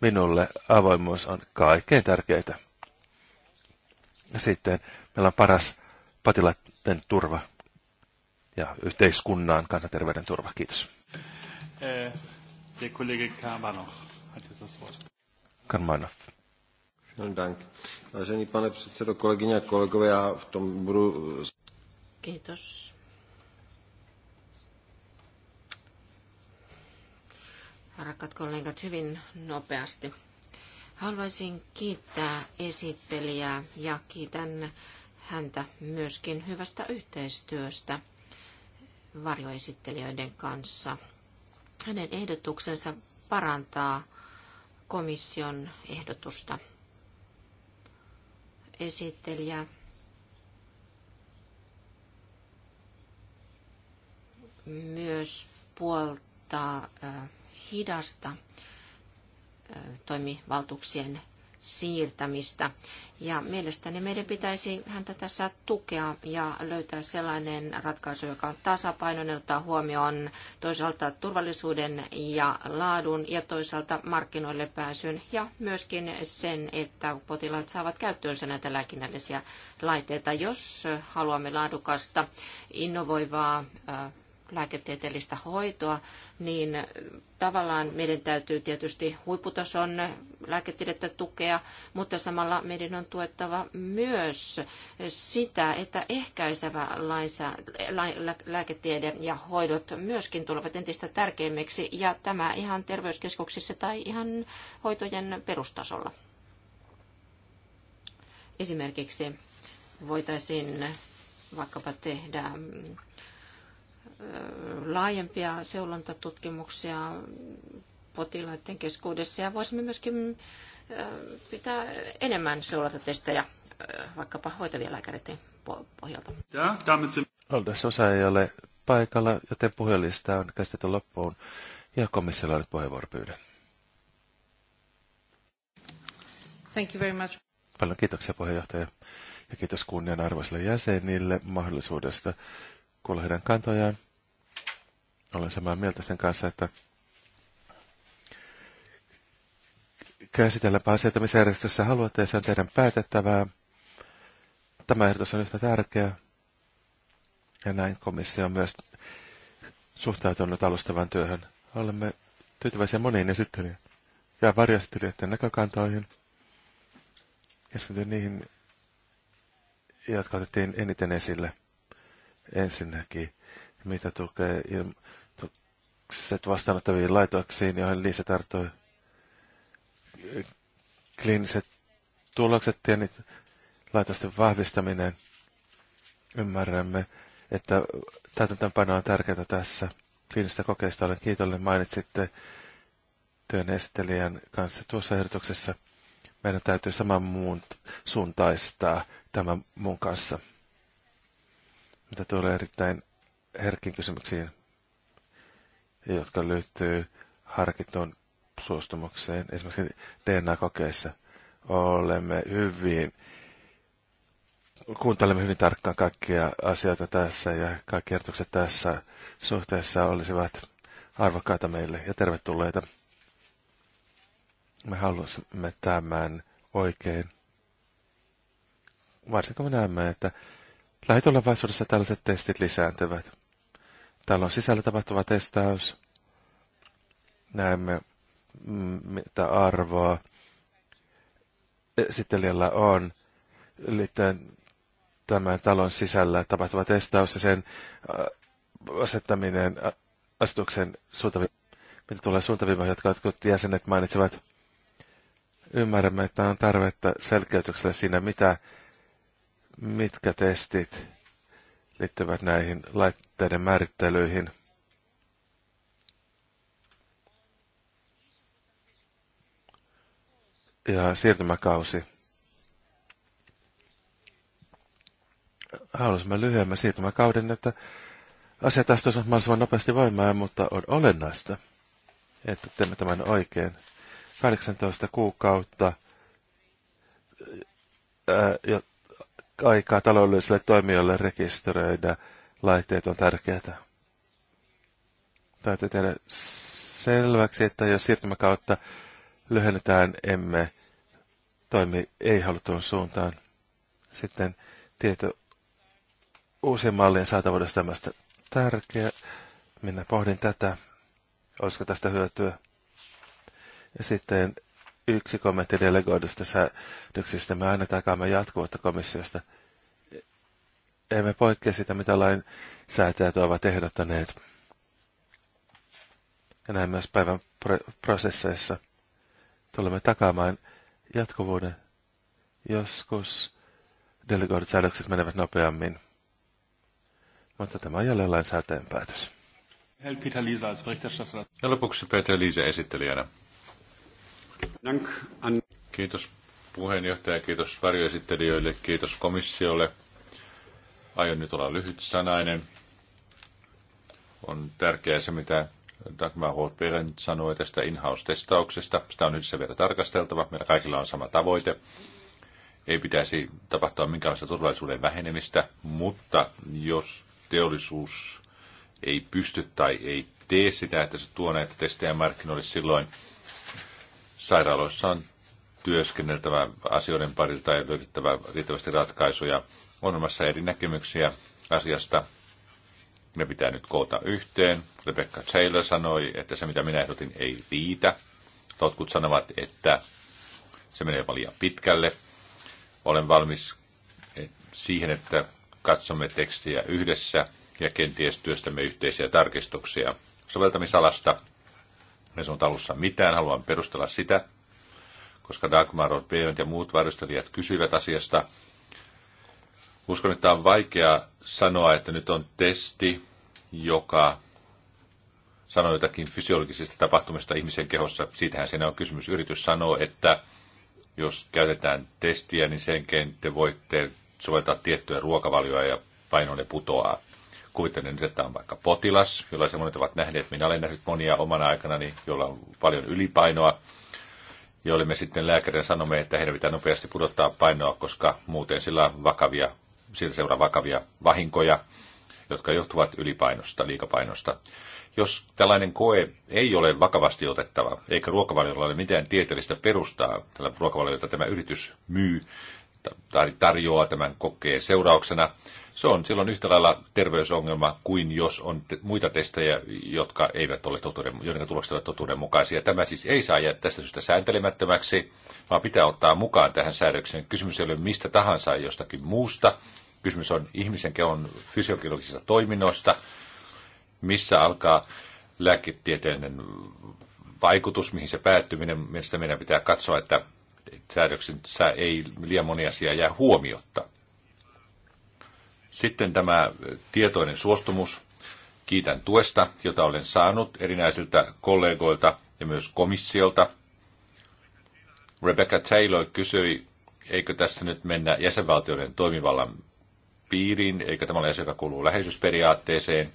Minulle avoimuus on kaikkein tärkeintä. Ja sitten meillä on paras potilaiden turva ja yhteiskunnan kansanterveyden turva. Kiitos. Eh, Der Kollege Karmanov hat jetzt das Wort. Karmanov. Vielen Dank. Vážený pane předsedo, kolegyně a kolegové, já v tom budu... Kiitos rakkaat kollegat, hyvin nopeasti. Haluaisin kiittää esittelijää ja kiitän häntä myöskin hyvästä yhteistyöstä varjoesittelijöiden kanssa. Hänen ehdotuksensa parantaa komission ehdotusta. Esittelijä myös puoltaa äh, hidasta toimivaltuuksien siirtämistä. Ja mielestäni meidän pitäisi häntä tässä tukea ja löytää sellainen ratkaisu, joka on tasapainoinen, ottaa huomioon toisaalta turvallisuuden ja laadun ja toisaalta markkinoille pääsyn ja myöskin sen, että potilaat saavat käyttöönsä näitä lääkinnällisiä laitteita. Jos haluamme laadukasta, innovoivaa lääketieteellistä hoitoa, niin tavallaan meidän täytyy tietysti huipputason lääketiedettä tukea, mutta samalla meidän on tuettava myös sitä, että ehkäisevä lainsä, lä, lääketiede ja hoidot myöskin tulevat entistä tärkeimmiksi, ja tämä ihan terveyskeskuksissa tai ihan hoitojen perustasolla. Esimerkiksi voitaisiin vaikkapa tehdä laajempia seulontatutkimuksia potilaiden keskuudessa ja voisimme myöskin pitää enemmän seulontatestejä vaikkapa hoitavien lääkäreiden pohjalta. Oltais osa ei ole paikalla, joten puhelista on käsitelty loppuun ja komissiolla on puheenvuoropyydä. Thank you very much. Paljon kiitoksia puheenjohtaja ja kiitos kunnianarvoisille jäsenille mahdollisuudesta kuulla heidän kantojaan. Olen samaa mieltä sen kanssa, että käsitelläpä asioita, missä järjestössä haluatte, ja se on teidän päätettävää. Tämä ehdotus on yhtä tärkeä. Ja näin komissio on myös suhtautunut alustavan työhön. Olemme tyytyväisiä moniin esittelijöihin ja varjoesittelijöiden näkökantoihin. Keskityn niihin, jotka otettiin eniten esille. Ensinnäkin mitä tukee ilmoitukset vastaanottaviin laitoksiin, joihin Liisa tartoi kliiniset tulokset ja niitä laitosten vahvistaminen. Ymmärrämme, että täytäntöönpano on tärkeää tässä. Kliinistä kokeista olen kiitollinen. Mainitsitte työn esittelijän kanssa tuossa ehdotuksessa. Meidän täytyy saman muun suuntaistaa tämän mun kanssa mitä tulee erittäin herkkiin kysymyksiin, jotka liittyy harkittuun suostumukseen. Esimerkiksi DNA-kokeissa olemme hyvin, kuuntelemme hyvin tarkkaan kaikkia asioita tässä ja kaikki kertokset tässä suhteessa olisivat arvokkaita meille ja tervetulleita. Me haluamme tämän oikein. Varsinkin me näemme, että Lähitulevaisuudessa tällaiset testit lisääntyvät. on sisällä tapahtuva testaus. Näemme, mitä arvoa esittelijällä on liittyen tämän talon sisällä tapahtuva testaus ja sen äh, asettaminen asetuksen suuntaviivoihin, mitä tulee suuntaviivoihin, jotka jotkut jäsenet mainitsevat. Ymmärrämme, että on tarvetta selkeytyksellä siinä, mitä mitkä testit liittyvät näihin laitteiden määrittelyihin. Ja siirtymäkausi. Haluaisimme lyhyemmän siirtymäkauden, että asiat astuisivat mahdollisimman nopeasti voimaan, mutta on olennaista, että teemme tämän oikein. 18 kuukautta, ää, aikaa taloudellisille toimijoille rekisteröidä laitteet on tärkeää. Täytyy tehdä selväksi, että jos siirtymäkautta lyhennetään, emme toimi ei-haluttuun suuntaan. Sitten tieto uusien mallien saatavuudesta tämästä tärkeä. Minä pohdin tätä, olisiko tästä hyötyä. Ja sitten yksi kommentti delegoidusta säädöksistä. Me aina takaamme jatkuvuutta komissiosta. Emme poikkea sitä, mitä lain säätäjät ovat ehdottaneet. Ja näin myös päivän prosesseissa tulemme takaamaan jatkuvuuden. Joskus delegoidut säädökset menevät nopeammin. Mutta tämä on jälleen lainsäätäjän päätös. Ja lopuksi Peter Liese esittelijänä. Kiitos puheenjohtaja, kiitos varjoesittelijöille, kiitos komissiolle. Aion nyt olla lyhyt sanainen. On tärkeää se, mitä Dagmar Rothberg sanoi tästä in-house-testauksesta. Sitä on yhdessä vielä tarkasteltava. Meillä kaikilla on sama tavoite. Ei pitäisi tapahtua minkäänlaista turvallisuuden vähenemistä, mutta jos teollisuus ei pysty tai ei tee sitä, että se tuo näitä testejä markkinoille silloin – Sairaaloissa on työskenneltävä asioiden parilta ja löydettävä riittävästi ratkaisuja. On olemassa eri näkemyksiä asiasta. Ne pitää nyt koota yhteen. Rebecca Taylor sanoi, että se mitä minä ehdotin ei riitä. Totkut sanovat, että se menee jopa liian pitkälle. Olen valmis siihen, että katsomme tekstiä yhdessä ja kenties työstämme yhteisiä tarkistuksia. Soveltamisalasta en sanonut alussa mitään, haluan perustella sitä, koska Dagmar Beont ja muut varustelijat kysyivät asiasta. Uskon, että on vaikea sanoa, että nyt on testi, joka sanoo jotakin fysiologisista tapahtumista ihmisen kehossa. Siitähän siinä on kysymys. Yritys sanoo, että jos käytetään testiä, niin sen te voitte soveltaa tiettyä ruokavalioa ja paino ne putoaa. Kuvittelen nyt, että on vaikka potilas, jolla monet ovat nähneet. Minä olen nähnyt monia omana aikanani, jolla on paljon ylipainoa, joille me sitten lääkärin sanomme, että heidän pitää nopeasti pudottaa painoa, koska muuten sillä on vakavia, siitä seuraa vakavia vahinkoja, jotka johtuvat ylipainosta, liikapainosta. Jos tällainen koe ei ole vakavasti otettava, eikä ruokavaliolla ole mitään tieteellistä perustaa, tällä ruokavaliolla, jota tämä yritys myy, tai tarjoaa tämän kokeen seurauksena, se on silloin yhtä lailla terveysongelma kuin jos on te- muita testejä, jotka eivät ole totuuden, joiden tulokset ovat totuudenmukaisia. Tämä siis ei saa jäädä tästä syystä sääntelemättömäksi, vaan pitää ottaa mukaan tähän säädökseen. Kysymys ei ole mistä tahansa jostakin muusta. Kysymys on ihmisen kehon fysiologisista toiminnoista, missä alkaa lääketieteellinen vaikutus, mihin se päättyminen. Mielestäni meidän pitää katsoa, että säädöksen ei liian moni asia jää huomiotta. Sitten tämä tietoinen suostumus. Kiitän tuesta, jota olen saanut erinäisiltä kollegoilta ja myös komissiolta. Rebecca Taylor kysyi, eikö tässä nyt mennä jäsenvaltioiden toimivallan piiriin, eikö tämä ole asia, joka kuuluu läheisyysperiaatteeseen.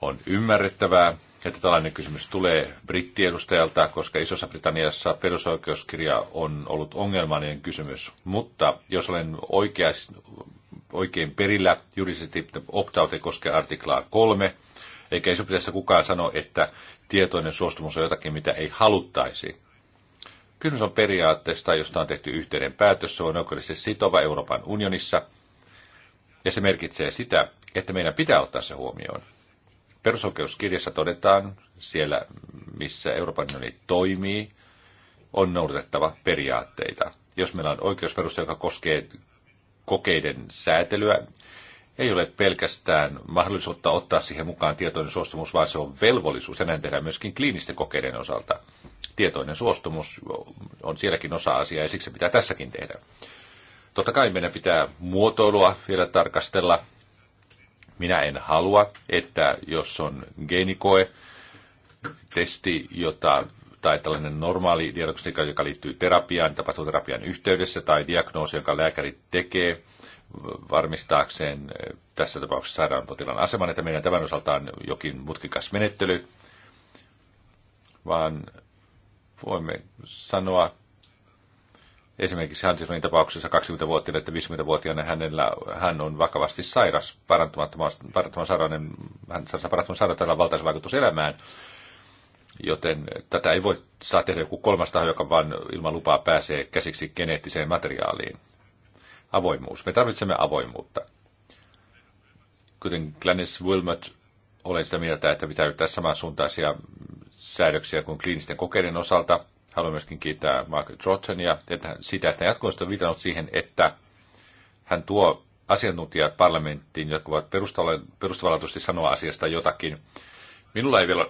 On ymmärrettävää, että tällainen kysymys tulee brittiedustajalta, koska Isossa Britanniassa perusoikeuskirja on ollut ongelmallinen kysymys. Mutta jos olen oikeasti oikein perillä juridisesti opt-out ei koske artiklaa kolme, eikä iso pitäisi kukaan sano, että tietoinen suostumus on jotakin, mitä ei haluttaisi. Kysymys on periaatteesta, josta on tehty yhteinen päätös, se on oikeudellisesti sitova Euroopan unionissa, ja se merkitsee sitä, että meidän pitää ottaa se huomioon. Perusoikeuskirjassa todetaan, siellä missä Euroopan unioni toimii, on noudatettava periaatteita. Jos meillä on oikeusperuste, joka koskee kokeiden säätelyä. Ei ole pelkästään mahdollisuutta ottaa siihen mukaan tietoinen suostumus, vaan se on velvollisuus. Ja näin tehdään myöskin kliinisten kokeiden osalta. Tietoinen suostumus on sielläkin osa asiaa ja siksi se pitää tässäkin tehdä. Totta kai meidän pitää muotoilua vielä tarkastella. Minä en halua, että jos on geenikoe, testi, jota tai tällainen normaali diagnostiikka, joka liittyy terapiaan, tapahtuu terapian yhteydessä, tai diagnoosi, jonka lääkäri tekee varmistaakseen tässä tapauksessa potilaan aseman, että meidän tämän osaltaan jokin mutkikas menettely, vaan voimme sanoa esimerkiksi Hansisonin tapauksessa 20-vuotiaana että 50-vuotiaana hänellä, hän on vakavasti sairas, parantumattoman sairauden, hän saa parantuman sairauden valtaisen vaikutus elämään, joten tätä ei voi saa tehdä joku kolmas taho, joka vaan ilman lupaa pääsee käsiksi geneettiseen materiaaliin. Avoimuus. Me tarvitsemme avoimuutta. Kuten Glennis Wilmot, olen sitä mieltä, että pitää yrittää samansuuntaisia säädöksiä kuin kliinisten kokeiden osalta. Haluan myöskin kiittää Mark ja että sitä, että jatkuvasti on viitannut siihen, että hän tuo asiantuntijat parlamenttiin, jotka voivat perustavallatusti sanoa asiasta jotakin. Minulla ei vielä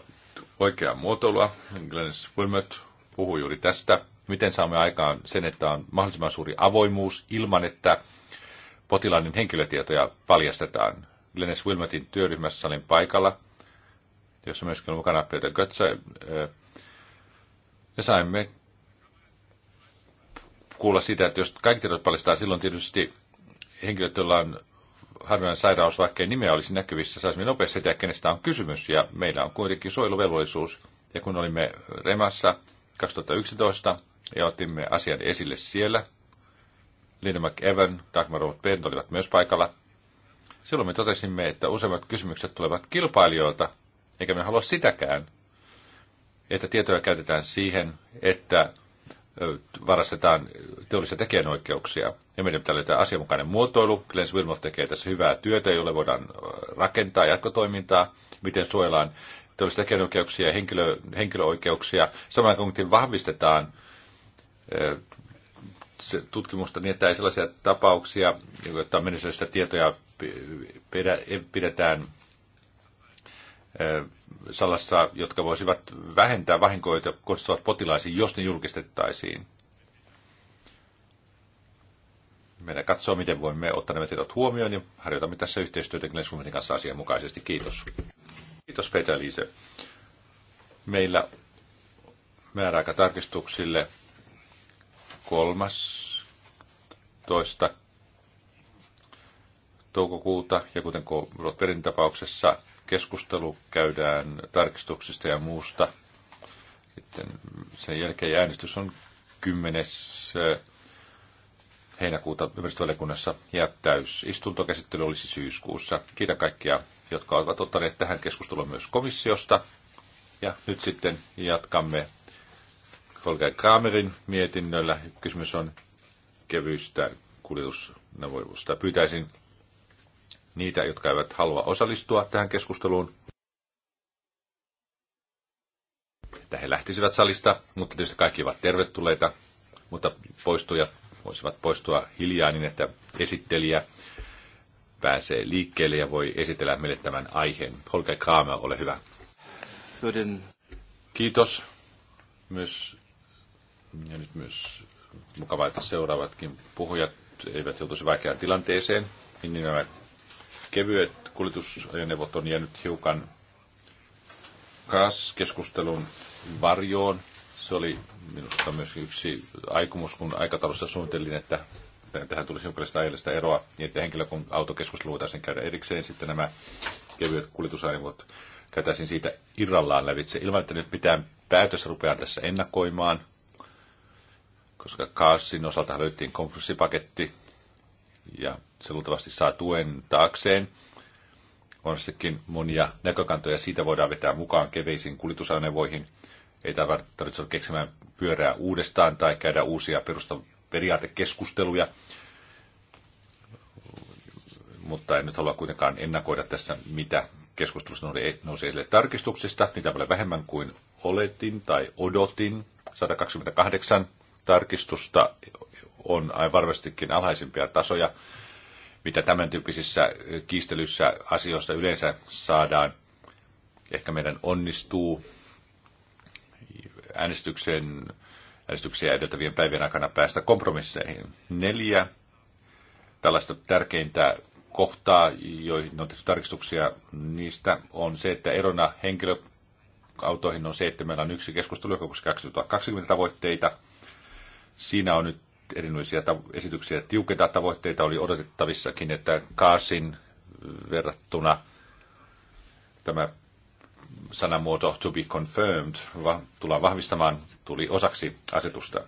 oikeaa muotoilua. Glennis Wilmot puhui juuri tästä. Miten saamme aikaan sen, että on mahdollisimman suuri avoimuus ilman, että potilaiden henkilötietoja paljastetaan. Glennis Wilmotin työryhmässä olin paikalla, jossa myöskin oli mukana Peter Götze. Eh, ja saimme kuulla sitä, että jos kaikki tiedot paljastetaan, silloin tietysti henkilöt, joilla on harvinainen sairaus, vaikkei nimeä olisi näkyvissä, saisimme nopeasti tietää, kenestä on kysymys. Ja meillä on kuitenkin suojeluvelvollisuus. Ja kun olimme Remassa 2011 ja otimme asian esille siellä, Linda McEvan, Dagmar Ruth Bent olivat myös paikalla. Silloin me totesimme, että useimmat kysymykset tulevat kilpailijoilta, eikä me halua sitäkään, että tietoja käytetään siihen, että varastetaan teollisia tekijänoikeuksia. Ja meidän pitää löytää asianmukainen muotoilu. Glens Wilmot tekee tässä hyvää työtä, jolle voidaan rakentaa jatkotoimintaa, miten suojellaan teollisia tekijänoikeuksia ja henkilö, henkilöoikeuksia. Samalla kun vahvistetaan se tutkimusta niin, että ei sellaisia tapauksia, joita menestystä tietoja pidetään salassa, jotka voisivat vähentää vahinkoja, kohdistuvat potilaisiin, jos ne julkistettaisiin. Meidän katsoa, miten voimme ottaa nämä tiedot huomioon ja harjoitamme tässä yhteistyötä Glenn kanssa asianmukaisesti. Kiitos. Kiitos Peter Liise. Meillä määräaika tarkistuksille kolmas toista toukokuuta ja kuten Rotverin tapauksessa keskustelu käydään tarkistuksista ja muusta. Sitten sen jälkeen äänestys on 10. Eh, heinäkuuta ympäristövaliokunnassa ja täysistuntokäsittely olisi syyskuussa. Kiitän kaikkia, jotka ovat ottaneet tähän keskusteluun myös komissiosta. Ja nyt sitten jatkamme Holger Kramerin mietinnöllä. Kysymys on kevyistä kuljetusneuvoista. Pyytäisin niitä, jotka eivät halua osallistua tähän keskusteluun. Että he lähtisivät salista, mutta tietysti kaikki ovat tervetulleita, mutta poistujat voisivat poistua hiljaa niin, että esittelijä pääsee liikkeelle ja voi esitellä meille tämän aiheen. Holger Kramer, ole hyvä. Kiitos. Myös, ja nyt myös mukavaa, että seuraavatkin puhujat eivät joutuisi vaikeaan tilanteeseen. Niin nämä kevyet kuljetusajoneuvot on jäänyt hiukan kaskeskustelun varjoon. Se oli minusta myös yksi aikomus, kun aikataulussa suunnittelin, että tähän tulisi jonkinlaista ajallista eroa, niin että henkilökunnan autokeskustelu voitaisiin käydä erikseen. Sitten nämä kevyet kuljetusajoneuvot käytäisiin siitä irrallaan lävitse, ilman että nyt pitää päätös rupeaa tässä ennakoimaan, koska Kaasin osalta löyttiin kompromissipaketti, ja se luultavasti saa tuen taakseen. On sekin monia näkökantoja, siitä voidaan vetää mukaan keveisiin kuljetusajoneuvoihin. Ei tarvitse olla keksimään pyörää uudestaan tai käydä uusia perustaperiaatekeskusteluja. Mutta en nyt halua kuitenkaan ennakoida tässä, mitä keskustelussa nousi esille tarkistuksista. Niitä paljon vähemmän kuin oletin tai odotin. 128 tarkistusta on varmastikin alhaisimpia tasoja, mitä tämän tyyppisissä kiistelyissä asioissa yleensä saadaan. Ehkä meidän onnistuu äänestyksen, äänestyksiä edeltävien päivien aikana päästä kompromisseihin. Neljä tällaista tärkeintä kohtaa, joihin on tehty tarkistuksia, niistä on se, että erona henkilöautoihin on se, että meillä on yksi keskustelu, joka koskee 2020 tavoitteita. Siinä on nyt erinomaisia esityksiä. Tiukentaa tavoitteita oli odotettavissakin, että kaasin verrattuna tämä sanamuoto to be confirmed va, tullaan vahvistamaan, tuli osaksi asetusta.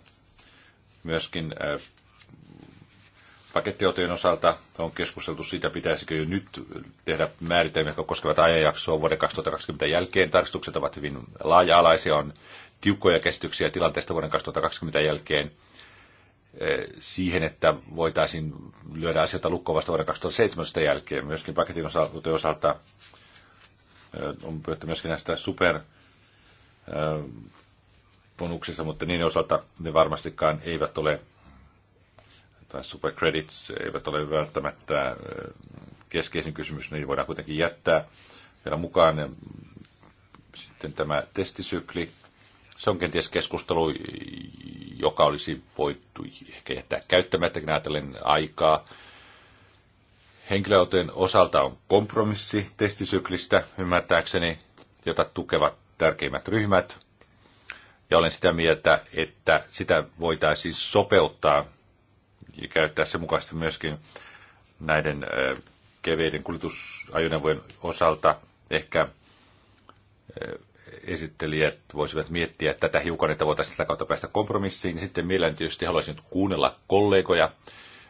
Myöskin äh, pakettiautojen osalta on keskusteltu siitä, pitäisikö jo nyt tehdä määritelmiä, jotka koskevat ajanjaksoa vuoden 2020 jälkeen. Tarkistukset ovat hyvin laaja-alaisia, on tiukkoja käsityksiä tilanteesta vuoden 2020 jälkeen. Eh, siihen, että voitaisiin lyödä asioita lukkoon vasta vuoden 2017 jälkeen. Myöskin paketin osalta, osalta eh, on puhuttu myöskin näistä super eh, bonuksista, mutta niin osalta ne varmastikaan eivät ole, tai supercredits eivät ole välttämättä keskeisin kysymys, niin voidaan kuitenkin jättää vielä mukaan. Sitten tämä testisykli, se on kenties keskustelu, joka olisi voitu ehkä jättää käyttämättäkin ajatellen aikaa. Henkilöautojen osalta on kompromissi testisyklistä, ymmärtääkseni, jota tukevat tärkeimmät ryhmät. Ja olen sitä mieltä, että sitä voitaisiin sopeuttaa ja käyttää sen mukaisesti myöskin näiden keveiden kuljetusajoneuvojen osalta ehkä esittelijät voisivat miettiä tätä hiukan, että voitaisiin sitä kautta päästä kompromissiin. Sitten mielelläni tietysti haluaisin nyt kuunnella kollegoja,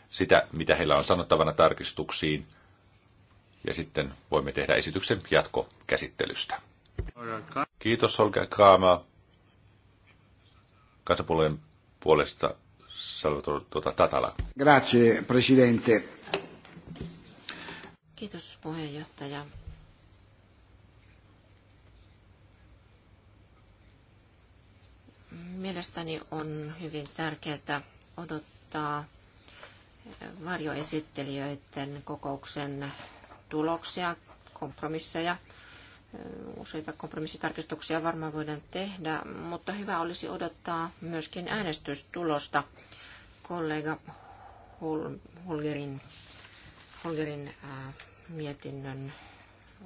sitä mitä heillä on sanottavana tarkistuksiin, ja sitten voimme tehdä esityksen jatkokäsittelystä. Kiitos Holger Kraama. Kansapuolueen puolesta Salvatore tuota, Tatala. Grazie, presidente. Kiitos puheenjohtaja. Mielestäni on hyvin tärkeää odottaa varjoesittelijöiden kokouksen tuloksia, kompromisseja. Useita kompromissitarkistuksia varmaan voidaan tehdä, mutta hyvä olisi odottaa myöskin äänestystulosta kollega Holgerin, Holgerin ää, mietinnön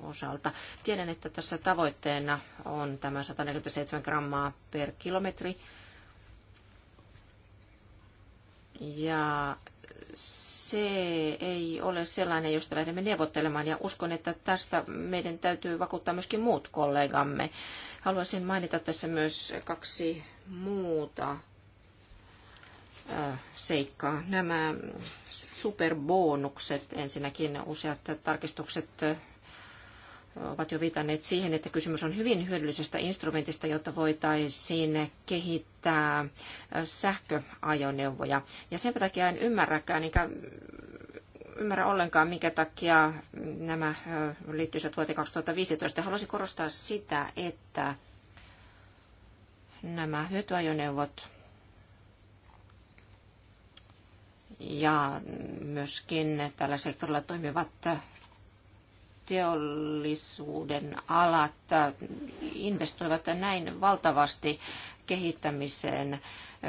osalta. Tiedän, että tässä tavoitteena on tämä 147 grammaa per kilometri. Ja se ei ole sellainen, josta lähdemme neuvottelemaan, ja uskon, että tästä meidän täytyy vakuuttaa myöskin muut kollegamme. Haluaisin mainita tässä myös kaksi muuta äh, seikkaa. Nämä superbonukset, ensinnäkin useat tarkistukset ovat jo viitanneet siihen, että kysymys on hyvin hyödyllisestä instrumentista, jotta voitaisiin kehittää sähköajoneuvoja. Ja sen takia en ymmärräkään, enkä ymmärrä ollenkaan, minkä takia nämä liittyisivät vuoteen 2015. Haluaisin korostaa sitä, että nämä hyötyajoneuvot ja myöskin tällä sektorilla toimivat teollisuuden alat investoivat näin valtavasti kehittämiseen.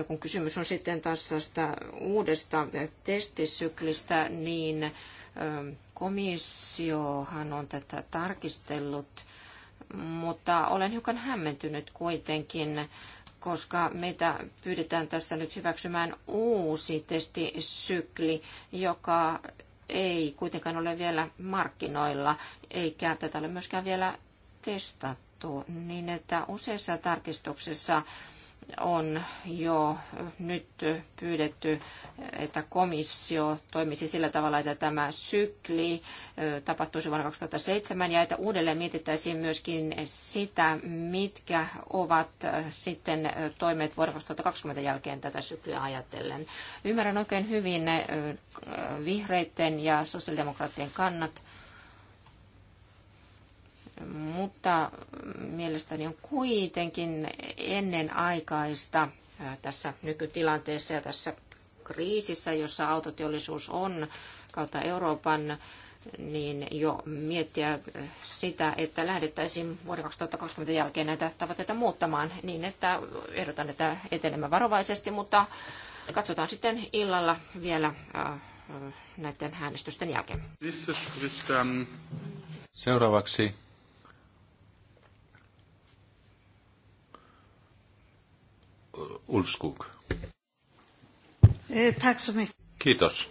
Kun kysymys on sitten taas tästä uudesta testisyklistä, niin ähm, komissiohan on tätä tarkistellut, mutta olen hiukan hämmentynyt kuitenkin, koska meitä pyydetään tässä nyt hyväksymään uusi testisykli, joka ei kuitenkaan ole vielä markkinoilla, eikä tätä ole myöskään vielä testattu, niin että useissa tarkistuksissa on jo nyt pyydetty, että komissio toimisi sillä tavalla, että tämä sykli tapahtuisi vuonna 2007 ja että uudelleen mietittäisiin myöskin sitä, mitkä ovat sitten toimet vuoden 2020 jälkeen tätä sykliä ajatellen. Ymmärrän oikein hyvin ne vihreiden ja sosiaalidemokraattien kannat mutta mielestäni on kuitenkin ennen aikaista tässä nykytilanteessa ja tässä kriisissä, jossa autoteollisuus on kautta Euroopan, niin jo miettiä sitä, että lähdettäisiin vuoden 2020 jälkeen näitä tavoitteita muuttamaan niin, että ehdotan, että etenemme varovaisesti, mutta katsotaan sitten illalla vielä näiden äänestysten jälkeen. Um, Seuraavaksi Eh, Ulf eh, Tack så mycket. Kiitos.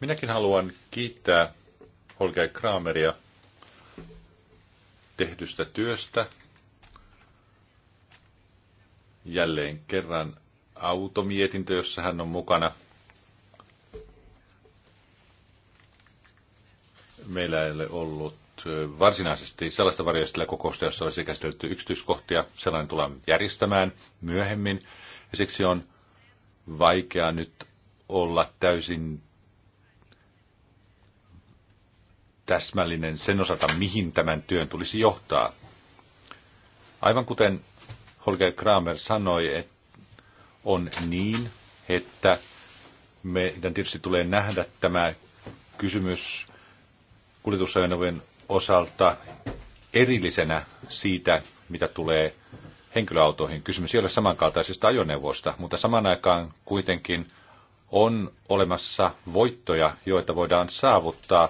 Minäkin haluan kiittää Holger Krameria tehdystä työstä. Jälleen kerran automietintö, jossa hän on mukana. Meillä ei ole ollut varsinaisesti sellaista varjoistella kokousta, jossa olisi käsitelty yksityiskohtia. Sellainen tullaan järjestämään myöhemmin. Ja siksi on vaikea nyt olla täysin täsmällinen sen osalta, mihin tämän työn tulisi johtaa. Aivan kuten Holger Kramer sanoi, että on niin, että meidän tietysti tulee nähdä tämä kysymys kuljetusajoneuvojen osalta erillisenä siitä, mitä tulee henkilöautoihin. Kysymys ei ole samankaltaisista ajoneuvoista, mutta saman aikaan kuitenkin on olemassa voittoja, joita voidaan saavuttaa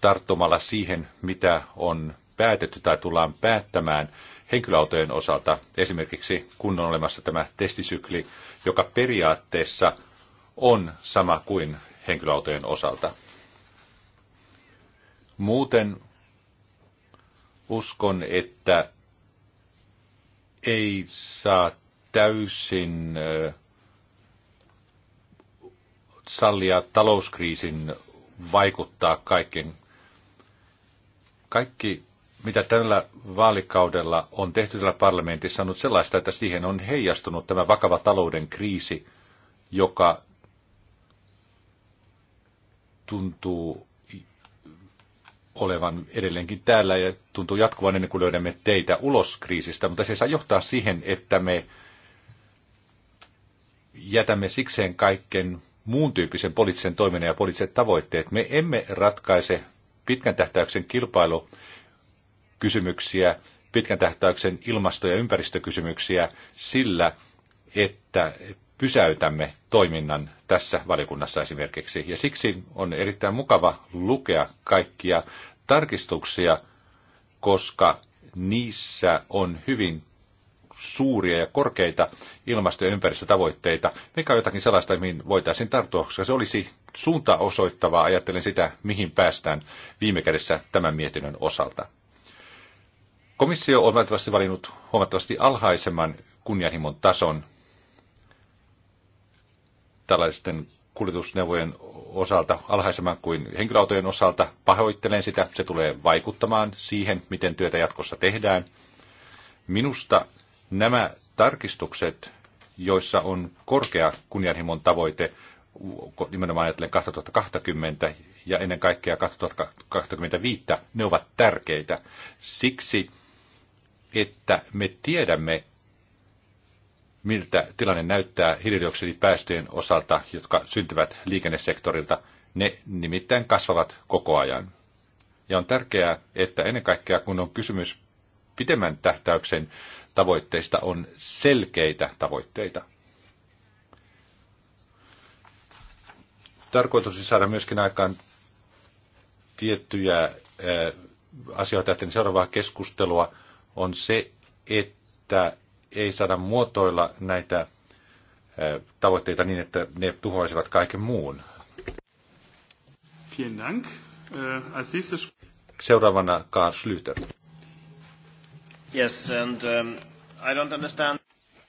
tarttumalla siihen, mitä on päätetty tai tullaan päättämään henkilöautojen osalta. Esimerkiksi kun on olemassa tämä testisykli, joka periaatteessa on sama kuin henkilöautojen osalta. Muuten uskon, että ei saa täysin sallia talouskriisin vaikuttaa kaiken. Kaikki, mitä tällä vaalikaudella on tehty tällä parlamentissa, on sellaista, että siihen on heijastunut tämä vakava talouden kriisi, joka tuntuu olevan edelleenkin täällä ja tuntuu jatkuvan ennen kuin löydämme teitä ulos kriisistä, mutta se saa johtaa siihen, että me jätämme sikseen kaiken muun tyyppisen poliittisen toiminnan ja poliittiset tavoitteet. Me emme ratkaise pitkän tähtäyksen kilpailukysymyksiä, pitkän tähtäyksen ilmasto- ja ympäristökysymyksiä sillä, että pysäytämme toiminnan tässä valiokunnassa esimerkiksi. Ja siksi on erittäin mukava lukea kaikkia tarkistuksia, koska niissä on hyvin suuria ja korkeita ilmasto- ja ympäristötavoitteita, mikä on jotakin sellaista, mihin voitaisiin tarttua, koska se olisi suunta osoittavaa, ajattelen sitä, mihin päästään viime kädessä tämän mietinnön osalta. Komissio on valitettavasti valinnut huomattavasti alhaisemman kunnianhimon tason tällaisten kuljetusneuvojen osalta alhaisemman kuin henkilöautojen osalta. Pahoittelen sitä, se tulee vaikuttamaan siihen, miten työtä jatkossa tehdään. Minusta nämä tarkistukset, joissa on korkea kunnianhimon tavoite, nimenomaan ajatellen 2020 ja ennen kaikkea 2025, ne ovat tärkeitä. Siksi, että me tiedämme, miltä tilanne näyttää hiilidioksidipäästöjen osalta, jotka syntyvät liikennesektorilta. Ne nimittäin kasvavat koko ajan. Ja on tärkeää, että ennen kaikkea kun on kysymys pidemmän tähtäyksen tavoitteista, on selkeitä tavoitteita. Tarkoitus saada myöskin aikaan tiettyjä asioita, että seuraavaa keskustelua on se, että ei saada muotoilla näitä eh, tavoitteita niin, että ne tuhoisivat kaiken muun. Äh, Seuraavana Karl Schlüter. Yes, and um, I don't understand.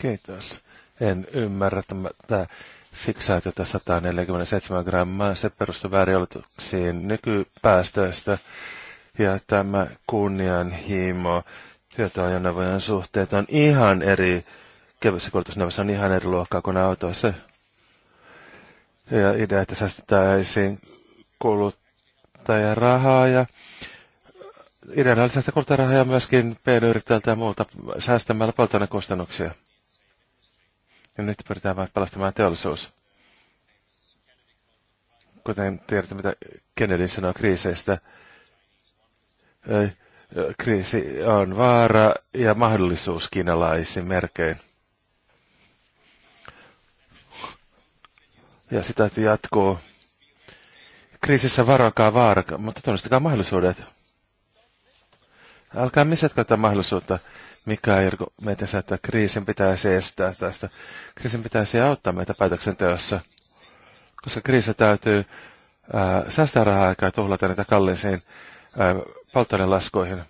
Kiitos. En ymmärrä tämä tätä fiksaatiota 147 grammaa. Se perustuu väärioletuksiin nykypäästöistä. Ja tämä kunnianhimo hyötyajoneuvojen suhteet on ihan eri, kevyessä kuljetusneuvossa on ihan eri luokkaa kuin autoissa. Ja idea, että säästettäisiin kuluttajan rahaa ja ideana oli säästää ja myöskin pienyrittäjältä ja muuta säästämällä polttoainekustannuksia. Ja nyt pyritään vain pelastamaan teollisuus. Kuten tiedätte, mitä Kennedy sanoi kriiseistä, kriisi on vaara ja mahdollisuus kiinalaisin merkein. Ja sitä jatkuu. Kriisissä varokaa vaara, mutta tunnistakaa mahdollisuudet. Älkää missätkö tätä mahdollisuutta, mikä Irko meitä saattaa. Kriisin pitäisi estää tästä. Kriisin pitäisi auttaa meitä päätöksenteossa, koska kriisi täytyy ää, säästää rahaa eikä tuhlata niitä kalliisiin polttoainelaskuihin.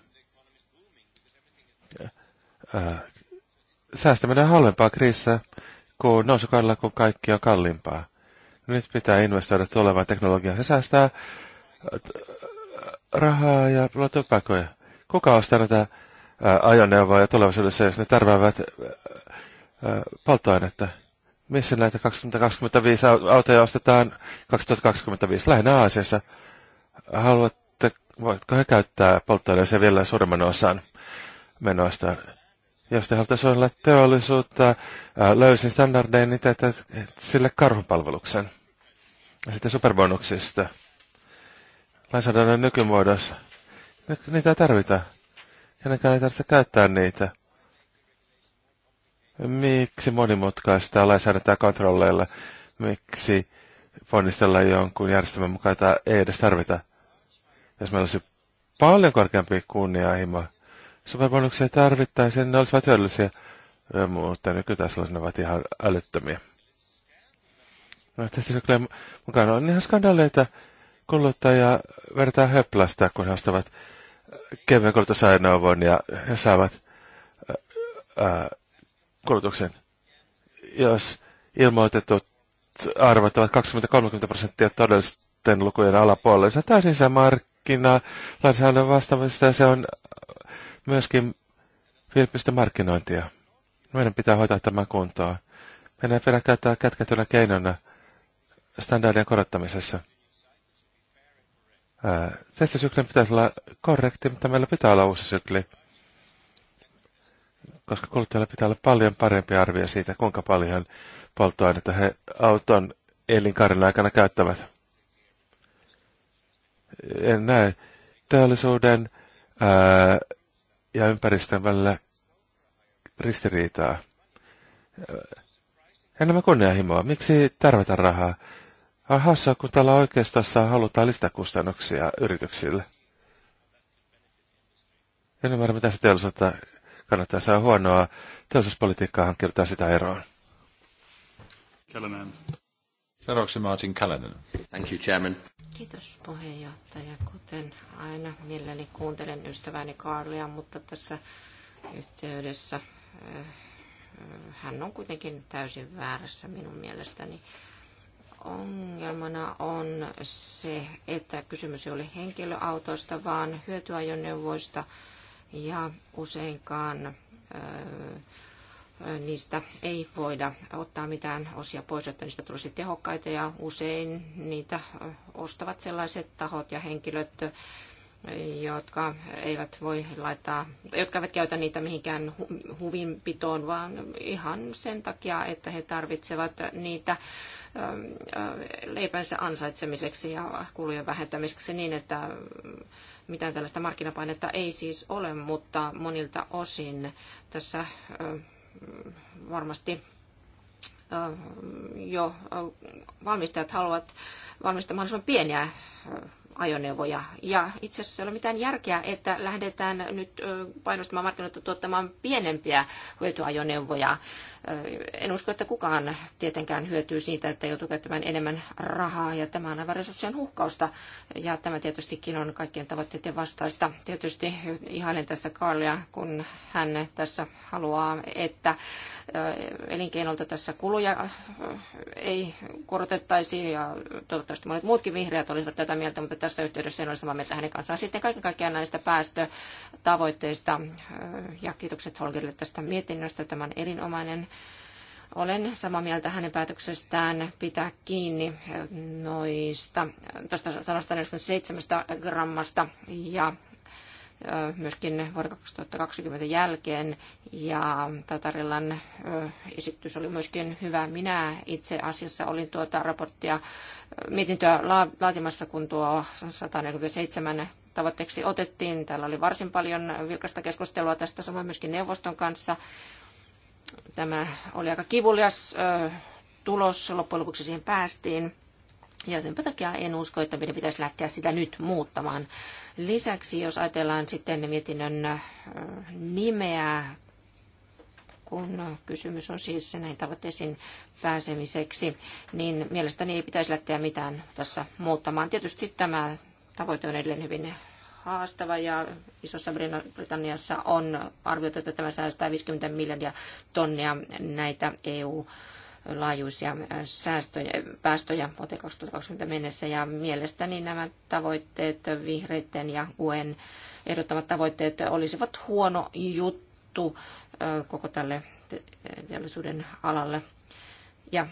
Säästäminen on halvempaa kriisissä kuin nousukaudella, kun kaikki on kalliimpaa. Nyt pitää investoida tulevaan teknologiaan. Se säästää rahaa ja luo Kuka ostaa näitä ajoneuvoja tulevaisuudessa, jos ne tarvitsevat polttoainetta? Missä näitä 2025 autoja ostetaan 2025? Lähinnä Aasiassa. Haluat voitko he käyttää polttoaineeseen vielä suuremman osan menoista. Jos te haluatte suojella teollisuutta löysin standardein, niin teette sille karhupalveluksen Ja sitten superbonuksista. Lainsäädännön nykymuodossa. Nyt niitä ei tarvita. Kenenkään ei tarvitse käyttää niitä. Miksi monimutkaista lainsäädäntöä kontrolleilla? Miksi ponnistella jonkun järjestelmän mukaan, jota ei edes tarvita? Jos meillä olisi paljon korkeampi kunnianhimo, superbonuksia tarvittaisiin, ne olisivat hyödyllisiä, mutta nykytasolla ne ovat ihan älyttömiä. No, tässä kyllä mukaan on ihan skandaaleita kuluttaja vertaa höplasta, kun he ostavat kevyen kulutusajoneuvon ja he saavat ää, kulutuksen. Jos ilmoitetut arvot ovat 20-30 prosenttia todellisten lukujen alapuolella, se on täysin se mark- lainsäädännön vastaamista ja se on myöskin vilpistä markkinointia. Meidän pitää hoitaa tämä kuntoon. Meidän ei pidä käyttää kätketynä keinona standardien korottamisessa. syklin pitäisi olla korrekti, mutta meillä pitää olla uusi sykli. Koska kuluttajalla pitää olla paljon parempi arvio siitä, kuinka paljon polttoainetta he auton elinkaaren aikana käyttävät en näe teollisuuden ää, ja ympäristön välillä ristiriitaa. Enemmän kunnianhimoa. Miksi tarvitaan rahaa? On hassua, kun täällä oikeastaan halutaan lisätä kustannuksia yrityksille. En ymmärrä, mitä se teollisuutta kannattaa saada huonoa. Teollisuuspolitiikkaa kirjoittaa sitä eroon. Kälmään. Seuraavaksi Martin Callanen. Thank you, Chairman. Kiitos puheenjohtaja. Kuten aina mielelläni kuuntelen ystäväni Karlia, mutta tässä yhteydessä eh, hän on kuitenkin täysin väärässä minun mielestäni. Ongelmana on se, että kysymys ei ole henkilöautoista, vaan hyötyajoneuvoista ja useinkaan eh, niistä ei voida ottaa mitään osia pois, jotta niistä tulisi tehokkaita ja usein niitä ostavat sellaiset tahot ja henkilöt, jotka eivät voi laittaa, jotka eivät käytä niitä mihinkään huvinpitoon, vaan ihan sen takia, että he tarvitsevat niitä leipänsä ansaitsemiseksi ja kulujen vähentämiseksi niin, että mitään tällaista markkinapainetta ei siis ole, mutta monilta osin tässä varmasti jo valmistajat haluavat valmistaa mahdollisimman pieniä ajoneuvoja. Ja itse asiassa ei ole mitään järkeä, että lähdetään nyt painostamaan markkinoita tuottamaan pienempiä hyötyajoneuvoja. En usko, että kukaan tietenkään hyötyy siitä, että joutuu käyttämään enemmän rahaa, ja tämä on aivan resurssien huhkausta. Ja tämä tietystikin on kaikkien tavoitteiden vastaista. Tietysti ihailen tässä Karlia, kun hän tässä haluaa, että elinkeinolta tässä kuluja ei korotettaisi, ja toivottavasti monet muutkin vihreät olisivat tätä mieltä, mutta tässä tässä yhteydessä en ole samaa mieltä hänen kanssaan. Sitten kaiken kaikkiaan näistä päästötavoitteista ja kiitokset Holgerille tästä mietinnöstä. Tämä on erinomainen olen samaa mieltä hänen päätöksestään pitää kiinni noista tuosta 147 grammasta ja myöskin vuoden 2020 jälkeen. Ja Tatarillan esitys oli myöskin hyvä. Minä itse asiassa olin tuota raporttia mietintöä laatimassa, kun tuo 147 tavoitteeksi otettiin. Täällä oli varsin paljon vilkasta keskustelua tästä, samoin myöskin neuvoston kanssa. Tämä oli aika kivulias tulos, loppujen lopuksi siihen päästiin. Ja sen takia en usko, että meidän pitäisi lähteä sitä nyt muuttamaan. Lisäksi, jos ajatellaan sitten mietinnön nimeä, kun kysymys on siis näin tavoitteisiin pääsemiseksi, niin mielestäni ei pitäisi lähteä mitään tässä muuttamaan. Tietysti tämä tavoite on edelleen hyvin haastava ja Isossa Britanniassa on arvioitu, että tämä säästää 50 miljardia tonnia näitä EU- laajuisia äh, säästöjä, päästöjä vuoteen 2020 mennessä. Ja mielestäni nämä tavoitteet, vihreiden ja UN ehdottamat tavoitteet, olisivat huono juttu äh, koko tälle teollisuuden alalle. Ja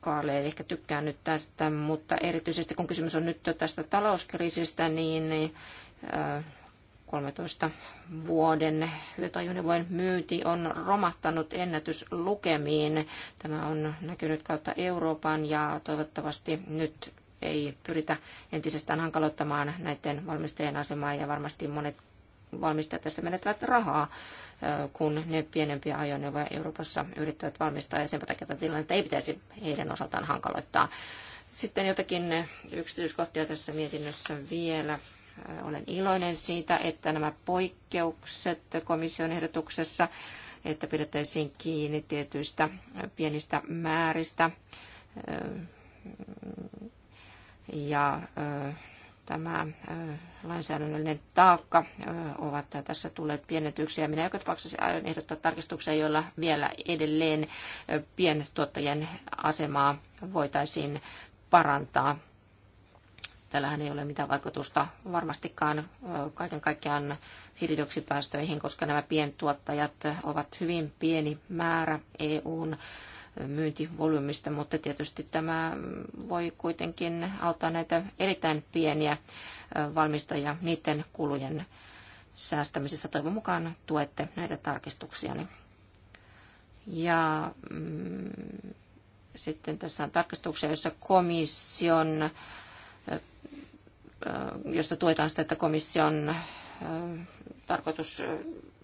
Kaale ei ehkä tykkää nyt tästä, mutta erityisesti kun kysymys on nyt tästä talouskriisistä, niin äh, 13 vuoden vuoden myynti on romahtanut ennätyslukemiin. Tämä on näkynyt kautta Euroopan ja toivottavasti nyt ei pyritä entisestään hankaloittamaan näiden valmistajien asemaa ja varmasti monet valmistajat tässä menettävät rahaa, kun ne pienempiä ajoneuvoja Euroopassa yrittävät valmistaa ja sen takia tätä tilannetta ei pitäisi heidän osaltaan hankaloittaa. Sitten jotakin yksityiskohtia tässä mietinnössä vielä. Äh, olen iloinen siitä, että nämä poikkeukset komission ehdotuksessa, että pidettäisiin kiinni tietyistä pienistä määristä. Äh, ja äh, tämä lainsäädännöllinen taakka ovat tässä tulleet pienetyksiä. minä joka tapauksessa aion ehdottaa tarkistuksia, joilla vielä edelleen pientuottajien asemaa voitaisiin parantaa Tällähän ei ole mitään vaikutusta varmastikaan kaiken kaikkiaan hiilidioksipäästöihin, koska nämä pientuottajat ovat hyvin pieni määrä EUn myyntivolyymista, mutta tietysti tämä voi kuitenkin auttaa näitä erittäin pieniä valmistajia niiden kulujen säästämisessä. Toivon mukaan tuette näitä tarkistuksia. Ja mm, sitten tässä on tarkistuksia, joissa komission jossa tuetaan sitä, että komission tarkoitus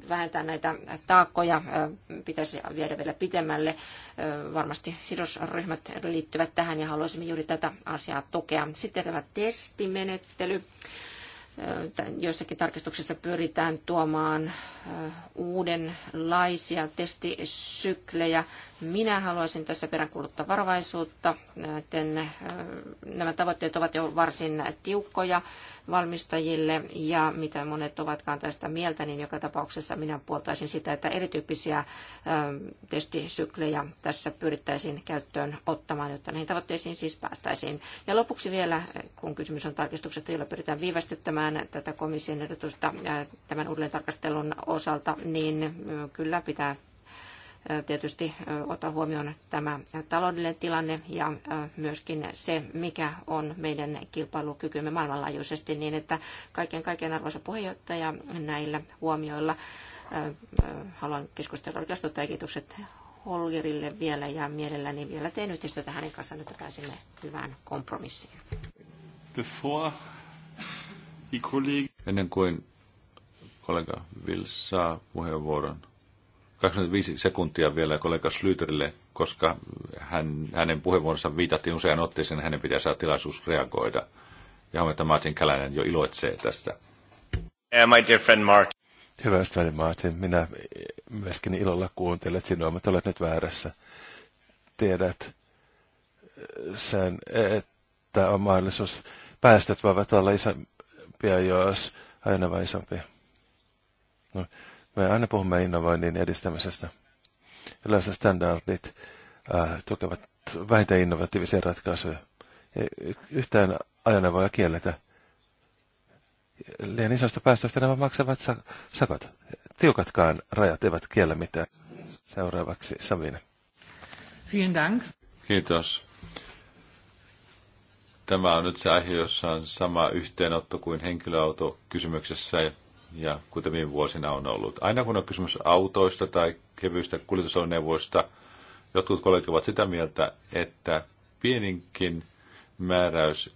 vähentää näitä taakkoja pitäisi viedä vielä pitemmälle. Varmasti sidosryhmät liittyvät tähän ja haluaisimme juuri tätä asiaa tukea. Sitten tämä testimenettely joissakin tarkistuksissa pyritään tuomaan uudenlaisia testisyklejä. Minä haluaisin tässä peräänkuuluttaa varovaisuutta. Nämä tavoitteet ovat jo varsin tiukkoja valmistajille ja mitä monet ovatkaan tästä mieltä, niin joka tapauksessa minä puoltaisin sitä, että erityyppisiä testisyklejä tässä pyrittäisiin käyttöön ottamaan, jotta näihin tavoitteisiin siis päästäisiin. Ja lopuksi vielä, kun kysymys on tarkistuksesta, jolla pyritään viivästyttämään tekemään tätä komission ehdotusta tämän uudelleentarkastelun osalta, niin kyllä pitää tietysti ottaa huomioon tämä taloudellinen tilanne ja myöskin se, mikä on meidän kilpailukykymme maailmanlaajuisesti, niin että kaiken kaiken arvoisa puheenjohtaja näillä huomioilla haluan keskustella oikeastaan ja kiitokset Holgerille vielä ja mielelläni vielä teen yhteistyötä hänen kanssaan, että pääsemme hyvään kompromissiin. Before Ennen kuin kollega Will saa puheenvuoron. 25 sekuntia vielä kollega Slyterille, koska hän, hänen puheenvuoronsa viitattiin usean otteeseen, hänen pitää saada tilaisuus reagoida. Ja että Martin Kälänen jo iloitsee tästä. Yeah, my dear friend Mark. Hyvä ystäväni Martin, minä myöskin ilolla kuuntelen sinua, mutta olet nyt väärässä. Tiedät äh, sen, että on mahdollisuus. Päästöt voivat olla iso, halvempia, jos aina vain No, me aina puhumme innovoinnin edistämisestä. Yleensä standardit äh, tukevat vähintään innovatiivisia ratkaisuja. Ei yhtään ajoneuvoja kielletä. Liian isoista päästöistä nämä maksavat sakot. Tiukatkaan rajat eivät kiellä mitään. Seuraavaksi Sabine. Vielen Dank. Kiitos. Tämä on nyt se aihe, jossa on sama yhteenotto kuin henkilöauto-kysymyksessä ja kuten viime vuosina on ollut. Aina kun on kysymys autoista tai kevyistä kuljetusajoneuvoista, jotkut kollegat ovat sitä mieltä, että pieninkin määräys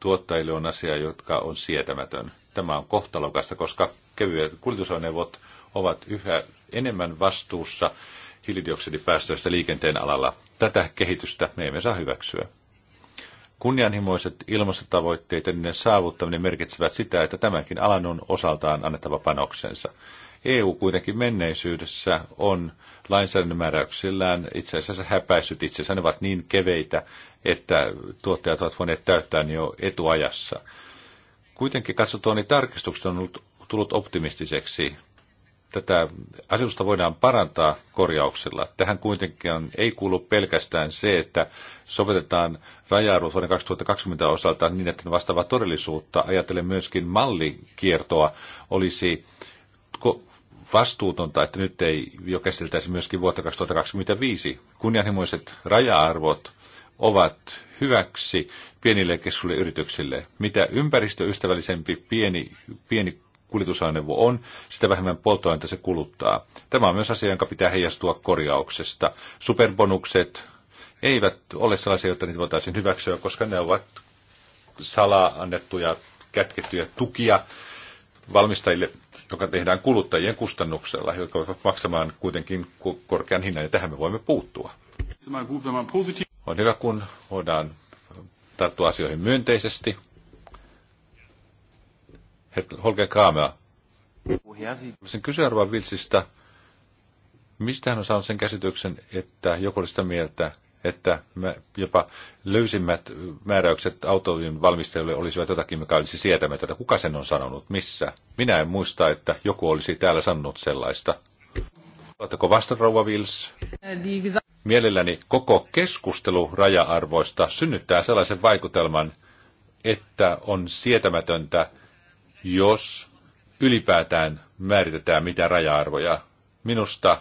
tuottajille on asia, jotka on sietämätön. Tämä on kohtalokasta, koska kevyet kuljetusajoneuvot ovat yhä enemmän vastuussa hiilidioksidipäästöistä liikenteen alalla. Tätä kehitystä me emme saa hyväksyä. Kunnianhimoiset ilmastotavoitteet ja niiden saavuttaminen merkitsevät sitä, että tämänkin alan on osaltaan annettava panoksensa. EU kuitenkin menneisyydessä on lainsäädännön määräyksillään itse asiassa häpäissyt asiassa. Ne ovat niin keveitä, että tuottajat ovat voineet täyttää ne jo etuajassa. Kuitenkin katsotaan, niin tarkistukset on ollut, tullut optimistiseksi tätä asetusta voidaan parantaa korjauksilla. Tähän kuitenkin ei kuulu pelkästään se, että sovitetaan raja vuoden 2020 osalta niin, että ne vastaavat todellisuutta. Ajattelen myöskin mallikiertoa olisi vastuutonta, että nyt ei jo käsiteltäisi myöskin vuotta 2025. Kunnianhimoiset raja-arvot ovat hyväksi pienille ja yrityksille. Mitä ympäristöystävällisempi pieni, pieni kuljetusaine on, sitä vähemmän polttoainetta se kuluttaa. Tämä on myös asia, jonka pitää heijastua korjauksesta. Superbonukset eivät ole sellaisia, joita niitä voitaisiin hyväksyä, koska ne ovat salaa annettuja, kätkettyjä tukia valmistajille, joka tehdään kuluttajien kustannuksella, jotka voivat maksamaan kuitenkin korkean hinnan, ja tähän me voimme puuttua. On hyvä, kun voidaan tarttua asioihin myönteisesti. Holger Kraamea. Sen kysyä Vilsistä, mistä hän on saanut sen käsityksen, että joku oli sitä mieltä, että me jopa löysimmät määräykset autojen valmistajille olisivat jotakin, mikä olisi sietämätöntä. Kuka sen on sanonut? Missä? Minä en muista, että joku olisi täällä sanonut sellaista. Oletteko vasta, Rouva Vils? Mielelläni koko keskustelu raja-arvoista synnyttää sellaisen vaikutelman, että on sietämätöntä, jos ylipäätään määritetään mitä raja-arvoja. Minusta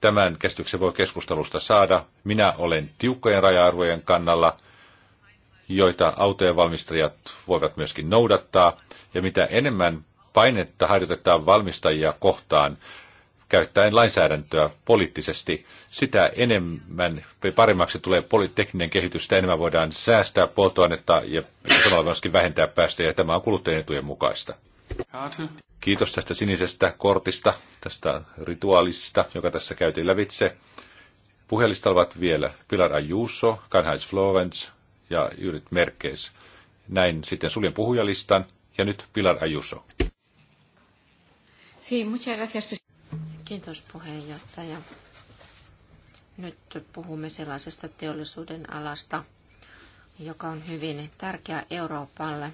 tämän käsityksen voi keskustelusta saada. Minä olen tiukkojen raja-arvojen kannalla, joita autojen valmistajat voivat myöskin noudattaa. Ja mitä enemmän painetta harjoitetaan valmistajia kohtaan, käyttäen lainsäädäntöä poliittisesti. Sitä enemmän, paremmaksi tulee tekninen kehitys, sitä enemmän voidaan säästää polttoainetta ja samalla myöskin vähentää päästöjä. Tämä on kuluttajien etujen mukaista. Kiitos tästä sinisestä kortista, tästä rituaalista, joka tässä käytiin lävitse. Puhelista ovat vielä Pilar Ayuso, Kanhais Florence ja Jyrit Merkeis. Näin sitten suljen puhujalistan ja nyt Pilar Ayuso. Sí, muchas gracias, Kiitos puheenjohtaja. Nyt puhumme sellaisesta teollisuuden alasta, joka on hyvin tärkeä Euroopalle.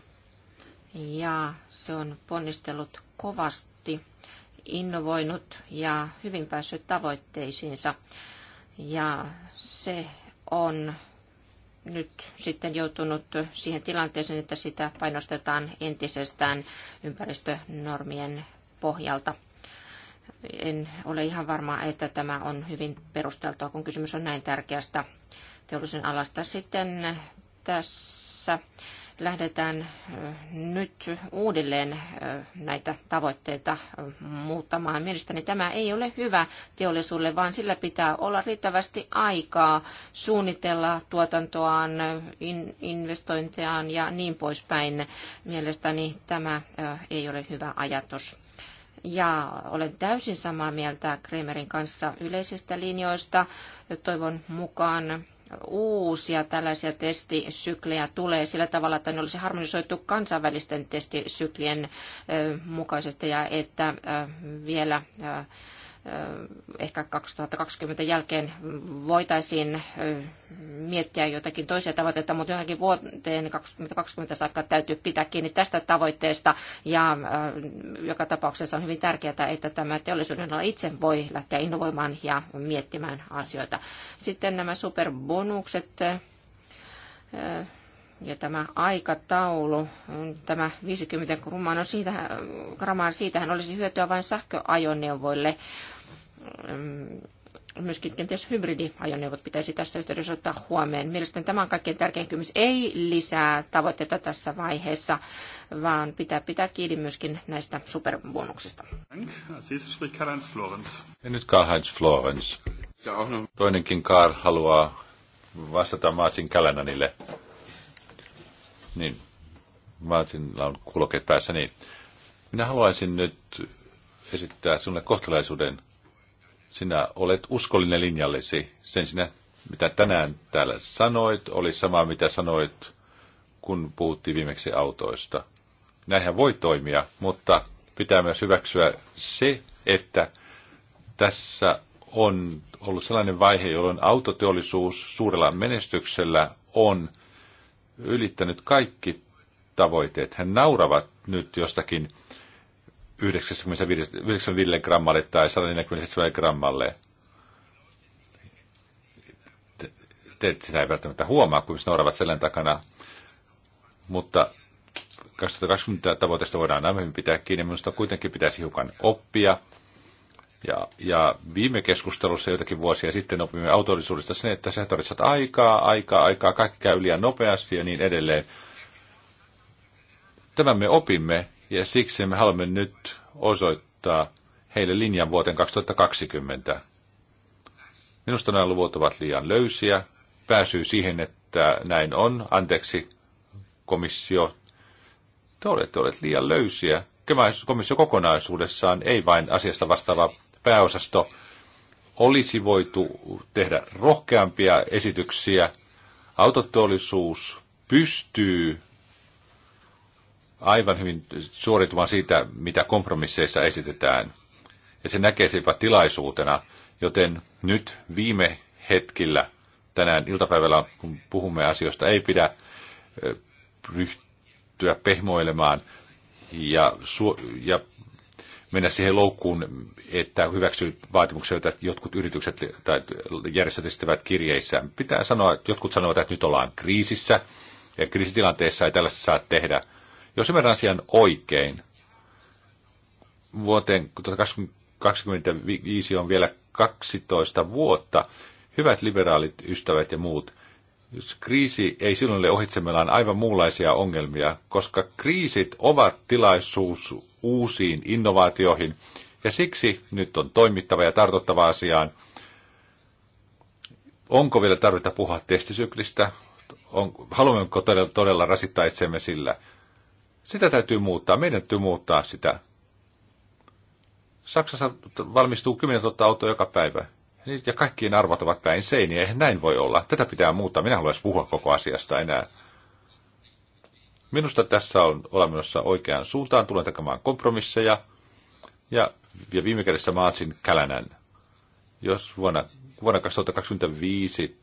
Ja se on ponnistellut kovasti, innovoinut ja hyvin päässyt tavoitteisiinsa. Ja se on nyt sitten joutunut siihen tilanteeseen, että sitä painostetaan entisestään ympäristönormien pohjalta. En ole ihan varma, että tämä on hyvin perusteltua, kun kysymys on näin tärkeästä teollisen alasta. Sitten tässä lähdetään nyt uudelleen näitä tavoitteita muuttamaan. Mielestäni tämä ei ole hyvä teollisuudelle, vaan sillä pitää olla riittävästi aikaa suunnitella tuotantoaan, investointejaan ja niin poispäin. Mielestäni tämä ei ole hyvä ajatus. Ja olen täysin samaa mieltä Kremerin kanssa yleisistä linjoista. Toivon mukaan uusia tällaisia testisyklejä tulee sillä tavalla, että ne olisi harmonisoitu kansainvälisten testisyklien mukaisesti ja että vielä ehkä 2020 jälkeen voitaisiin miettiä jotakin toisia tavoitteita, mutta jotenkin vuoteen 2020 saakka täytyy pitää kiinni tästä tavoitteesta ja joka tapauksessa on hyvin tärkeää, että tämä teollisuuden ala itse voi lähteä innovoimaan ja miettimään asioita. Sitten nämä superbonukset ja tämä aikataulu, mm, tämä 50 grammaa, no siitä, grammaa, siitähän olisi hyötyä vain sähköajoneuvoille. Mm, myöskin kenties hybridiajoneuvot pitäisi tässä yhteydessä ottaa huomioon. Mielestäni tämä on kaikkein tärkein kysymys. Ei lisää tavoitteita tässä vaiheessa, vaan pitää pitää kiinni myöskin näistä superbonuksista. Ja nyt Karl-Heinz Florence. Toinenkin Karl haluaa vastata Martin Kalenanille. Niin, Martinilla on kuulokkeet päässä, niin. Minä haluaisin nyt esittää sinulle kohtalaisuuden. Sinä olet uskollinen linjallesi. Sen sinä, mitä tänään täällä sanoit, oli sama, mitä sanoit, kun puhuttiin viimeksi autoista. Näinhän voi toimia, mutta pitää myös hyväksyä se, että tässä on ollut sellainen vaihe, jolloin autoteollisuus suurella menestyksellä on ylittänyt kaikki tavoitteet. Hän nauravat nyt jostakin 95, 95 grammalle tai 147 grammalle. Te, te sitä ei välttämättä huomaa, kun nauravat selän takana. Mutta 2020 tavoitteesta voidaan hyvin pitää kiinni. Minusta kuitenkin pitäisi hiukan oppia – ja, ja viime keskustelussa joitakin vuosia sitten opimme autollisuudesta sen, että sä tarvitset aikaa, aikaa, aikaa, kaikki käy liian nopeasti ja niin edelleen. Tämän me opimme ja siksi me haluamme nyt osoittaa heille linjan vuoteen 2020. Minusta nämä luvut ovat liian löysiä. Pääsyy siihen, että näin on. Anteeksi, komissio. Te olette, olette liian löysiä komissio kokonaisuudessaan, ei vain asiasta vastaava pääosasto olisi voitu tehdä rohkeampia esityksiä. Autoteollisuus pystyy aivan hyvin suoritumaan siitä, mitä kompromisseissa esitetään. Ja se näkee se jopa tilaisuutena, joten nyt viime hetkillä tänään iltapäivällä, kun puhumme asioista, ei pidä ryhtyä pehmoilemaan ja, su- ja mennä siihen loukkuun, että hyväksyy vaatimuksia, joita jotkut yritykset tai järjestöt esittävät kirjeissä. Pitää sanoa, että jotkut sanovat, että nyt ollaan kriisissä ja kriisitilanteessa ei tällaista saa tehdä. Jos ymmärrän asian oikein, vuoteen 2025 on vielä 12 vuotta. Hyvät liberaalit ystävät ja muut – jos kriisi ei silloin ole ohitse, meillä on aivan muunlaisia ongelmia, koska kriisit ovat tilaisuus uusiin innovaatioihin, ja siksi nyt on toimittava ja tartuttava asiaan. Onko vielä tarvetta puhua testisyklistä? On, haluammeko todella, todella rasittaa itsemme sillä? Sitä täytyy muuttaa, meidän täytyy muuttaa sitä. Saksassa valmistuu 10 000 autoa joka päivä. Niin, ja kaikkiin arvot ovat päin seiniä. Eihän näin voi olla. Tätä pitää muuttaa. Minä haluaisin puhua koko asiasta enää. Minusta tässä on olemassa oikeaan suuntaan. Tulen tekemään kompromisseja. Ja, ja viime kädessä maatsin Kälänän. Jos vuonna, vuonna 2025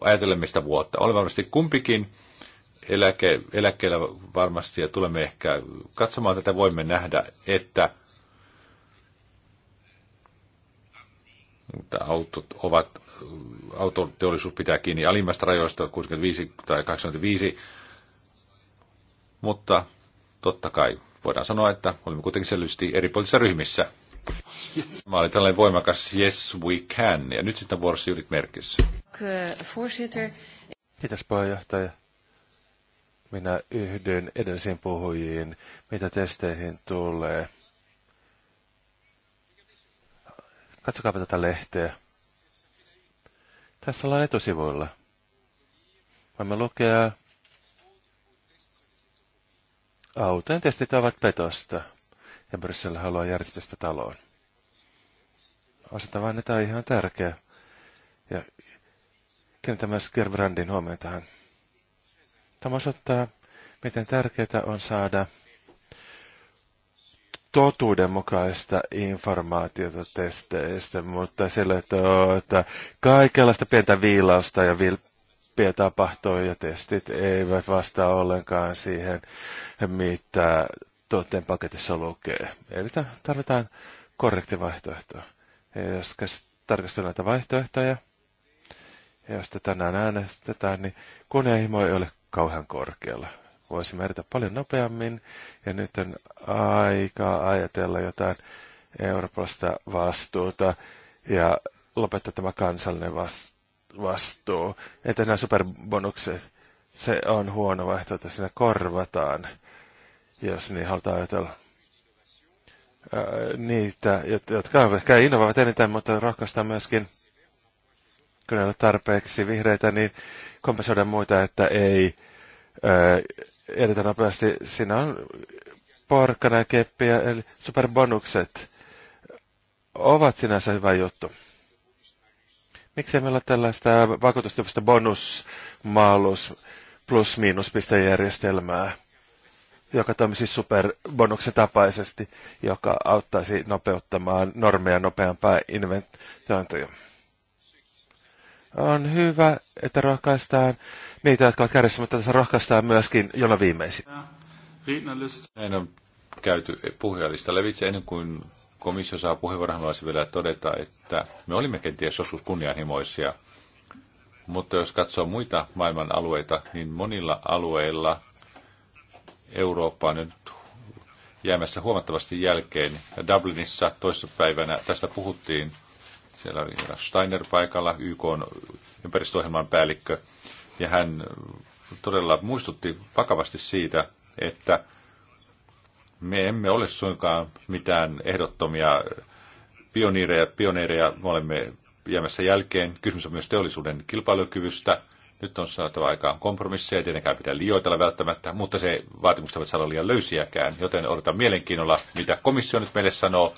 ajatellen vuotta, Olen varmasti kumpikin eläke, eläkkeellä varmasti ja tulemme ehkä katsomaan tätä, voimme nähdä, että – että autot ovat, autoteollisuus pitää kiinni alimmasta rajoista 65 tai 85, mutta totta kai voidaan sanoa, että olimme kuitenkin selvästi eri poliittisissa ryhmissä. Yes. Mä olin tällainen voimakas yes we can, ja nyt sitten vuorossa Jyrit Merkissä. Kiitos puheenjohtaja. Minä yhdyn edellisiin puhujiin, mitä testeihin tulee. Katsokaapa tätä lehteä. Tässä ollaan etusivuilla. Voimme lukea. Autojen testit ovat petosta. Ja Bryssel haluaa järjestystä taloon. Osata vain, että on ihan tärkeä. Ja kiinnitän myös Gerbrandin huomioon tähän. Tämä osoittaa, miten tärkeää on saada totuudenmukaista informaatiota testeistä, mutta sillä, että, että kaikenlaista pientä viilausta ja vilppiä tapahtuu ja testit eivät vastaa ollenkaan siihen, mitä tuotteen paketissa lukee. Eli tarvitaan korrekti vaihtoehto. Ja jos tarkastellaan näitä vaihtoehtoja, ja jos tänään äänestetään, niin kunnianhimo ei ole kauhean korkealla voisi edetä paljon nopeammin. Ja nyt on aika ajatella jotain eurooppalaista vastuuta ja lopettaa tämä kansallinen vastuu Että nämä superbonukset, se on huono vaihtoehto, sinne korvataan, jos niin halutaan ajatella. niitä, jotka ehkä innovoivat eniten, mutta rohkaistaan myöskin, kun ne ovat tarpeeksi vihreitä, niin kompensoida muita, että ei edetä nopeasti. Siinä on porkkana ja keppiä, eli superbonukset ovat sinänsä hyvä juttu. Miksei meillä ole tällaista vakuutustyyppistä bonus, maalus, plus miinus pistejärjestelmää, joka toimisi siis superbonuksen tapaisesti, joka auttaisi nopeuttamaan normeja nopeampaa inventointia. On hyvä, että rohkaistaan niitä, jotka ovat kärjessä, mutta tässä rohkaistaan myöskin jona viimeisin. Näin on käyty puhujalista levitse ennen kuin komissio saa puheenvuoron, haluaisin vielä todeta, että me olimme kenties joskus kunnianhimoisia, mutta jos katsoo muita maailman alueita, niin monilla alueilla Eurooppa on nyt jäämässä huomattavasti jälkeen. Dublinissa toissapäivänä päivänä tästä puhuttiin siellä oli herra Steiner paikalla, YK on ympäristöohjelman päällikkö, ja hän todella muistutti vakavasti siitä, että me emme ole suinkaan mitään ehdottomia pioneereja, pioneereja me olemme jäämässä jälkeen. Kysymys on myös teollisuuden kilpailukyvystä. Nyt on saatava aikaan kompromisseja, ei tietenkään pidä liioitella välttämättä, mutta se vaatimukset ovat saada liian löysiäkään, joten odotan mielenkiinnolla, mitä komissio nyt meille sanoo,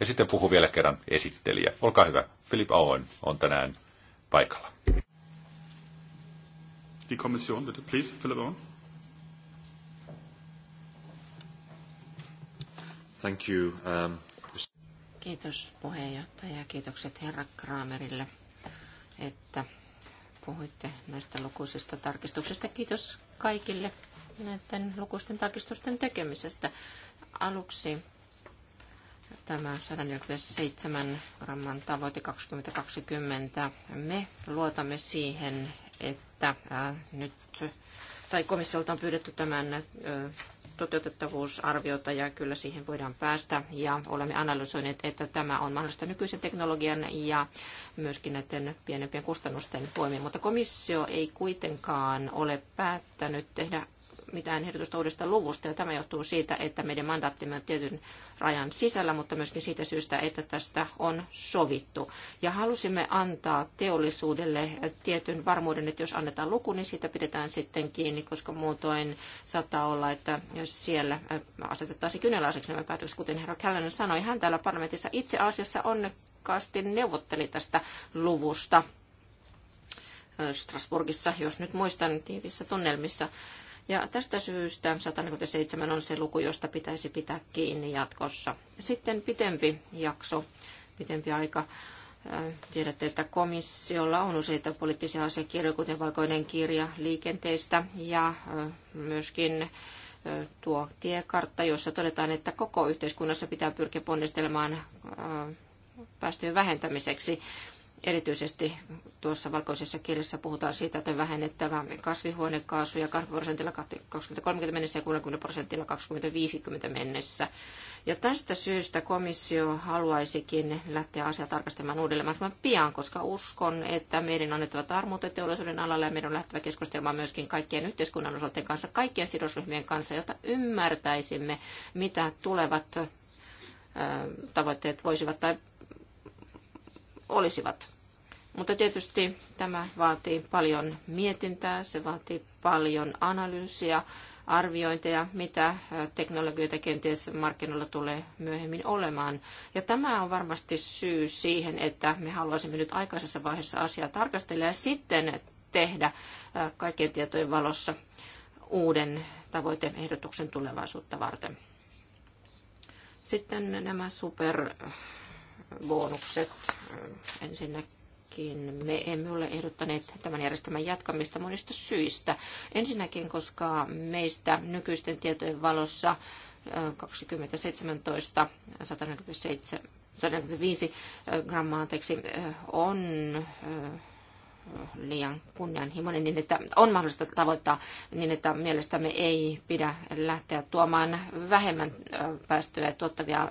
ja sitten puhu vielä kerran esittelijä. Olkaa hyvä. Philip Owen on tänään paikalla. Die Kommission, bitte, please, Philip Owen. Thank you. Um... Kiitos puheenjohtaja ja kiitokset herra Kramerille, että puhuitte näistä lukuisista tarkistuksista. Kiitos kaikille näiden lukuisten tarkistusten tekemisestä. Aluksi tämä 147 gramman tavoite 2020. Me luotamme siihen, että nyt, tai komissiolta on pyydetty tämän toteutettavuusarviota ja kyllä siihen voidaan päästä. Ja olemme analysoineet, että tämä on mahdollista nykyisen teknologian ja myöskin näiden pienempien kustannusten huomioon. Mutta komissio ei kuitenkaan ole päättänyt tehdä mitään ehdotusta uudesta luvusta, ja tämä johtuu siitä, että meidän mandaattimme on tietyn rajan sisällä, mutta myöskin siitä syystä, että tästä on sovittu. Ja halusimme antaa teollisuudelle tietyn varmuuden, että jos annetaan luku, niin siitä pidetään sitten kiinni, koska muutoin saattaa olla, että jos siellä äh, asetettaisiin kynäläiseksi nämä päätökset, kuten herra Callanan sanoi, hän täällä parlamentissa itse asiassa onnekkaasti neuvotteli tästä luvusta. Äh, Strasburgissa, jos nyt muistan, tiivissä tunnelmissa. Ja tästä syystä 147 on se luku, josta pitäisi pitää kiinni jatkossa. Sitten pitempi jakso, pitempi aika. Äh, tiedätte, että komissiolla on useita poliittisia asiakirjoja, kuten valkoinen kirja liikenteestä ja äh, myöskin äh, tuo tiekartta, jossa todetaan, että koko yhteiskunnassa pitää pyrkiä ponnistelemaan päästöjen vähentämiseksi. Erityisesti tuossa valkoisessa kirjassa puhutaan siitä, että on vähennettävä kasvihuonekaasuja 20 prosentilla 2030 mennessä ja 60 prosentilla 2050 mennessä. Ja tästä syystä komissio haluaisikin lähteä asiaa tarkastamaan uudelleen mahdollisimman pian, koska uskon, että meidän on annettava tarmuutta teollisuuden alalla ja meidän on lähtevä keskustelemaan myöskin kaikkien yhteiskunnan osalten kanssa, kaikkien sidosryhmien kanssa, jotta ymmärtäisimme, mitä tulevat tavoitteet voisivat tai olisivat. Mutta tietysti tämä vaatii paljon mietintää, se vaatii paljon analyysiä, arviointeja, mitä teknologioita kenties markkinoilla tulee myöhemmin olemaan. Ja tämä on varmasti syy siihen, että me haluaisimme nyt aikaisessa vaiheessa asiaa tarkastella ja sitten tehdä kaikkien tietojen valossa uuden tavoiteehdotuksen tulevaisuutta varten. Sitten nämä super bonukset. Ensinnäkin me emme ole ehdottaneet tämän järjestelmän jatkamista monista syistä. Ensinnäkin, koska meistä nykyisten tietojen valossa 2017 145 grammaa anteeksi, on liian kunnianhimoinen, niin että on mahdollista tavoittaa niin, että mielestämme ei pidä lähteä tuomaan vähemmän päästöjä tuottavia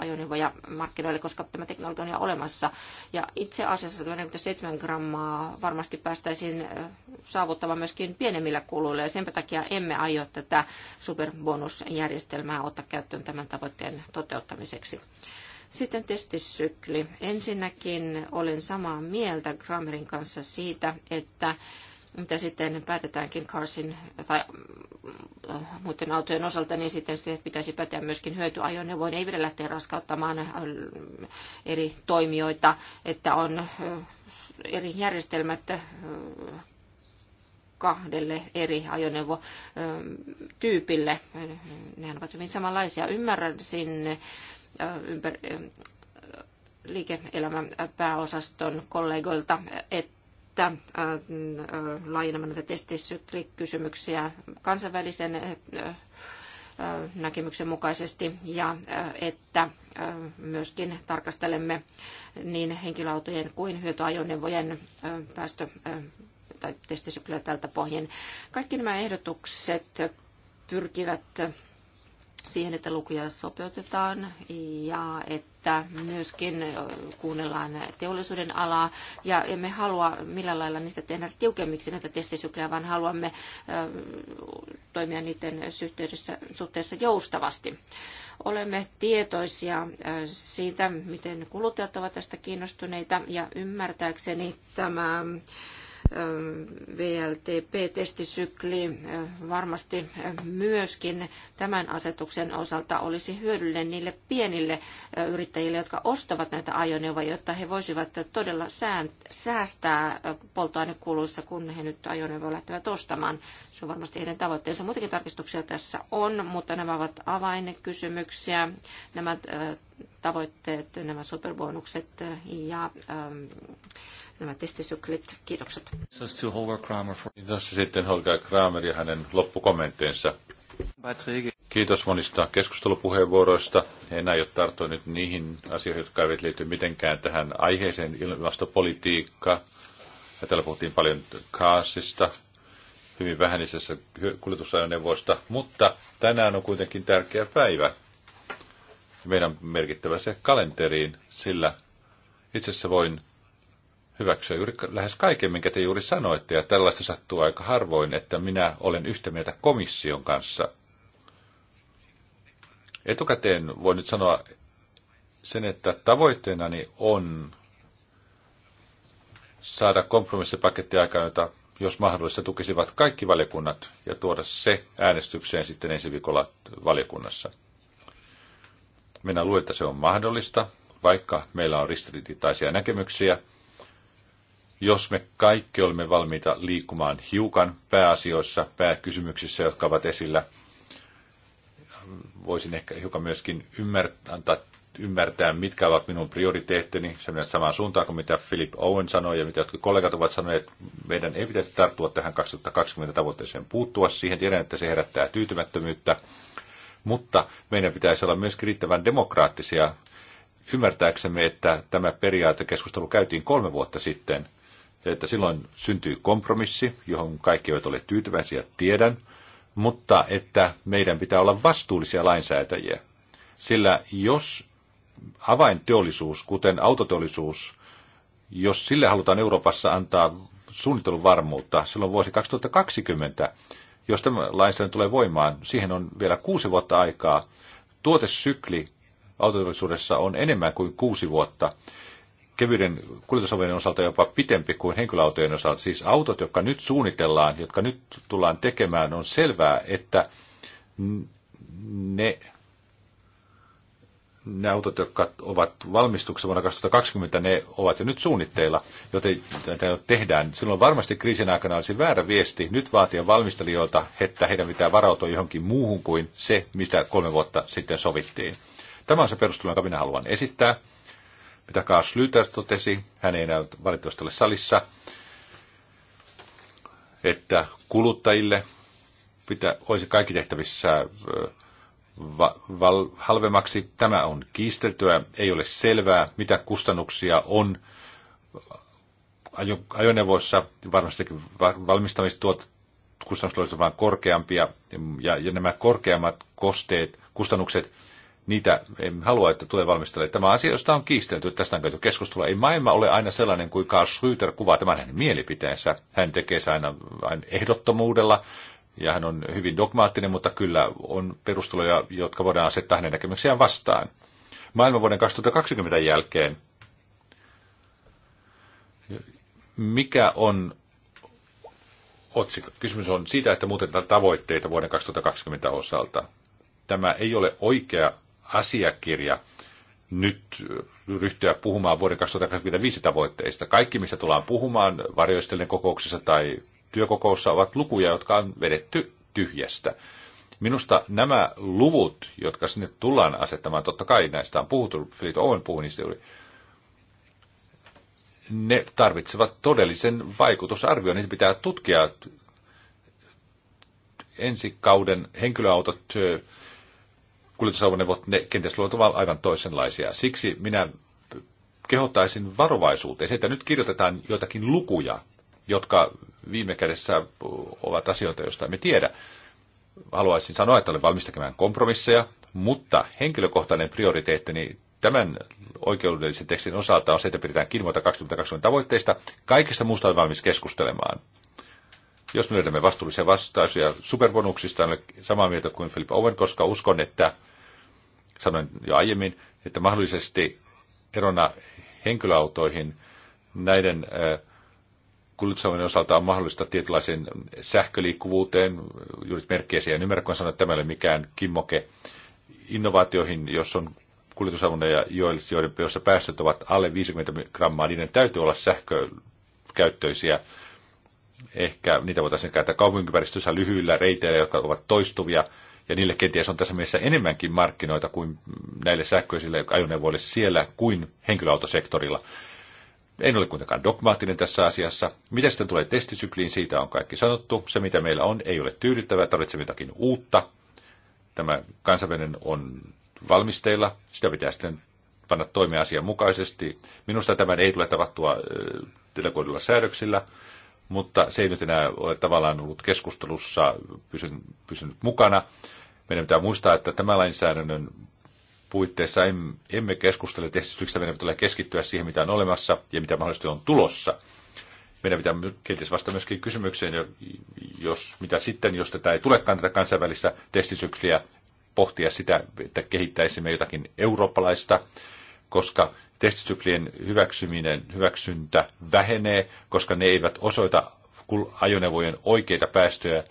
ajoneuvoja markkinoille, koska tämä teknologia on jo olemassa. Ja itse asiassa 147 grammaa varmasti päästäisiin saavuttamaan myöskin pienemmillä kuluilla, ja sen takia emme aio tätä superbonusjärjestelmää ottaa käyttöön tämän tavoitteen toteuttamiseksi. Sitten testisykli. Ensinnäkin olen samaa mieltä Grammerin kanssa siitä, että mitä sitten päätetäänkin Carsin tai äh, muiden autojen osalta, niin sitten se pitäisi päteä myöskin hyötyajoneuvoin. Ei vielä lähteä raskauttamaan äh, eri toimijoita, että on äh, eri järjestelmät kahdelle eri ajoneuvotyypille. Nehän ovat hyvin samanlaisia. Ymmärrän sinne ympär- liike-elämän pääosaston kollegoilta, että että äh, äh, laajennamme näitä testisyklikysymyksiä kansainvälisen äh, näkemyksen mukaisesti ja että myöskin tarkastelemme niin henkilöautojen kuin hyötyajoneuvojen päästö- tai testisykliä tältä pohjin. Kaikki nämä ehdotukset pyrkivät siihen, että lukuja sopeutetaan ja että myöskin kuunnellaan teollisuuden alaa. Ja emme halua millään lailla niistä tehdä tiukemmiksi näitä testisykliä, vaan haluamme toimia niiden suhteessa joustavasti olemme tietoisia siitä, miten kuluttajat ovat tästä kiinnostuneita ja ymmärtääkseni tämä VLTP-testisykli varmasti myöskin tämän asetuksen osalta olisi hyödyllinen niille pienille yrittäjille, jotka ostavat näitä ajoneuvoja, jotta he voisivat todella säästää polttoainekuluissa, kun he nyt ajoneuvoja lähtevät ostamaan. Se on varmasti heidän tavoitteensa. Muitakin tarkistuksia tässä on, mutta nämä ovat avainkysymyksiä. Nämä äh, tavoitteet, nämä superbonukset äh, ja ähm, nämä testisyklit. Kiitokset. Kiitos niin sitten Holger Kramer ja hänen loppukommentteensa. Kiitos monista keskustelupuheenvuoroista. En aio tarttua nyt niihin asioihin, jotka eivät liity mitenkään tähän aiheeseen ilmastopolitiikkaan. täällä puhuttiin paljon kaasista, hyvin vähäisessä kuljetusajoneuvoista, mutta tänään on kuitenkin tärkeä päivä. Meidän merkittävä se kalenteriin, sillä itse asiassa voin hyväksyä juuri lähes kaiken, minkä te juuri sanoitte, ja tällaista sattuu aika harvoin, että minä olen yhtä mieltä komission kanssa. Etukäteen voin nyt sanoa sen, että tavoitteenani on saada kompromissipaketti aikaan, jota jos mahdollista, tukisivat kaikki valiokunnat ja tuoda se äänestykseen sitten ensi viikolla valiokunnassa. Minä luulen, että se on mahdollista, vaikka meillä on ristiriitaisia näkemyksiä. Jos me kaikki olemme valmiita liikkumaan hiukan pääasioissa, pääkysymyksissä, jotka ovat esillä, voisin ehkä hiukan myöskin ymmärtää, antaa ymmärtää, mitkä ovat minun prioriteetteni, Se menee samaan suuntaan kuin mitä Philip Owen sanoi ja mitä jotkut kollegat ovat sanoneet. Meidän ei pitäisi tarttua tähän 2020 tavoitteeseen puuttua siihen. Tiedän, että se herättää tyytymättömyyttä. Mutta meidän pitäisi olla myös riittävän demokraattisia ymmärtääksemme, että tämä periaatekeskustelu käytiin kolme vuotta sitten. Että silloin syntyi kompromissi, johon kaikki eivät ole tyytyväisiä, tiedän. Mutta että meidän pitää olla vastuullisia lainsäätäjiä. Sillä jos avainteollisuus, kuten autoteollisuus, jos sille halutaan Euroopassa antaa suunnittelun varmuutta silloin vuosi 2020, jos tämä lainsäädäntö tulee voimaan, siihen on vielä kuusi vuotta aikaa. Tuotesykli autoteollisuudessa on enemmän kuin kuusi vuotta. Kevyiden kuljetusavojen osalta jopa pitempi kuin henkilöautojen osalta. Siis autot, jotka nyt suunnitellaan, jotka nyt tullaan tekemään, on selvää, että ne ne autot, jotka ovat valmistuksessa vuonna 2020, ne ovat jo nyt suunnitteilla, joten näitä tehdään. Silloin varmasti kriisin aikana olisi väärä viesti nyt vaatia valmistelijoilta, että heidän pitää varautua johonkin muuhun kuin se, mistä kolme vuotta sitten sovittiin. Tämä on se perustelu, jonka minä haluan esittää. Mitä Karl Schlüter totesi, hän ei näy valitettavasti ole salissa, että kuluttajille pitä, olisi kaikki tehtävissä va- val- halvemmaksi. Tämä on kiisteltyä, ei ole selvää, mitä kustannuksia on ajo- ajoneuvoissa. Varmasti valmistamistuot kustannukset ovat vain korkeampia, ja, ja nämä korkeammat kosteet, kustannukset, niitä en halua, että tulee valmistella. Tämä asia, josta on kiistelty, tästä on käyty keskustelua. Ei maailma ole aina sellainen kuin Karl Schröter kuvaa tämän hänen mielipiteensä. Hän tekee sen aina, aina ehdottomuudella ja hän on hyvin dogmaattinen, mutta kyllä on perusteluja, jotka voidaan asettaa hänen näkemyksiään vastaan. Maailman vuoden 2020 jälkeen, mikä on otsikko? Kysymys on siitä, että muutetaan tavoitteita vuoden 2020 osalta. Tämä ei ole oikea asiakirja nyt ryhtyä puhumaan vuoden 2025 tavoitteista. Kaikki, mistä tullaan puhumaan varjoistellen kokouksessa tai työkokoussa ovat lukuja, jotka on vedetty tyhjästä. Minusta nämä luvut, jotka sinne tullaan asettamaan, totta kai näistä on puhuttu, Philip Owen puhui niistä juuri, ne tarvitsevat todellisen vaikutusarvion. Niitä pitää tutkia ensi kauden henkilöautot, kuljetusautoneuvot, ne kenties luovat aivan toisenlaisia. Siksi minä kehottaisin varovaisuuteen. Se, että nyt kirjoitetaan joitakin lukuja jotka viime kädessä ovat asioita, joista emme tiedä. Haluaisin sanoa, että olen valmis tekemään kompromisseja, mutta henkilökohtainen prioriteettini tämän oikeudellisen tekstin osalta on se, että pidetään kiinni 2020 tavoitteista. Kaikessa muusta olen valmis keskustelemaan. Jos me löydämme vastuullisia vastauksia superbonuksista, olen samaa mieltä kuin Philip Owen, koska uskon, että sanoin jo aiemmin, että mahdollisesti erona henkilöautoihin näiden äh, kuljetusalueen osalta on mahdollista tietynlaiseen sähköliikkuvuuteen. Juuri merkkeisiä en ymmärrä, kun sanon, että tämä ei ole mikään kimmoke innovaatioihin, jos on kuljetusavuneja, joiden, joissa päästöt ovat alle 50 grammaa, niiden täytyy olla sähkökäyttöisiä. Ehkä niitä voitaisiin käyttää kaupunkiympäristössä lyhyillä reiteillä, jotka ovat toistuvia, ja niille kenties on tässä mielessä enemmänkin markkinoita kuin näille sähköisille ajoneuvoille siellä kuin henkilöautosektorilla. En ole kuitenkaan dogmaattinen tässä asiassa. Mitä sitten tulee testisykliin, siitä on kaikki sanottu. Se, mitä meillä on, ei ole tyydyttävää, tarvitsemme jotakin uutta. Tämä kansainvälinen on valmisteilla, sitä pitää sitten panna toimia asian mukaisesti. Minusta tämän ei tule tapahtua delegoidulla säädöksillä, mutta se ei nyt enää ole tavallaan ollut keskustelussa pysynyt, pysynyt mukana. Meidän pitää muistaa, että tämä lainsäädännön puitteissa emme keskustele esityksistä, meidän pitää keskittyä siihen, mitä on olemassa ja mitä mahdollisesti on tulossa. Meidän pitää kenties vastata myöskin kysymykseen, jos, mitä sitten, jos tätä ei tulekaan tätä kansainvälistä testisykliä, pohtia sitä, että kehittäisimme jotakin eurooppalaista, koska testisyklien hyväksyminen, hyväksyntä vähenee, koska ne eivät osoita ajoneuvojen oikeita päästöjä,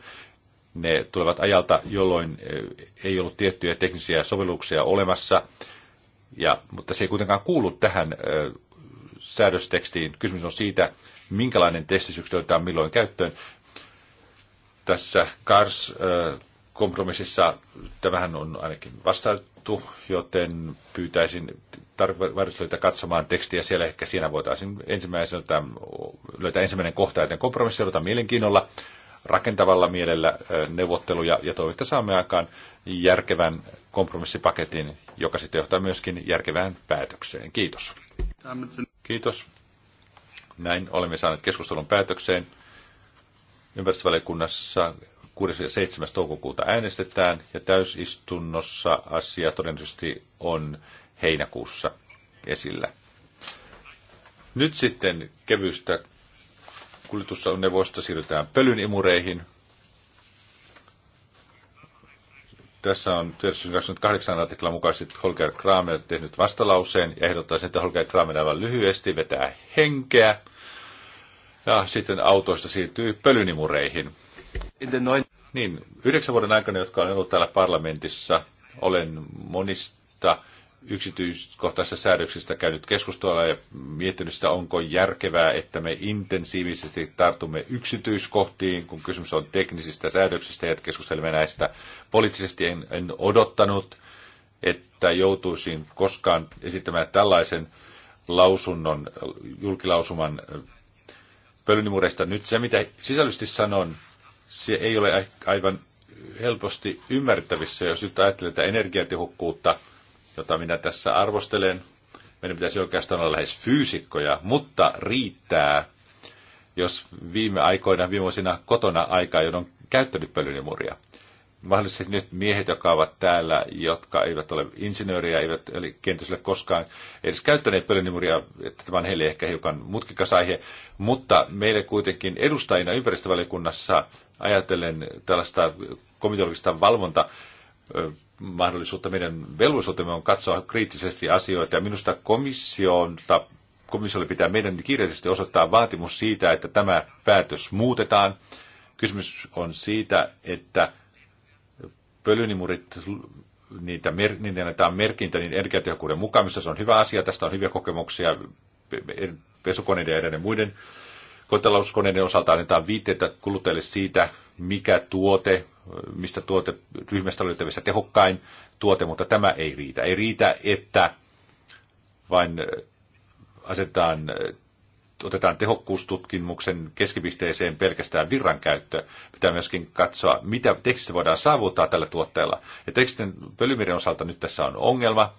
ne tulevat ajalta, jolloin eh, ei ollut tiettyjä teknisiä sovelluksia olemassa, ja, mutta se ei kuitenkaan kuulu tähän eh, säädöstekstiin. Kysymys on siitä, minkälainen testisyksy otetaan milloin käyttöön. Tässä CARS eh, kompromississa tämähän on ainakin vastattu, joten pyytäisin tarkastusliittoa katsomaan tekstiä siellä. Ehkä siinä voitaisiin ensimmäisenä löytää ensimmäinen kohta, joten kompromissi odotan mielenkiinnolla rakentavalla mielellä neuvotteluja ja toivottavasti saamme aikaan järkevän kompromissipaketin, joka sitten johtaa myöskin järkevään päätökseen. Kiitos. Kiitos. Näin olemme saaneet keskustelun päätökseen. Ympäristövaliokunnassa 6. ja 7. toukokuuta äänestetään ja täysistunnossa asia todennäköisesti on heinäkuussa esillä. Nyt sitten kevyistä kuljetusneuvosta siirrytään pölynimureihin. Tässä on tietysti 28 artiklan mukaisesti Holger Kramer tehnyt vastalauseen ja ehdottaisin, että Holger Kramer aivan lyhyesti vetää henkeä. Ja sitten autoista siirtyy pölynimureihin. Noin... Niin, yhdeksän vuoden aikana, jotka olen ollut täällä parlamentissa, olen monista yksityiskohtaisista säädöksistä käynyt keskustelua ja miettinyt sitä, onko järkevää, että me intensiivisesti tartumme yksityiskohtiin, kun kysymys on teknisistä säädöksistä ja keskustelemme näistä. Poliittisesti en, en odottanut, että joutuisin koskaan esittämään tällaisen lausunnon, julkilausuman äh, pölynimureista. Nyt se, mitä sisällisesti sanon, se ei ole aivan helposti ymmärrettävissä, jos nyt ajattelee että energiatehokkuutta – jota minä tässä arvostelen. Meidän pitäisi oikeastaan olla lähes fyysikkoja, mutta riittää, jos viime aikoina, viime vuosina kotona aikaa, jolloin on käyttänyt pölynimuria. Mahdollisesti nyt miehet, jotka ovat täällä, jotka eivät ole insinööriä, eivät eli kenties koskaan edes käyttäneet pölynimuria, että tämä on heille ehkä hiukan mutkikas aihe, mutta meille kuitenkin edustajina ympäristövaliokunnassa ajatellen tällaista komiteologista valvonta mahdollisuutta. Meidän velvollisuutemme on katsoa kriittisesti asioita ja minusta komissiolta, komissiolle pitää meidän kiireellisesti osoittaa vaatimus siitä, että tämä päätös muutetaan. Kysymys on siitä, että pölynimurit, niitä, mer, niitä annetaan merkintä niin energiatehokkuuden mukaan, missä se on hyvä asia. Tästä on hyviä kokemuksia pesukoneiden ja eräiden muiden kotitalouskoneiden osalta annetaan viitteitä kuluttajille siitä, mikä tuote, mistä tuote ryhmästä löytävissä tehokkain tuote, mutta tämä ei riitä. Ei riitä, että vain äh, asetetaan, äh, otetaan tehokkuustutkimuksen keskipisteeseen pelkästään virran käyttö. Pitää myöskin katsoa, mitä tekstissä voidaan saavuttaa tällä tuotteella. Ja tekstin pölymirin osalta nyt tässä on ongelma.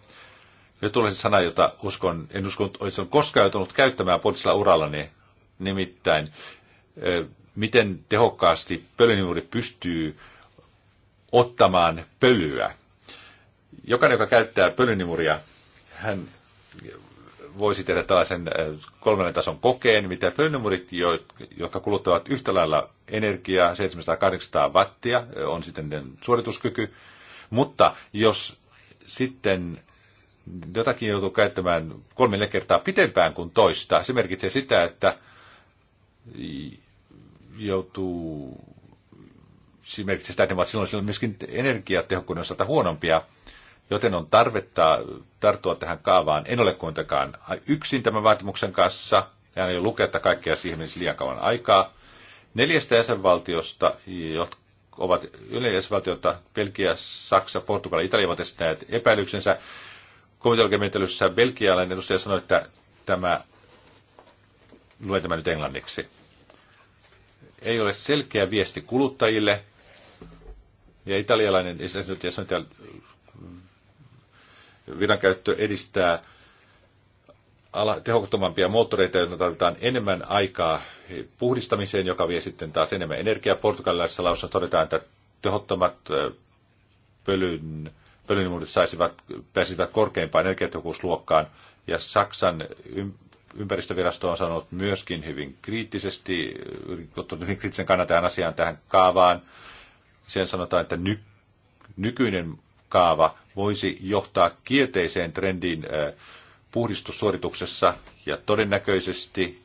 Ja tulee se sana, jota uskon, en usko, olisi koskaan joutunut käyttämään poliittisella urallani, nimittäin äh, miten tehokkaasti pölynjuuri pystyy ottamaan pölyä. Jokainen, joka käyttää pölynimuria, hän voisi tehdä tällaisen äh, kolmannen tason kokeen, mitä pölynimurit, jotka kuluttavat yhtä lailla energiaa, 700-800 wattia, äh, on sitten suorituskyky. Mutta jos sitten jotakin joutuu käyttämään kolme kertaa pitempään kuin toista, se merkitsee sitä, että joutuu esimerkiksi sitä, että ne ovat silloin myöskin energiatehokkuuden osalta huonompia, joten on tarvetta tarttua tähän kaavaan. En ole kuitenkaan yksin tämän vaatimuksen kanssa, ja ei lukea, että kaikkea siihen menisi liian kauan aikaa. Neljästä jäsenvaltiosta, jotka ovat jäsenvaltiota, Belgia, Saksa, Portugali, Italia ovat esittäneet epäilyksensä. Komiteologiamenettelyssä belgialainen edustaja sanoi, että tämä, luen tämä nyt englanniksi ei ole selkeä viesti kuluttajille. Ja italialainen virankäyttö edistää tehokkaampia moottoreita, joita tarvitaan enemmän aikaa puhdistamiseen, joka vie sitten taas enemmän energiaa. Portugalilaisessa lausussa todetaan, että tehottomat pölyn, pölynimuudet saisivat, pääsisivät korkeimpaan energiatehokkuusluokkaan, ja Saksan Ympäristövirasto on sanonut myöskin hyvin kriittisesti, ottanut hyvin kriittisen kannan tähän asiaan, tähän kaavaan. Sen sanotaan, että ny, nykyinen kaava voisi johtaa kielteiseen trendiin puhdistussuorituksessa ja todennäköisesti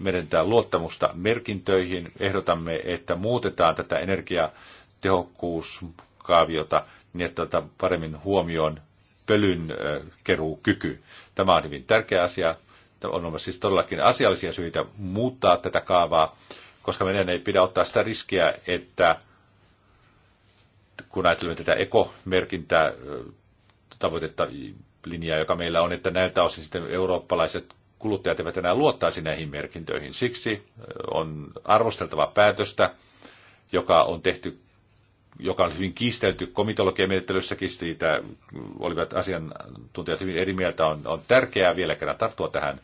menetään luottamusta merkintöihin. Ehdotamme, että muutetaan tätä energiatehokkuuskaaviota niin, että paremmin huomioon pölyn keruukyky. Tämä on hyvin tärkeä asia. On olemassa siis todellakin asiallisia syitä muuttaa tätä kaavaa, koska meidän ei pidä ottaa sitä riskiä, että kun ajattelemme tätä ekomerkintää, tavoitetta, linjaa, joka meillä on, että näiltä osin sitten eurooppalaiset kuluttajat eivät enää luottaisi näihin merkintöihin. Siksi on arvosteltava päätöstä, joka on tehty joka on hyvin kiistelty komitologiamenettelyssäkin, siitä olivat asiantuntijat hyvin eri mieltä, on, on tärkeää vielä kerran tarttua tähän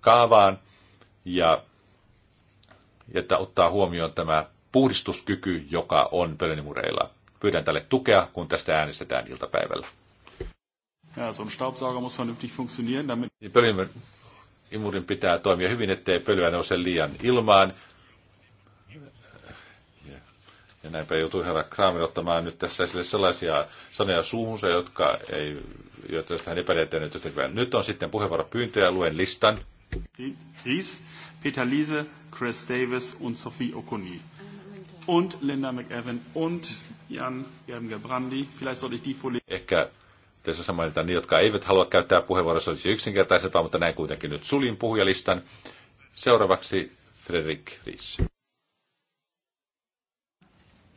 kaavaan ja että ottaa huomioon tämä puhdistuskyky, joka on pölynimureilla. Pyydän tälle tukea, kun tästä äänestetään iltapäivällä. Ja, so Staubsauger muss vernünftig funktionieren, damit... Pölymurin pitää toimia hyvin, ettei pölyä nouse liian ilmaan. Ja näinpä joutuu herra Kramer ottamaan nyt tässä esille sellaisia sanoja suuhunsa, jotka ei, joita josta hän epäilee, että nyt, nyt on sitten ja luen listan. Ries, Peter Liese, Chris Davis und Sophie Okuni. Und Linda McEwan und Jan Gerbinger Brandi. Vielleicht sollte ich die Folie... Ehkä tässä että ne, jotka eivät halua käyttää puheenvuoroa, se olisi yksinkertaisempaa, mutta näin kuitenkin nyt suljin puhujalistan. Seuraavaksi Frederik Ries.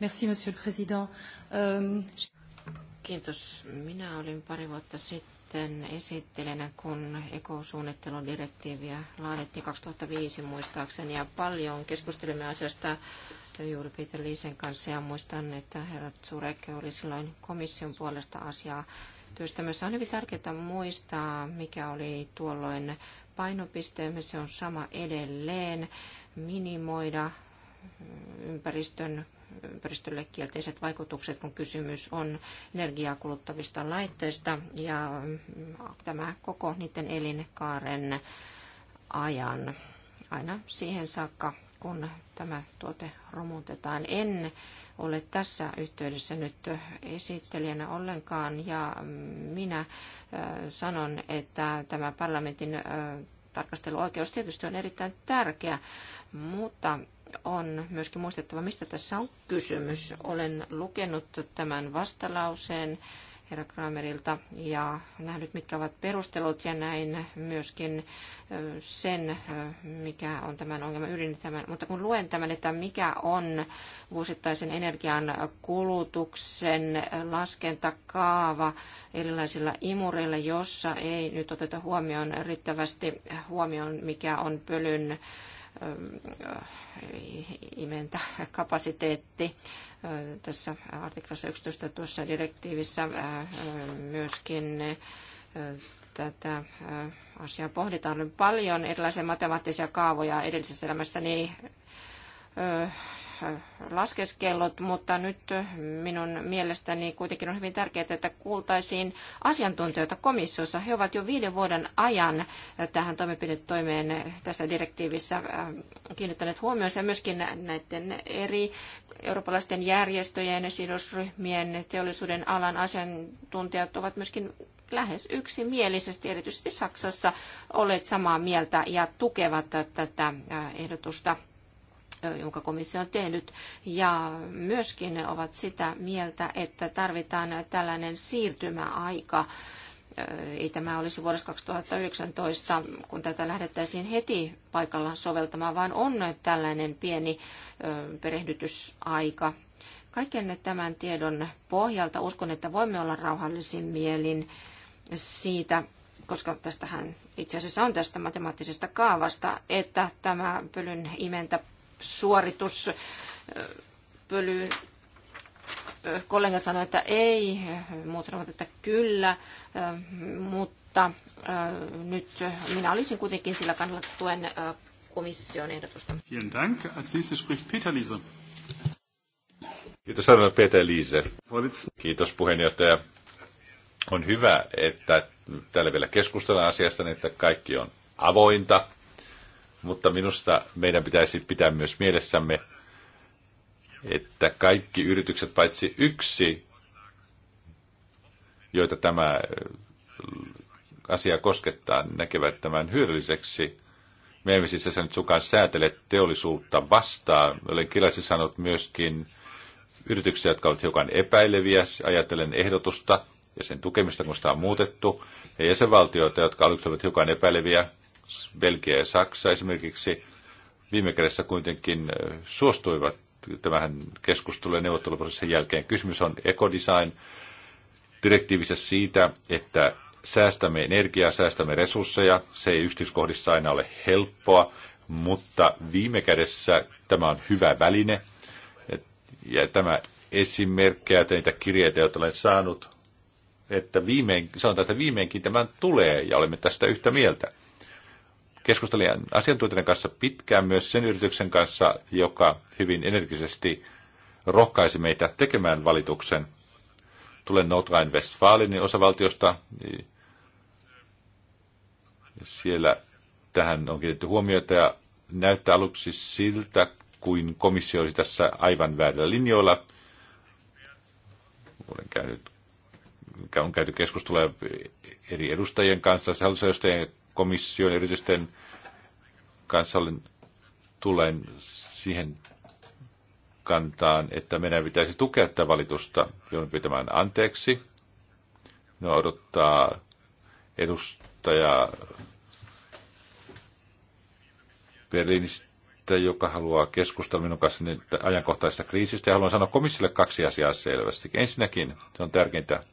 Merci, monsieur le président. Euh, Kiitos. Minä olin pari vuotta sitten esittelenä, kun ekosuunnitteludirektiiviä laadittiin 2005 muistaakseni, ja paljon keskustelimme asiasta juuri Peter Liisen kanssa, ja muistan, että herra Zurek oli silloin komission puolesta asiaa työstämässä. On hyvin tärkeää muistaa, mikä oli tuolloin painopisteemme, se on sama edelleen, minimoida ympäristön ympäristölle kielteiset vaikutukset, kun kysymys on energiaa kuluttavista laitteista ja mm, tämä koko niiden elinkaaren ajan aina siihen saakka, kun tämä tuote romutetaan. En ole tässä yhteydessä nyt esittelijänä ollenkaan ja mm, minä sanon, että tämä parlamentin tarkasteluoikeus tietysti on erittäin tärkeä, mutta on myöskin muistettava, mistä tässä on kysymys. Olen lukenut tämän vastalauseen herra Kramerilta ja nähnyt, mitkä ovat perustelut ja näin myöskin sen, mikä on tämän ongelman ydin. Tämän. Mutta kun luen tämän, että mikä on vuosittaisen energian kulutuksen laskentakaava erilaisilla imureilla, jossa ei nyt oteta huomioon riittävästi huomioon, mikä on pölyn imentä kapasiteetti. Tässä artiklassa 11 tuossa direktiivissä myöskin tätä asiaa pohditaan paljon. Erilaisia matemaattisia kaavoja edellisessä elämässäni laskeskellot, mutta nyt minun mielestäni kuitenkin on hyvin tärkeää, että kuultaisiin asiantuntijoita komissiossa. He ovat jo viiden vuoden ajan tähän toimenpidetoimeen tässä direktiivissä kiinnittäneet huomioon ja myöskin näiden eri eurooppalaisten järjestöjen, sidosryhmien, teollisuuden alan asiantuntijat ovat myöskin lähes yksimielisesti, erityisesti Saksassa, olet samaa mieltä ja tukevat tätä ehdotusta jonka komissio on tehnyt, ja myöskin ovat sitä mieltä, että tarvitaan tällainen siirtymäaika, ei tämä olisi vuodessa 2019, kun tätä lähdettäisiin heti paikallaan soveltamaan, vaan on tällainen pieni perehdytysaika. Kaiken tämän tiedon pohjalta uskon, että voimme olla rauhallisin mielin siitä, koska tästähän itse asiassa on tästä matemaattisesta kaavasta, että tämä pölyn imentä suoritus pöly kollega sanoi, että ei, muut sanovat, että kyllä, mutta nyt minä olisin kuitenkin sillä kannalla tuen komission ehdotusta. Vielen Dank. Als nächstes spricht Peter Liese. Kiitos arvoisa Peter Liise. Kiitos puheenjohtaja. On hyvä, että täällä vielä keskustellaan asiasta, niin että kaikki on avointa mutta minusta meidän pitäisi pitää myös mielessämme, että kaikki yritykset paitsi yksi, joita tämä äh, asia koskettaa, näkevät tämän hyödylliseksi. Me emme siis nyt sukaan säätele teollisuutta vastaan. Olen kirjallisesti sanonut myöskin yrityksiä, jotka ovat hiukan epäileviä, ajatellen ehdotusta ja sen tukemista, kun sitä on muutettu, ja jäsenvaltioita, jotka aluksi olivat hiukan epäileviä, Belgia ja Saksa esimerkiksi viime kädessä kuitenkin suostuivat tämän keskustelun ja neuvotteluprosessin jälkeen. Kysymys on ekodesign direktiivissä siitä, että säästämme energiaa, säästämme resursseja. Se ei yksityiskohdissa aina ole helppoa, mutta viime kädessä tämä on hyvä väline. Ja tämä esimerkkejä tai niitä kirjeitä, joita olen saanut, että viimein, sanotaan, että viimeinkin tämän tulee ja olemme tästä yhtä mieltä. Keskustelin asiantuntijan kanssa pitkään myös sen yrityksen kanssa, joka hyvin energisesti rohkaisi meitä tekemään valituksen. Tulen Nordrhein-Westfalenin osavaltiosta. Siellä tähän on kiinnitetty huomiota ja näyttää aluksi siltä, kuin komissio olisi tässä aivan väärillä linjoilla. Olen käynyt, on käyty keskustelua eri edustajien kanssa, hallitusedustajien komission yritysten kanssa olen, tulen siihen kantaan, että meidän pitäisi tukea tätä valitusta, joudun pyytämään anteeksi. No odottaa edustaja Berliinistä, joka haluaa keskustella minun kanssa ajankohtaisesta kriisistä. Ja haluan sanoa komissiolle kaksi asiaa selvästi. Ensinnäkin, se on tärkeintä,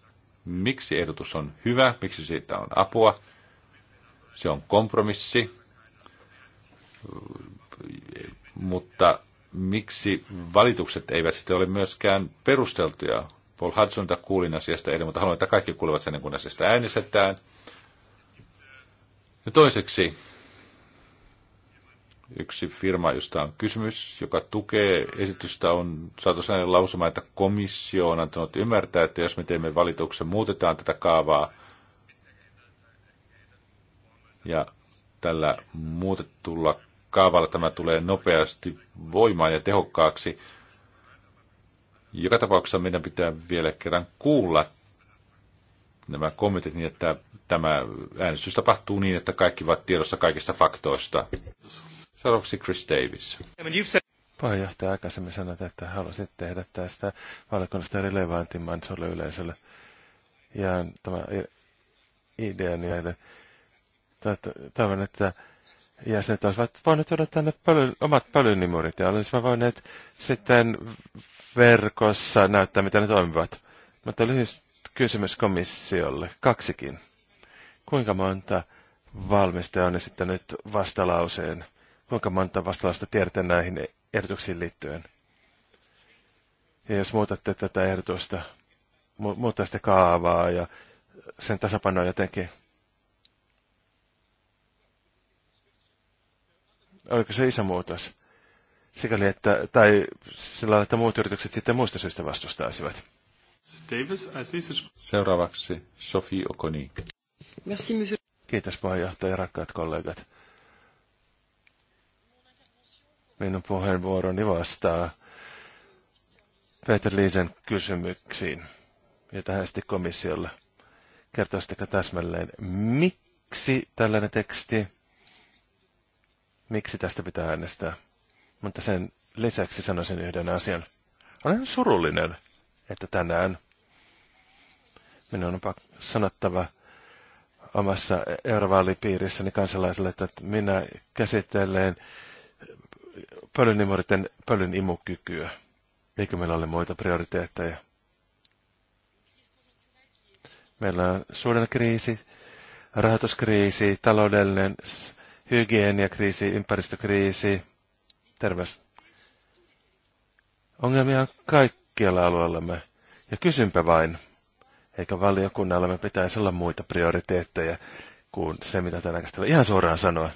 miksi ehdotus on hyvä, miksi siitä on apua. Se on kompromissi, mutta miksi valitukset eivät sitten ole myöskään perusteltuja? Paul Hudsonilta kuulin asiasta eilen, mutta haluan, että kaikki kuulevat sen, kun asiasta äänestetään. Ja toiseksi, yksi firma, josta on kysymys, joka tukee esitystä, on saatu sellainen lausuma, että komissio on antanut ymmärtää, että jos me teemme valituksen, muutetaan tätä kaavaa, ja tällä muutettulla kaavalla tämä tulee nopeasti voimaan ja tehokkaaksi. Joka tapauksessa meidän pitää vielä kerran kuulla nämä kommentit niin, että tämä äänestys tapahtuu niin, että kaikki ovat tiedossa kaikista faktoista. Seuraavaksi Chris Davis. Puheenjohtaja aikaisemmin sanoi, että haluaisit tehdä tästä valiokunnasta relevantimman sulle yleisölle. Ja tämä idea niille Toivon, että jäsenet olisivat voineet tuoda tänne pöly, omat pölynimurit ja olisivat voineet sitten verkossa näyttää, miten ne toimivat. Mutta lyhyt siis kysymys komissiolle, kaksikin. Kuinka monta valmistaja on esittänyt vastalauseen? Kuinka monta vastalausta tiedätte näihin ehdotuksiin liittyen? Ja jos muutatte tätä ehdotusta, mu- muuttaisitte kaavaa ja sen tasapainoa jotenkin, oliko se isämuutos? Sikäli, että, tai sillä lailla, että muut yritykset sitten muista syistä vastustaisivat. Seuraavaksi Sophie Okoni. Kiitos puheenjohtaja, rakkaat kollegat. Minun puheenvuoroni vastaa Peter Liisen kysymyksiin ja tähän sitten komissiolle. Kertoisitteko täsmälleen, miksi tällainen teksti miksi tästä pitää äänestää. Mutta sen lisäksi sanoisin yhden asian. Olen surullinen, että tänään minun on sanottava omassa eurovaalipiirissäni kansalaisille, että minä käsittelen pölynimuriten pölyn imukykyä. Eikö meillä ole muita prioriteetteja? Meillä on kriisi, rahoituskriisi, taloudellinen hygieniakriisi, ympäristökriisi, terveys. Ongelmia on kaikkialla alueellamme. Ja kysynpä vain, eikä valiokunnallamme pitäisi olla muita prioriteetteja kuin se, mitä tänään käsitellään. Ihan suoraan sanoa.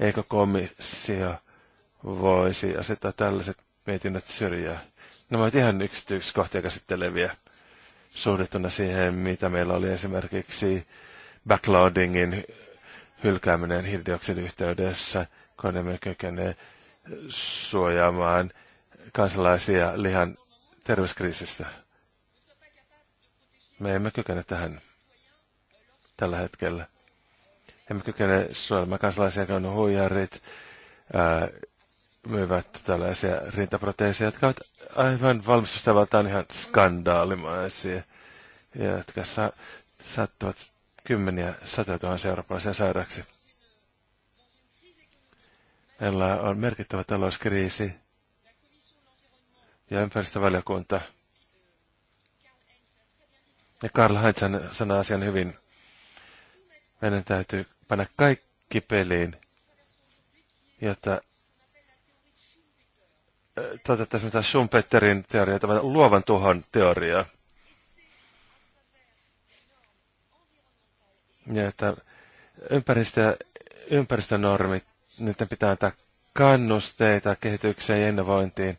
Eikö komissio voisi asettaa tällaiset mietinnät syrjään? Nämä no, ovat ihan yksityiskohtia käsitteleviä suhdettuna siihen, mitä meillä oli esimerkiksi backloadingin hylkääminen hiilidioksidiyhteydessä, kun emme kykene suojaamaan kansalaisia lihan terveyskriisistä. Me emme kykene tähän tällä hetkellä. Emme kykene suojelemaan kansalaisia, kun huijarit ää, myyvät tällaisia rintaproteeseja, jotka ovat aivan valmistustavaltaan ihan skandaalimaisia, ja jotka sa- saattavat kymmeniä satoja tuhansia eurooppalaisia sairaaksi. Meillä on merkittävä talouskriisi ja ympäristövaliokunta. Ja Karl Heinz sanoi asian hyvin. Meidän täytyy panna kaikki peliin, jotta äh, toteuttaisiin mitä Schumpeterin teoriaa, tämän luovan tuhon teoriaa. Ja että ympäristö ympäristönormit, niiden pitää antaa kannusteita kehitykseen ja innovointiin,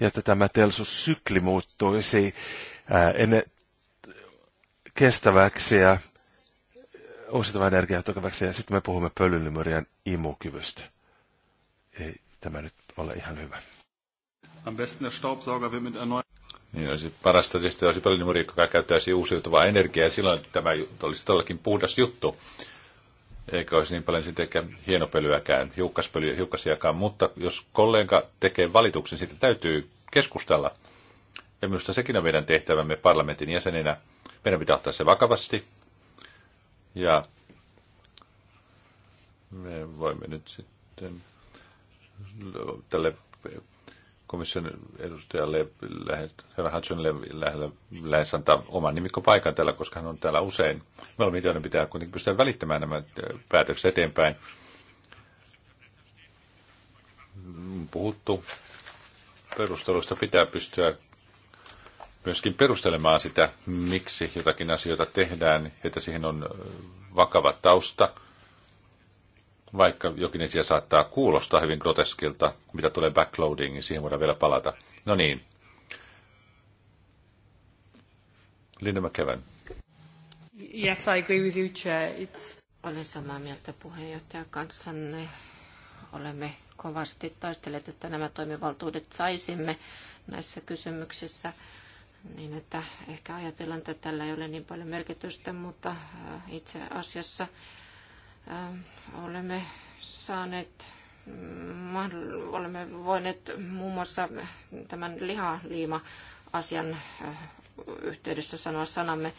jotta tämä teollisuussykli muuttuisi ää, enne, kestäväksi ja uusiutuva energiaa tukevaksi. Ja sitten me puhumme pölynlymyrian imukyvystä. Ei tämä nyt ole ihan hyvä. Am besten der Staubsauger wird mit erneuer niin olisi parasta tietysti olisi paljon nuori, joka käyttäisi uusiutuvaa energiaa, ja silloin tämä olisi todellakin puhdas juttu. Eikä olisi niin paljon sitten hienopölyäkään, hiukkaspölyä, hiukkasiakaan, mutta jos kollega tekee valituksen, siitä täytyy keskustella. Ja minusta sekin on meidän tehtävämme parlamentin jäsenenä. Meidän pitää ottaa se vakavasti. Ja me voimme nyt sitten tälle komission edustajalle herra Hudsonille lähellä, lähes antaa oman nimikkopaikan täällä, koska hän on täällä usein. Valmiitiainen pitää kuitenkin pystyä välittämään nämä päätökset eteenpäin. Puhuttu perustelusta pitää pystyä myöskin perustelemaan sitä, miksi jotakin asioita tehdään, että siihen on vakava tausta – vaikka jokin asia saattaa kuulostaa hyvin groteskilta, mitä tulee niin siihen voidaan vielä palata. No niin. Linda McKevin. Yes, I agree with you, Chair. It's... Olen samaa mieltä puheenjohtajan kanssa. Olemme kovasti taistelleet, että nämä toimivaltuudet saisimme näissä kysymyksissä. Niin, että ehkä ajatellaan, että tällä ei ole niin paljon merkitystä, mutta äh, itse asiassa Äh, olemme saaneet mm, olemme voineet muun muassa tämän lihaliima-asian äh, yhteydessä sanoa sanamme.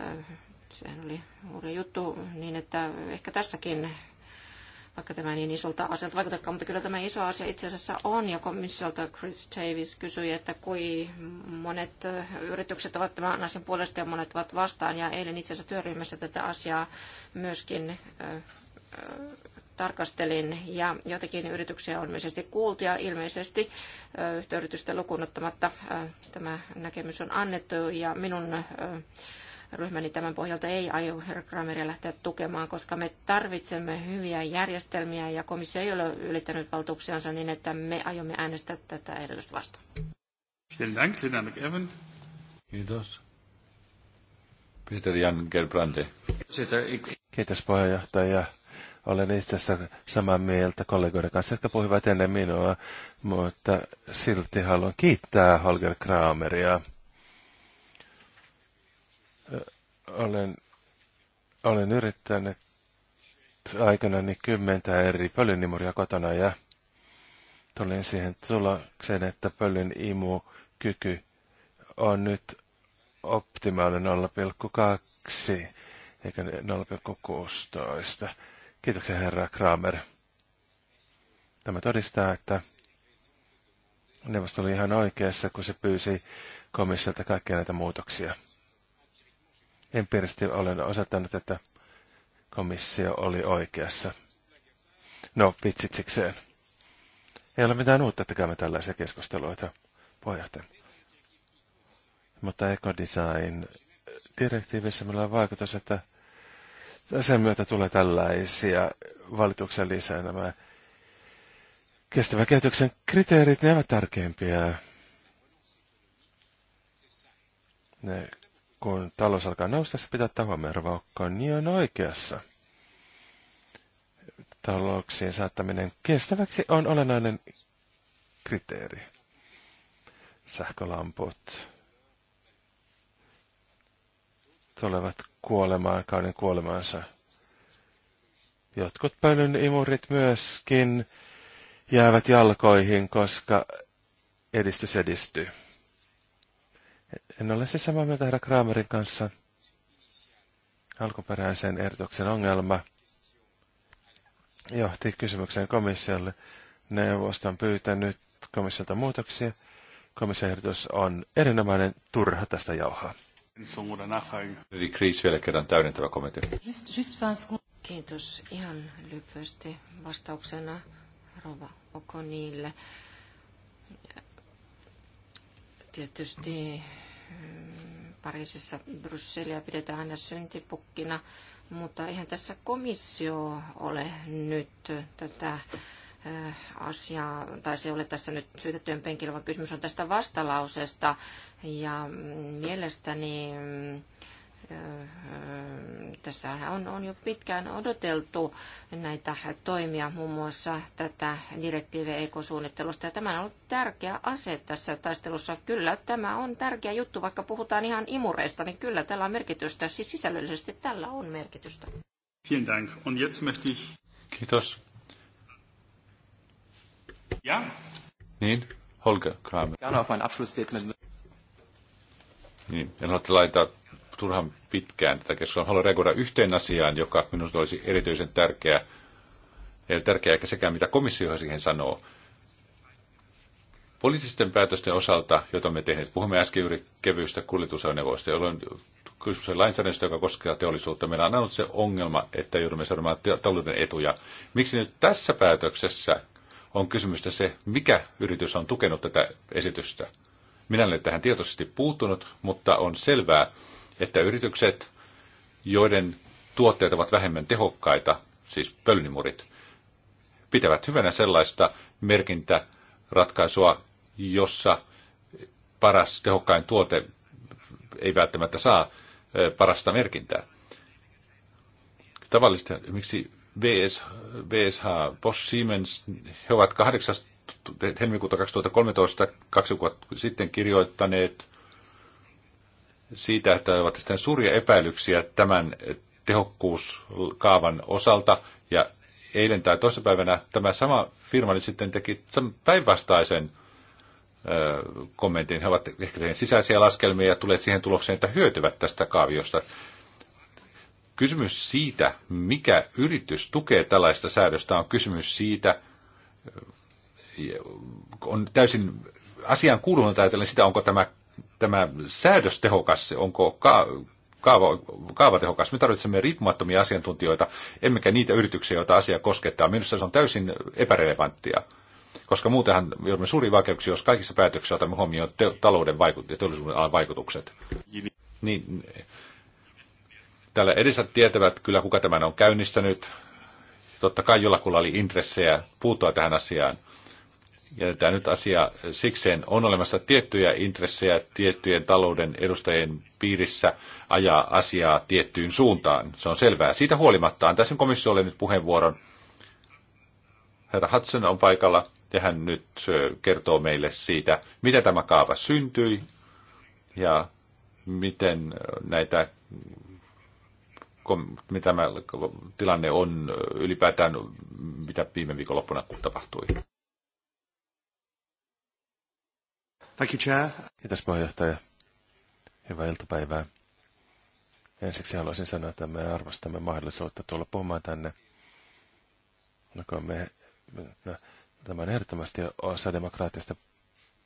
Äh, sehän oli uuden juttu, niin että ehkä tässäkin vaikka tämä niin isolta asialta vaikutakaan, mutta kyllä tämä iso asia itse asiassa on, ja komissiolta Chris Davis kysyi, että kui monet yritykset ovat tämän asian puolesta ja monet ovat vastaan, ja eilen itse asiassa työryhmässä tätä asiaa myöskin tarkastelin ja jotakin yrityksiä on ilmeisesti kuultu ja ilmeisesti yhtä yritystä lukunottamatta tämä näkemys on annettu ja minun ryhmäni tämän pohjalta ei aio herra Krameria lähteä tukemaan, koska me tarvitsemme hyviä järjestelmiä ja komissio ei ole ylittänyt valtuuksiansa niin, että me aiomme äänestää tätä ehdotusta vastaan. Kiitos. Peter Jan Gerbrande. Kiitos puheenjohtaja. Olen itse samaa mieltä kollegoiden kanssa, jotka puhuivat ennen minua, mutta silti haluan kiittää Holger Krameria olen, olen yrittänyt aikana niin kymmentä eri pölynimuria kotona ja tulin siihen tulokseen, että imu imukyky on nyt optimaalinen 0,2 eikä 0,16. Kiitoksia herra Kramer. Tämä todistaa, että neuvosto oli ihan oikeassa, kun se pyysi komissiolta kaikkia näitä muutoksia empiirisesti niin olen osoittanut, että komissio oli oikeassa. No, vitsitsikseen. Ei ole mitään uutta, että käymme tällaisia keskusteluita, puheenjohtaja. Mutta ekodesign direktiivissä meillä on vaikutus, että sen myötä tulee tällaisia valituksia lisää nämä kestävän kehityksen kriteerit, ne ovat tärkeimpiä. Ne kun talous alkaa nousta, se pitää ottaa huomioon. Rova niin on oikeassa. Talouksien saattaminen kestäväksi on olennainen kriteeri. Sähkölamput tulevat kuolemaan kauden kuolemaansa. Jotkut pölyn imurit myöskin jäävät jalkoihin, koska edistys edistyy. En ole siis samaa mieltä herra Kramerin kanssa. Alkuperäisen ehdotuksen ongelma johti kysymykseen komissiolle. Neuvosto on pyytänyt komissiolta muutoksia. ehdotus on erinomainen turha tästä jauhaa. Eli Kriis vielä kerran täydentävä kommentti. Kiitos ihan lyhyesti vastauksena Rova Okonille. Tietysti Pariisissa Brysseliä pidetään aina syntipukkina, mutta eihän tässä komissio ole nyt tätä äh, asiaa, tai se ei ole tässä nyt syytettyjen penkillä, vaan kysymys on tästä vastalauseesta. Ja mm, mielestäni mm, Tässähän on, on jo pitkään odoteltu näitä toimia, muun muassa tätä direktiiviä ekosuunnittelusta. Ja tämä on ollut tärkeä ase tässä taistelussa. Kyllä, tämä on tärkeä juttu, vaikka puhutaan ihan imureista, niin kyllä tällä on merkitystä. Siis sisällöllisesti tällä on merkitystä. Vielen Dank. Kiitos. Ja? Niin, Holger Kramer. Ja, noch Niin, en laittaa turhan pitkään tätä keskustelua. Haluan reagoida yhteen asiaan, joka minusta olisi erityisen tärkeä. Ei tärkeää eikä sekään, mitä komissio siihen sanoo. Poliittisten päätösten osalta, joita me tehneet, puhumme äsken juuri kevyistä kuljetusajoneuvoista, jolloin kysymys on lainsäädännöstä, joka koskee teollisuutta. Meillä on ollut se ongelma, että joudumme seuraamaan talouden etuja. Miksi nyt tässä päätöksessä on kysymystä se, mikä yritys on tukenut tätä esitystä? Minä olen tähän tietoisesti puuttunut, mutta on selvää, että yritykset, joiden tuotteet ovat vähemmän tehokkaita, siis pölynimurit, pitävät hyvänä sellaista merkintäratkaisua, jossa paras tehokkain tuote ei välttämättä saa parasta merkintää. Tavallista, miksi VS, VSH, Bosch Siemens, he ovat 8. helmikuuta 2013 kaksi vuotta sitten kirjoittaneet siitä, että ovat sitten suuria epäilyksiä tämän tehokkuuskaavan osalta. Ja eilen tai toissapäivänä tämä sama firma nyt sitten teki päinvastaisen kommentin. He ovat ehkä sisäisiä laskelmia ja tulee siihen tulokseen, että hyötyvät tästä kaaviosta. Kysymys siitä, mikä yritys tukee tällaista säädöstä, on kysymys siitä, on täysin asian kuulunut ajatellen sitä, onko tämä tämä säädöstehokas, onko ka- kaava, kaavatehokas. Me tarvitsemme riippumattomia asiantuntijoita, emmekä niitä yrityksiä, joita asia koskettaa. Minusta se on täysin epärelevanttia, koska muutenhan joudumme suuriin vaikeuksiin, jos kaikissa päätöksissä otamme huomioon te- talouden vaikut- ja teollisuuden alan vaikutukset. Niin, täällä edessä tietävät kyllä, kuka tämän on käynnistänyt. Totta kai jollakulla oli intressejä puuttua tähän asiaan – tämä nyt asia sikseen, on olemassa tiettyjä intressejä tiettyjen talouden edustajien piirissä ajaa asiaa tiettyyn suuntaan. Se on selvää. Siitä huolimatta tässä komissiolle nyt puheenvuoron. Herra Hudson on paikalla ja hän nyt kertoo meille siitä, mitä tämä kaava syntyi ja miten näitä mitä tämä tilanne on ylipäätään, mitä viime viikonloppuna tapahtui. Thank you, Chair. Kiitos puheenjohtaja. Hyvää iltapäivää. Ensiksi haluaisin sanoa, että me arvostamme mahdollisuutta tulla puhumaan tänne. No, me, no, tämä on ehdottomasti osa demokraattista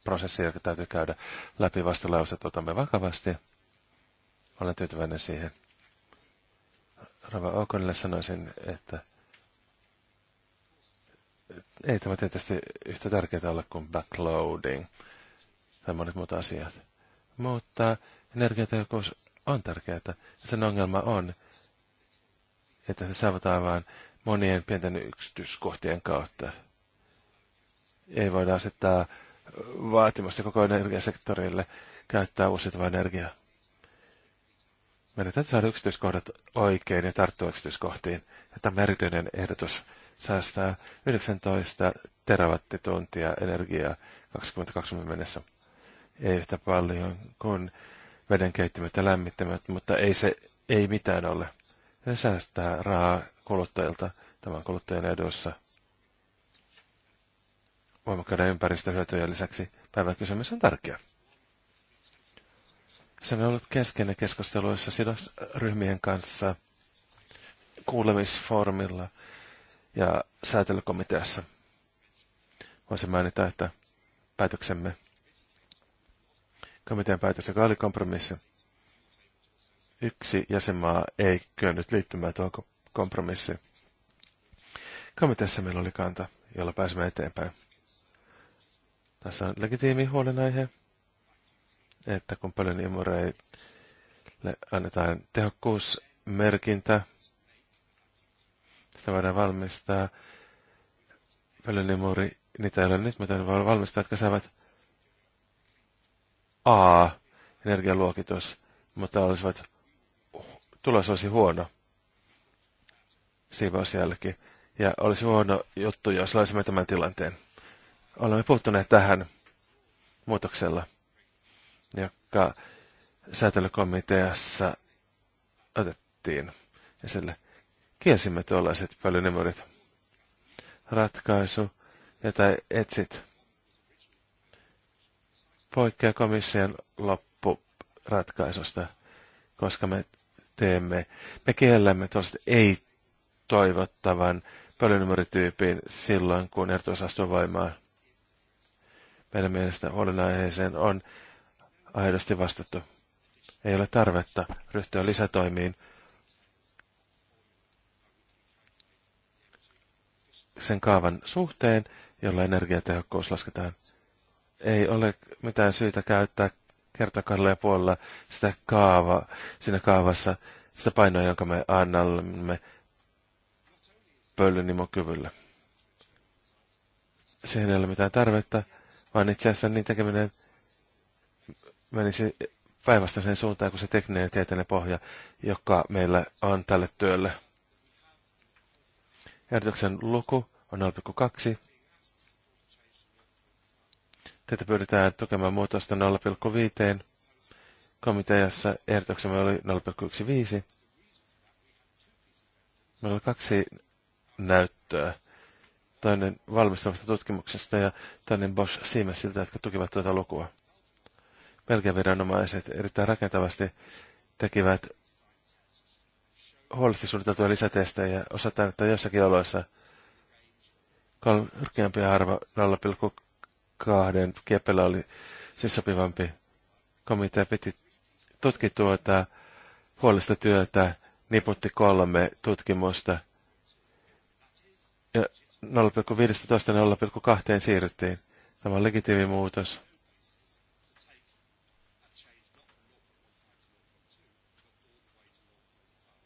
prosessia, joka täytyy käydä läpi vastalauset. Otamme vakavasti. Olen tyytyväinen siihen. Rava Okonille sanoisin, että ei tämä tietysti yhtä tärkeää ole kuin backloading – tai monet muut asiat. Mutta energiatehokkuus on tärkeää. Ja sen ongelma on, että se saavutaan vain monien pienten yksityiskohtien kautta. Ei voida asettaa vaatimusta koko energiasektorille käyttää uusiutuvaa energiaa. Meidän täytyy saada yksityiskohdat oikein ja tarttua yksityiskohtiin. Tämä erityinen ehdotus säästää 19 terawattituntia energiaa 2020 mennessä ei yhtä paljon kuin keittimet ja lämmittämät, mutta ei se ei mitään ole. Se säästää rahaa kuluttajilta tämän kuluttajan edussa. Voimakkaiden ympäristöhyötyjen lisäksi päivän kysymys on tärkeä. Se on ollut keskeinen keskusteluissa sidosryhmien kanssa kuulemisfoorumilla ja säätelykomiteassa. Voisin mainita, että päätöksemme komitean päätös, joka oli kompromissi. Yksi jäsenmaa ei kyennyt liittymään tuohon kompromissiin. Komiteassa meillä oli kanta, jolla pääsimme eteenpäin. Tässä on legitiimi huolenaihe, että kun paljon imureille annetaan tehokkuusmerkintä, sitä voidaan valmistaa. Pölynimuri, niitä ei ole nyt, mutta ne valmistaa, jotka saavat A-energialuokitus, mutta olisivat, tulos olisi huono siivousjälki. Ja olisi huono juttu, jos loisimme tämän tilanteen. Olemme puuttuneet tähän muutoksella, joka säätelykomiteassa otettiin ja sille kielsimme tuollaiset pölynimurit. Ratkaisu, jota etsit poikkeaa komission loppuratkaisusta, koska me teemme, me kiellämme tuollaiset ei-toivottavan pölynumerityypin silloin, kun ehdotus astuu voimaan. Meidän mielestä huolenaiheeseen on aidosti vastattu. Ei ole tarvetta ryhtyä lisätoimiin sen kaavan suhteen, jolla energiatehokkuus lasketaan ei ole mitään syytä käyttää kertakaudella ja puolella sitä kaava, siinä kaavassa, sitä painoa, jonka me annamme pöllynimokyvylle. Siihen ei ole mitään tarvetta, vaan itse asiassa niin tekeminen menisi päinvastoin sen suuntaan kuin se tekninen tieteellinen pohja, joka meillä on tälle työlle. Ehdotuksen luku on 0,2 Tätä pyydetään tukemaan muutosta 0,5. Komiteassa ehdotuksemme oli 0,15. Meillä on kaksi näyttöä. Toinen valmistavasta tutkimuksesta ja toinen Bosch Siemensiltä, jotka tukivat tuota lukua. Belgian viranomaiset erittäin rakentavasti tekivät huolellisesti suunniteltuja lisätestejä. Osataan, että jossakin oloissa korkeampi arvo kahden kieppeillä oli se sopivampi komitea piti tutki tuota huolesta työtä, niputti kolme tutkimusta. Ja 0,15-0,2 siirryttiin. Tämä on legitiimi muutos.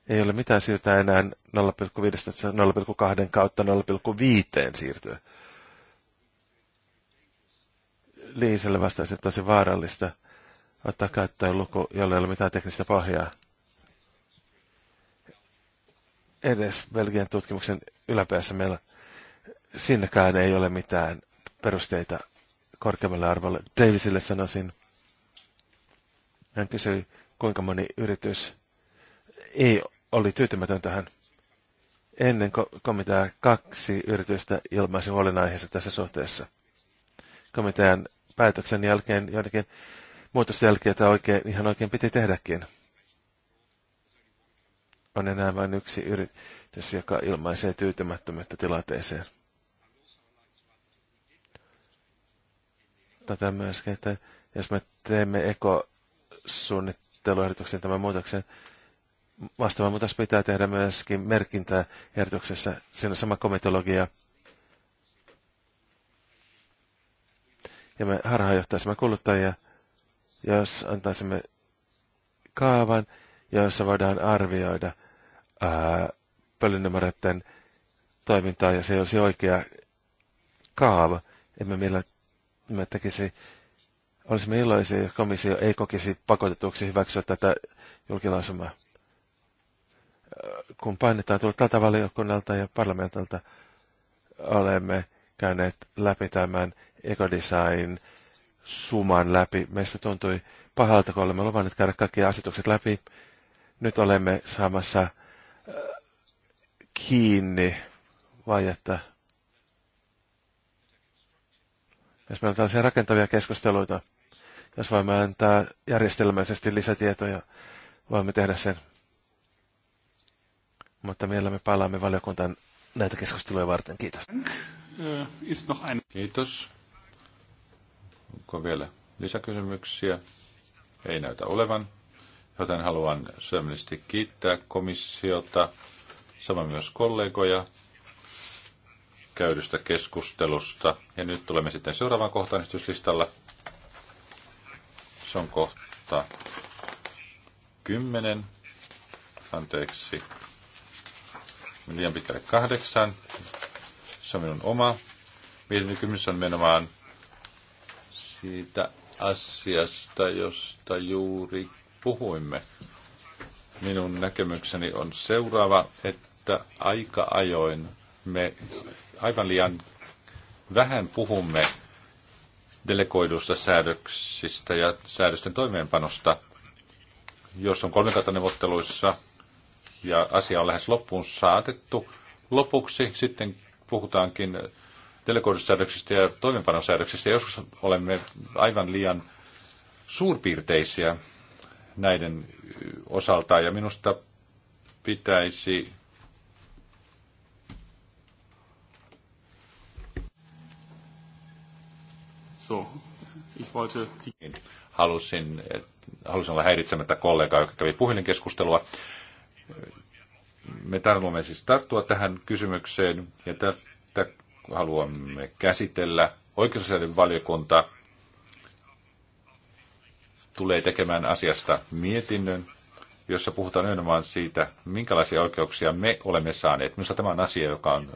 Ei ole mitään siirtää enää 0,15-0,2 kautta 0,5 siirtyä. Liiselle vastaisin, että olisi vaarallista ottaa käyttöön luku, jolle ei ole mitään teknistä pohjaa. Edes Belgian tutkimuksen yläpäässä meillä sinnekään ei ole mitään perusteita korkeammalle arvolle. Davisille sanoisin, hän kysyi, kuinka moni yritys ei oli tyytymätön tähän. Ennen komitea kaksi yritystä ilmaisi huolenaiheensa tässä suhteessa. Komitean päätöksen jälkeen joidenkin muutosten muutosjälkiöitä oikein, ihan oikein piti tehdäkin. On enää vain yksi yritys, joka ilmaisee tyytymättömyyttä tilanteeseen. Tätä myöskin, että jos me teemme ekosuunnitteluehdotuksen tämän muutoksen, vastaava muutos pitää tehdä myöskin merkintäehdotuksessa. Siinä on sama komitologia ja me harhaanjohtaisimme kuluttajia, jos antaisimme kaavan, jossa voidaan arvioida pölynumeroiden toimintaa ja se olisi oikea kaava. Emme millä me tekisi, olisimme iloisia, jos komissio ei kokisi pakotetuksi hyväksyä tätä julkilausumaa. Kun painetaan tullut tältä valiokunnalta ja parlamentilta, olemme käyneet läpi tämän ekodesign suman läpi. Meistä tuntui pahalta, kun olemme luvanneet käydä kaikki asetukset läpi. Nyt olemme saamassa äh, kiinni vajetta. Jos meillä on tällaisia rakentavia keskusteluita, jos voimme antaa järjestelmällisesti lisätietoja, voimme tehdä sen. Mutta mielellämme palaamme valiokuntaan näitä keskusteluja varten. Kiitos. Äh, Kiitos. Onko vielä lisäkysymyksiä? Ei näytä olevan, joten haluan syömällisesti kiittää komissiota, samoin myös kollegoja käydystä keskustelusta. Ja nyt tulemme sitten seuraavaan kohtaan esityslistalla. Se on kohta 10, anteeksi, liian pitkälle kahdeksan. Se on minun oma. Mietin kysymys on nimenomaan siitä asiasta, josta juuri puhuimme. Minun näkemykseni on seuraava, että aika ajoin me aivan liian vähän puhumme delegoidusta säädöksistä ja säädösten toimeenpanosta. Jos on kolmikantaneuvotteluissa ja asia on lähes loppuun saatettu, lopuksi sitten puhutaankin delegoidussäädöksistä ja toimenpanosäädöksistä. Joskus olemme aivan liian suurpiirteisiä näiden osalta ja minusta pitäisi So, ich wollte niin, halusin, halusin olla häiritsemättä kollegaa, joka kävi puhelinkeskustelua. Me tarvitsemme siis tarttua tähän kysymykseen ja tätä haluamme käsitellä. Oikeusasioiden valiokunta tulee tekemään asiasta mietinnön, jossa puhutaan yhdenomaan siitä, minkälaisia oikeuksia me olemme saaneet. Minusta tämä on asia, joka on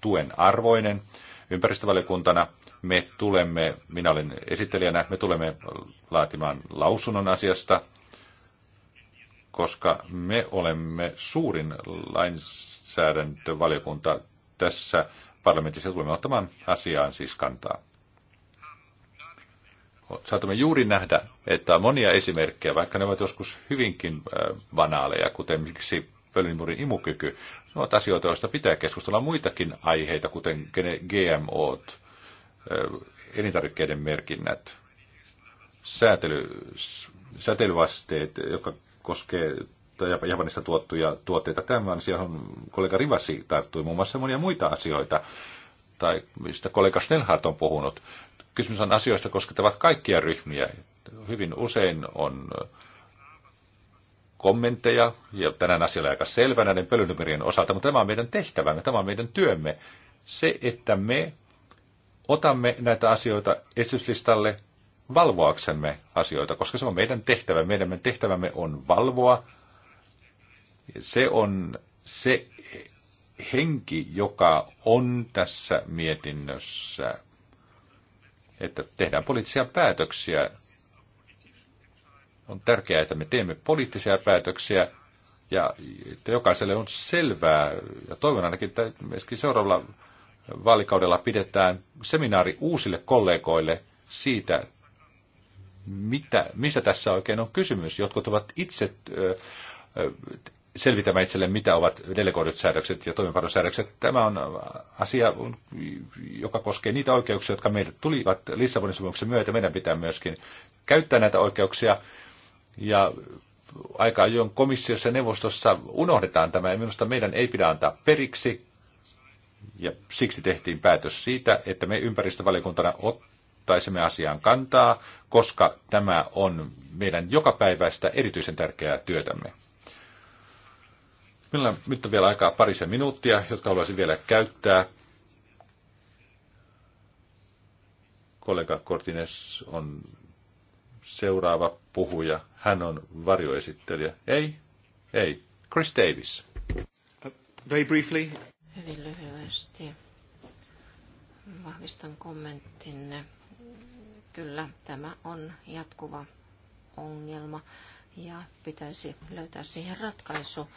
tuen arvoinen. Ympäristövaliokuntana me tulemme, minä olen esittelijänä, me tulemme laatimaan lausunnon asiasta, koska me olemme suurin lainsäädäntövaliokunta tässä parlamentissa tulemme ottamaan asiaan siis kantaa. Saatamme juuri nähdä, että on monia esimerkkejä, vaikka ne ovat joskus hyvinkin äh, banaaleja, kuten miksi pölynimurin imukyky. Ne ovat asioita, joista pitää keskustella muitakin aiheita, kuten GMO, äh, elintarvikkeiden merkinnät, säätely, säätelyvasteet, jotka koskevat Japanista tuottuja tuotteita. Tämän on kollega Rivasi tarttui muun muassa monia muita asioita, tai mistä kollega Snellhardt on puhunut. Kysymys on asioista koskettavat kaikkia ryhmiä. Hyvin usein on äh, kommentteja, ja tänään asialla aika selvä näiden pölynumerien osalta, mutta tämä on meidän tehtävämme, tämä on meidän työmme. Se, että me otamme näitä asioita esityslistalle valvoaksemme asioita, koska se on meidän tehtävä. Meidän tehtävämme on valvoa se on se henki, joka on tässä mietinnössä, että tehdään poliittisia päätöksiä. On tärkeää, että me teemme poliittisia päätöksiä ja että jokaiselle on selvää. Ja toivon ainakin, että myöskin seuraavalla vaalikaudella pidetään seminaari uusille kollegoille siitä, mitä, mistä tässä oikein on kysymys. Jotkut ovat itse selvitämään itselle, mitä ovat delegoidut säädökset ja toimenpanosäädökset. Tämä on asia, joka koskee niitä oikeuksia, jotka meille tulivat Lissabonin sopimuksen myötä. Meidän pitää myöskin käyttää näitä oikeuksia. Ja aika ajoin komissiossa ja neuvostossa unohdetaan tämä, ja minusta meidän ei pidä antaa periksi. Ja siksi tehtiin päätös siitä, että me ympäristövaliokuntana ottaisimme asiaan kantaa, koska tämä on meidän jokapäiväistä erityisen tärkeää työtämme. Meillä nyt vielä aikaa parisen minuuttia, jotka haluaisin vielä käyttää. Kollega Kortines on seuraava puhuja. Hän on varjoesittelijä. Ei, ei. Chris Davis. very briefly. Hyvin lyhyesti. Vahvistan kommenttinne. Kyllä, tämä on jatkuva ongelma ja pitäisi löytää siihen ratkaisu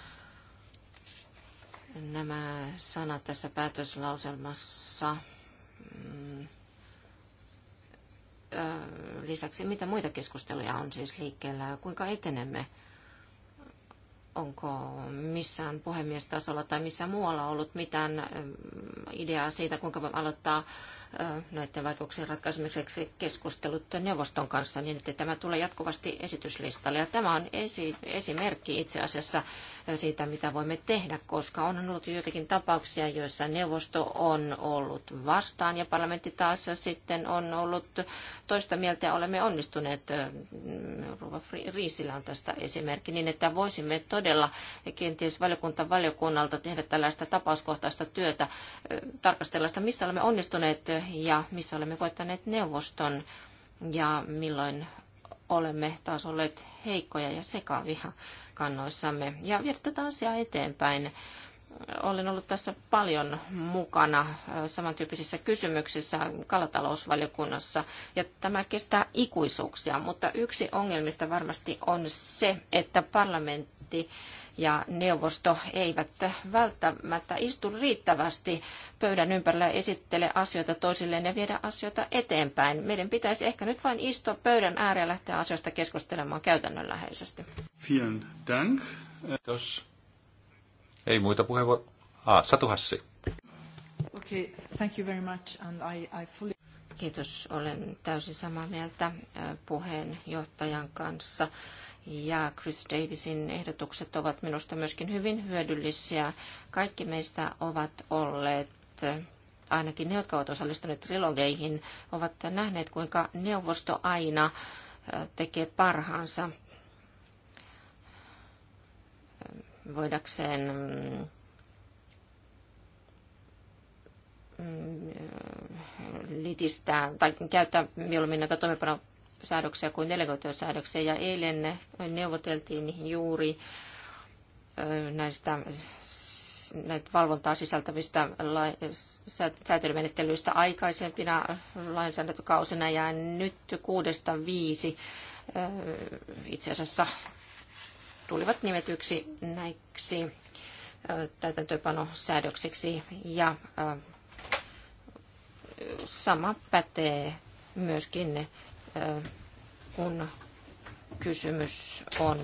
nämä sanat tässä päätöslauselmassa. Mm, lisäksi mitä muita keskusteluja on siis liikkeellä? Kuinka etenemme? Onko missään puhemiestasolla tai missä muualla ollut mitään ideaa siitä, kuinka voimme aloittaa näiden vaikeuksien ratkaisemiseksi keskustelut neuvoston kanssa, niin että tämä tulee jatkuvasti esityslistalle. Ja tämä on esi- esimerkki itse asiassa siitä, mitä voimme tehdä, koska on ollut joitakin tapauksia, joissa neuvosto on ollut vastaan ja parlamentti taas sitten on ollut toista mieltä ja olemme onnistuneet. Ruva Riisillä on tästä esimerkki, niin että voisimme todella kenties valiokunta valiokunnalta tehdä tällaista tapauskohtaista työtä, tarkastella sitä, missä olemme onnistuneet ja missä olemme voittaneet neuvoston ja milloin olemme taas olleet heikkoja ja sekavia kannoissamme. Ja viedä tätä asiaa eteenpäin. Olen ollut tässä paljon mukana äh, samantyyppisissä kysymyksissä kalatalousvaliokunnassa, ja tämä kestää ikuisuuksia, mutta yksi ongelmista varmasti on se, että parlamentti ja neuvosto eivät välttämättä istu riittävästi pöydän ympärillä esittele asioita toisilleen ja viedä asioita eteenpäin. Meidän pitäisi ehkä nyt vain istua pöydän ääreen ja lähteä asioista keskustelemaan käytännönläheisesti. Vielen dank. Jos ei muita puheenvuoroja. Ah, Satu Hassi. Okay, thank you very much and I, I fully... Kiitos, olen täysin samaa mieltä eh, puheenjohtajan kanssa ja Chris Davisin ehdotukset ovat minusta myöskin hyvin hyödyllisiä. Kaikki meistä ovat olleet ainakin ne, jotka ovat osallistuneet trilogeihin, ovat nähneet, kuinka neuvosto aina tekee parhaansa voidakseen mm, litistää tai käyttää mieluummin näitä toimenpano säädöksiä kuin delegoituja Ja eilen neuvoteltiin juuri näistä näitä valvontaa sisältävistä säätelymenettelyistä aikaisempina lainsäädäntökausina ja nyt kuudesta viisi itse asiassa tulivat nimetyksi näiksi täytäntöönpanosäädöksiksi ja sama pätee myöskin kun kysymys on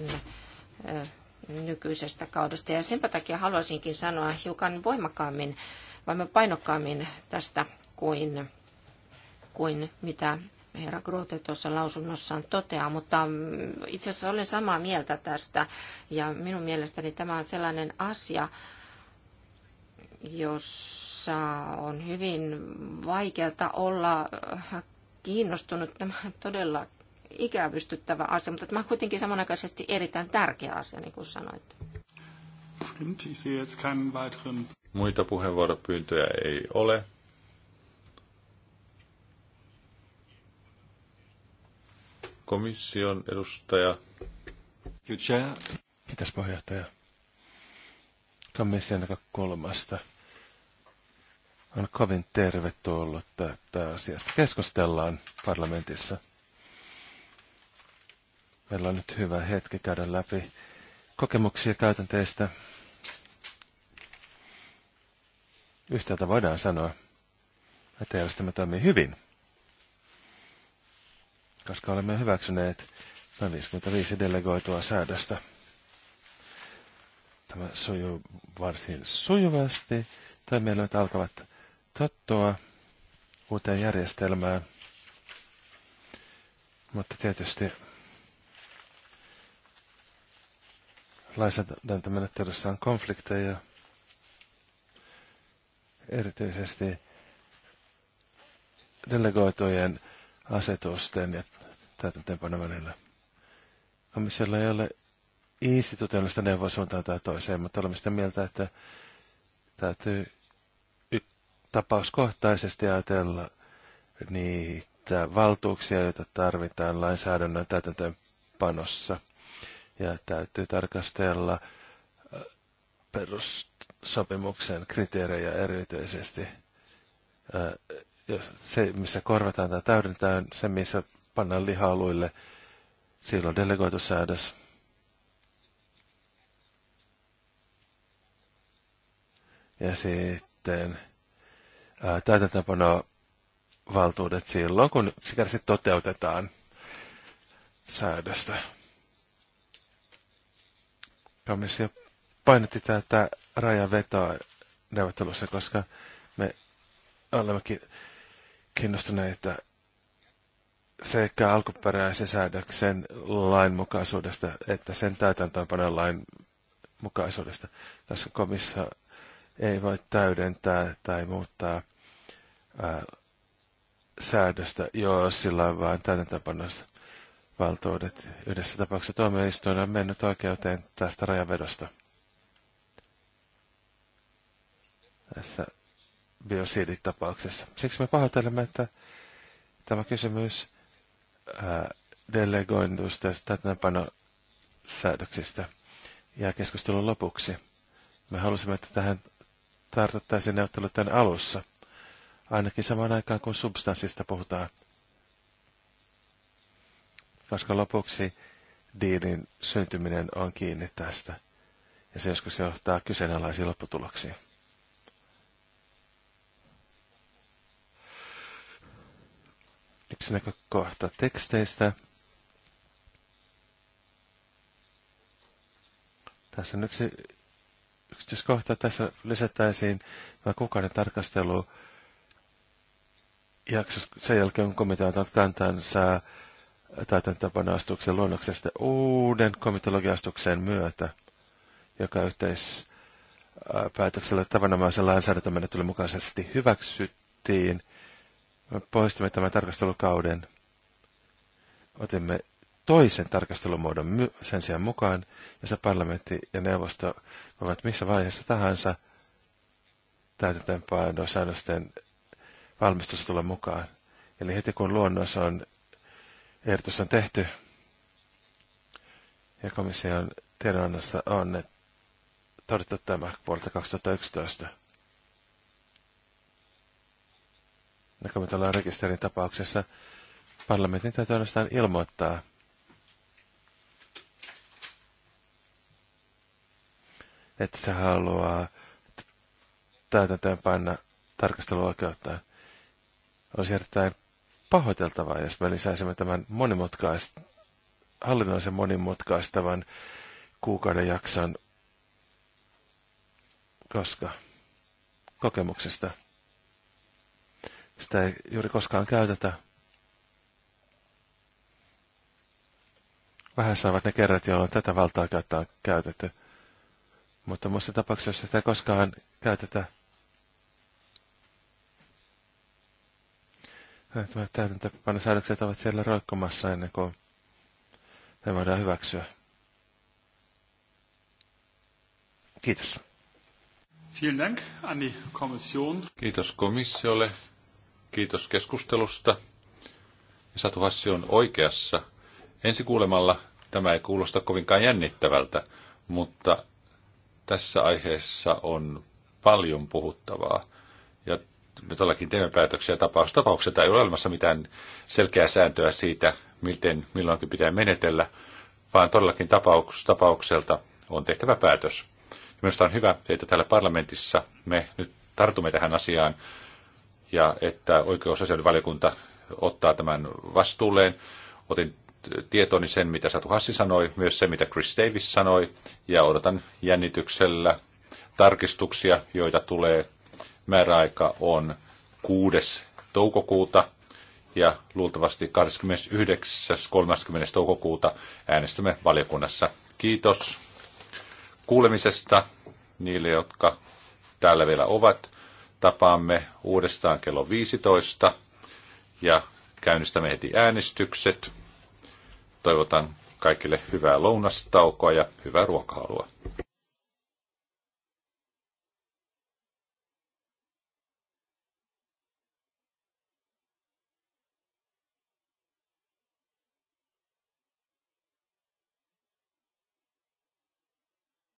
nykyisestä kaudesta. Ja senpä takia haluaisinkin sanoa hiukan voimakkaammin, vai painokkaammin tästä kuin, kuin mitä herra Grote tuossa lausunnossaan toteaa, mutta mm, itse asiassa olen samaa mieltä tästä ja minun mielestäni tämä on sellainen asia, jossa on hyvin vaikeata olla kiinnostunut. Tämä on todella ikävystyttävä asia, mutta tämä on kuitenkin samanaikaisesti erittäin tärkeä asia, niin kuin sanoit. Muita puheenvuoropyyntöjä ei ole. Komission edustaja. Kiitos puheenjohtaja. Komission näkökulmasta. kolmasta on kovin tervetullut, että asiasta keskustellaan parlamentissa. Meillä on nyt hyvä hetki käydä läpi kokemuksia käytänteistä. Yhtäältä voidaan sanoa, että järjestelmä toimii hyvin, koska olemme hyväksyneet noin 55 delegoitua säädöstä. Tämä sujuu varsin sujuvasti. Toimielimet alkavat tottua uuteen järjestelmään. Mutta tietysti lainsäädäntömenettelyssä on konflikteja, erityisesti delegoitujen asetusten ja täytäntöönpanon välillä. Komissiolla ei ole institutionaalista neuvoa suuntaan tai toiseen, mutta olemme sitä mieltä, että täytyy tapauskohtaisesti ajatella niitä valtuuksia, joita tarvitaan lainsäädännön täytäntöönpanossa. Ja täytyy tarkastella äh, perussopimuksen kriteerejä erityisesti. Äh, se, missä korvataan tai täydentää, se, missä pannaan lihaluille, silloin delegoitu säädös. Ja sitten Täytäntöpano valtuudet silloin, kun sitten toteutetaan säädöstä. Komissio painotti tätä rajanvetoa neuvottelussa, koska me olemme kiinnostuneita sekä alkuperäisen säädöksen lainmukaisuudesta että sen täytäntöönpanon lainmukaisuudesta, koska komissio ei voi täydentää tai muuttaa ää, säädöstä, jos sillä on vain täytäntöönpanossa valtuudet. Yhdessä tapauksessa tuomioistuin on mennyt oikeuteen tästä rajavedosta. Tässä biosiiditapauksessa. Siksi me pahoittelemme, että tämä kysymys ää, delegoinnusta täytäntöönpanosäädöksistä jää keskustelun lopuksi. Me halusimme, että tähän tartuttaisiin neuvotteluiden alussa, ainakin samaan aikaan kun substanssista puhutaan. Koska lopuksi diilin syntyminen on kiinni tästä, ja se joskus johtaa kyseenalaisiin lopputuloksiin. Yksi näkökohta teksteistä. Tässä on yksi yksityiskohta. Tässä lisättäisiin tämä kuukauden tarkastelu jakso sen jälkeen, kun komitea on antanut kantansa täytäntöpanoastuksen luonnoksesta uuden komitologiastuksen myötä, joka yhteispäätöksellä tavanomaisen lainsäädäntömenettelyn mukaisesti hyväksyttiin. Me poistimme tämän tarkastelukauden. Otimme toisen tarkastelumuodon sen sijaan mukaan, jossa parlamentti ja neuvosto ovat missä vaiheessa tahansa säännösten valmistus tulla mukaan. Eli heti kun luonnos on, ehdotus on tehty ja komission tiedonannossa on, todettu tämä vuodelta 2011. ollaan rekisterin tapauksessa parlamentin täytyy ainoastaan ilmoittaa että se haluaa täytäntöön panna tarkasteluoikeuttaan. Olisi erittäin pahoiteltavaa, jos me lisäisimme tämän monimutkaist, hallinnollisen monimutkaistavan kuukauden jakson, koska kokemuksesta. Sitä ei juuri koskaan käytetä. Vähän saavat ne kerrat, jolloin tätä valtaa käyttää on käytetty. Mutta muussa tapauksessa sitä ei koskaan käytetä. täytäntöpanosäädökset ovat siellä roikkumassa ennen kuin ne voidaan hyväksyä. Kiitos. Vielen Dank an die Kommission. Kiitos komissiolle. Kiitos keskustelusta. Satu Hassi on oikeassa. Ensi kuulemalla tämä ei kuulosta kovinkaan jännittävältä, mutta tässä aiheessa on paljon puhuttavaa. Ja me todellakin teemme päätöksiä tapauksessa. tapauksessa. Ei ole olemassa mitään selkeää sääntöä siitä, miten milloinkin pitää menetellä, vaan todellakin tapauks, tapaukselta on tehtävä päätös. Minusta on hyvä, että täällä parlamentissa me nyt tartumme tähän asiaan ja että oikeusasioiden valiokunta ottaa tämän vastuulleen. Otin Tietoni sen, mitä Satu Hassi sanoi, myös se, mitä Chris Davis sanoi, ja odotan jännityksellä tarkistuksia, joita tulee. Määräaika on 6. toukokuuta ja luultavasti 29.30. toukokuuta äänestämme valiokunnassa. Kiitos kuulemisesta niille, jotka täällä vielä ovat. Tapaamme uudestaan kello 15 ja käynnistämme heti äänestykset. Toivotan kaikille hyvää lounastaukoa ja hyvää ruokahalua.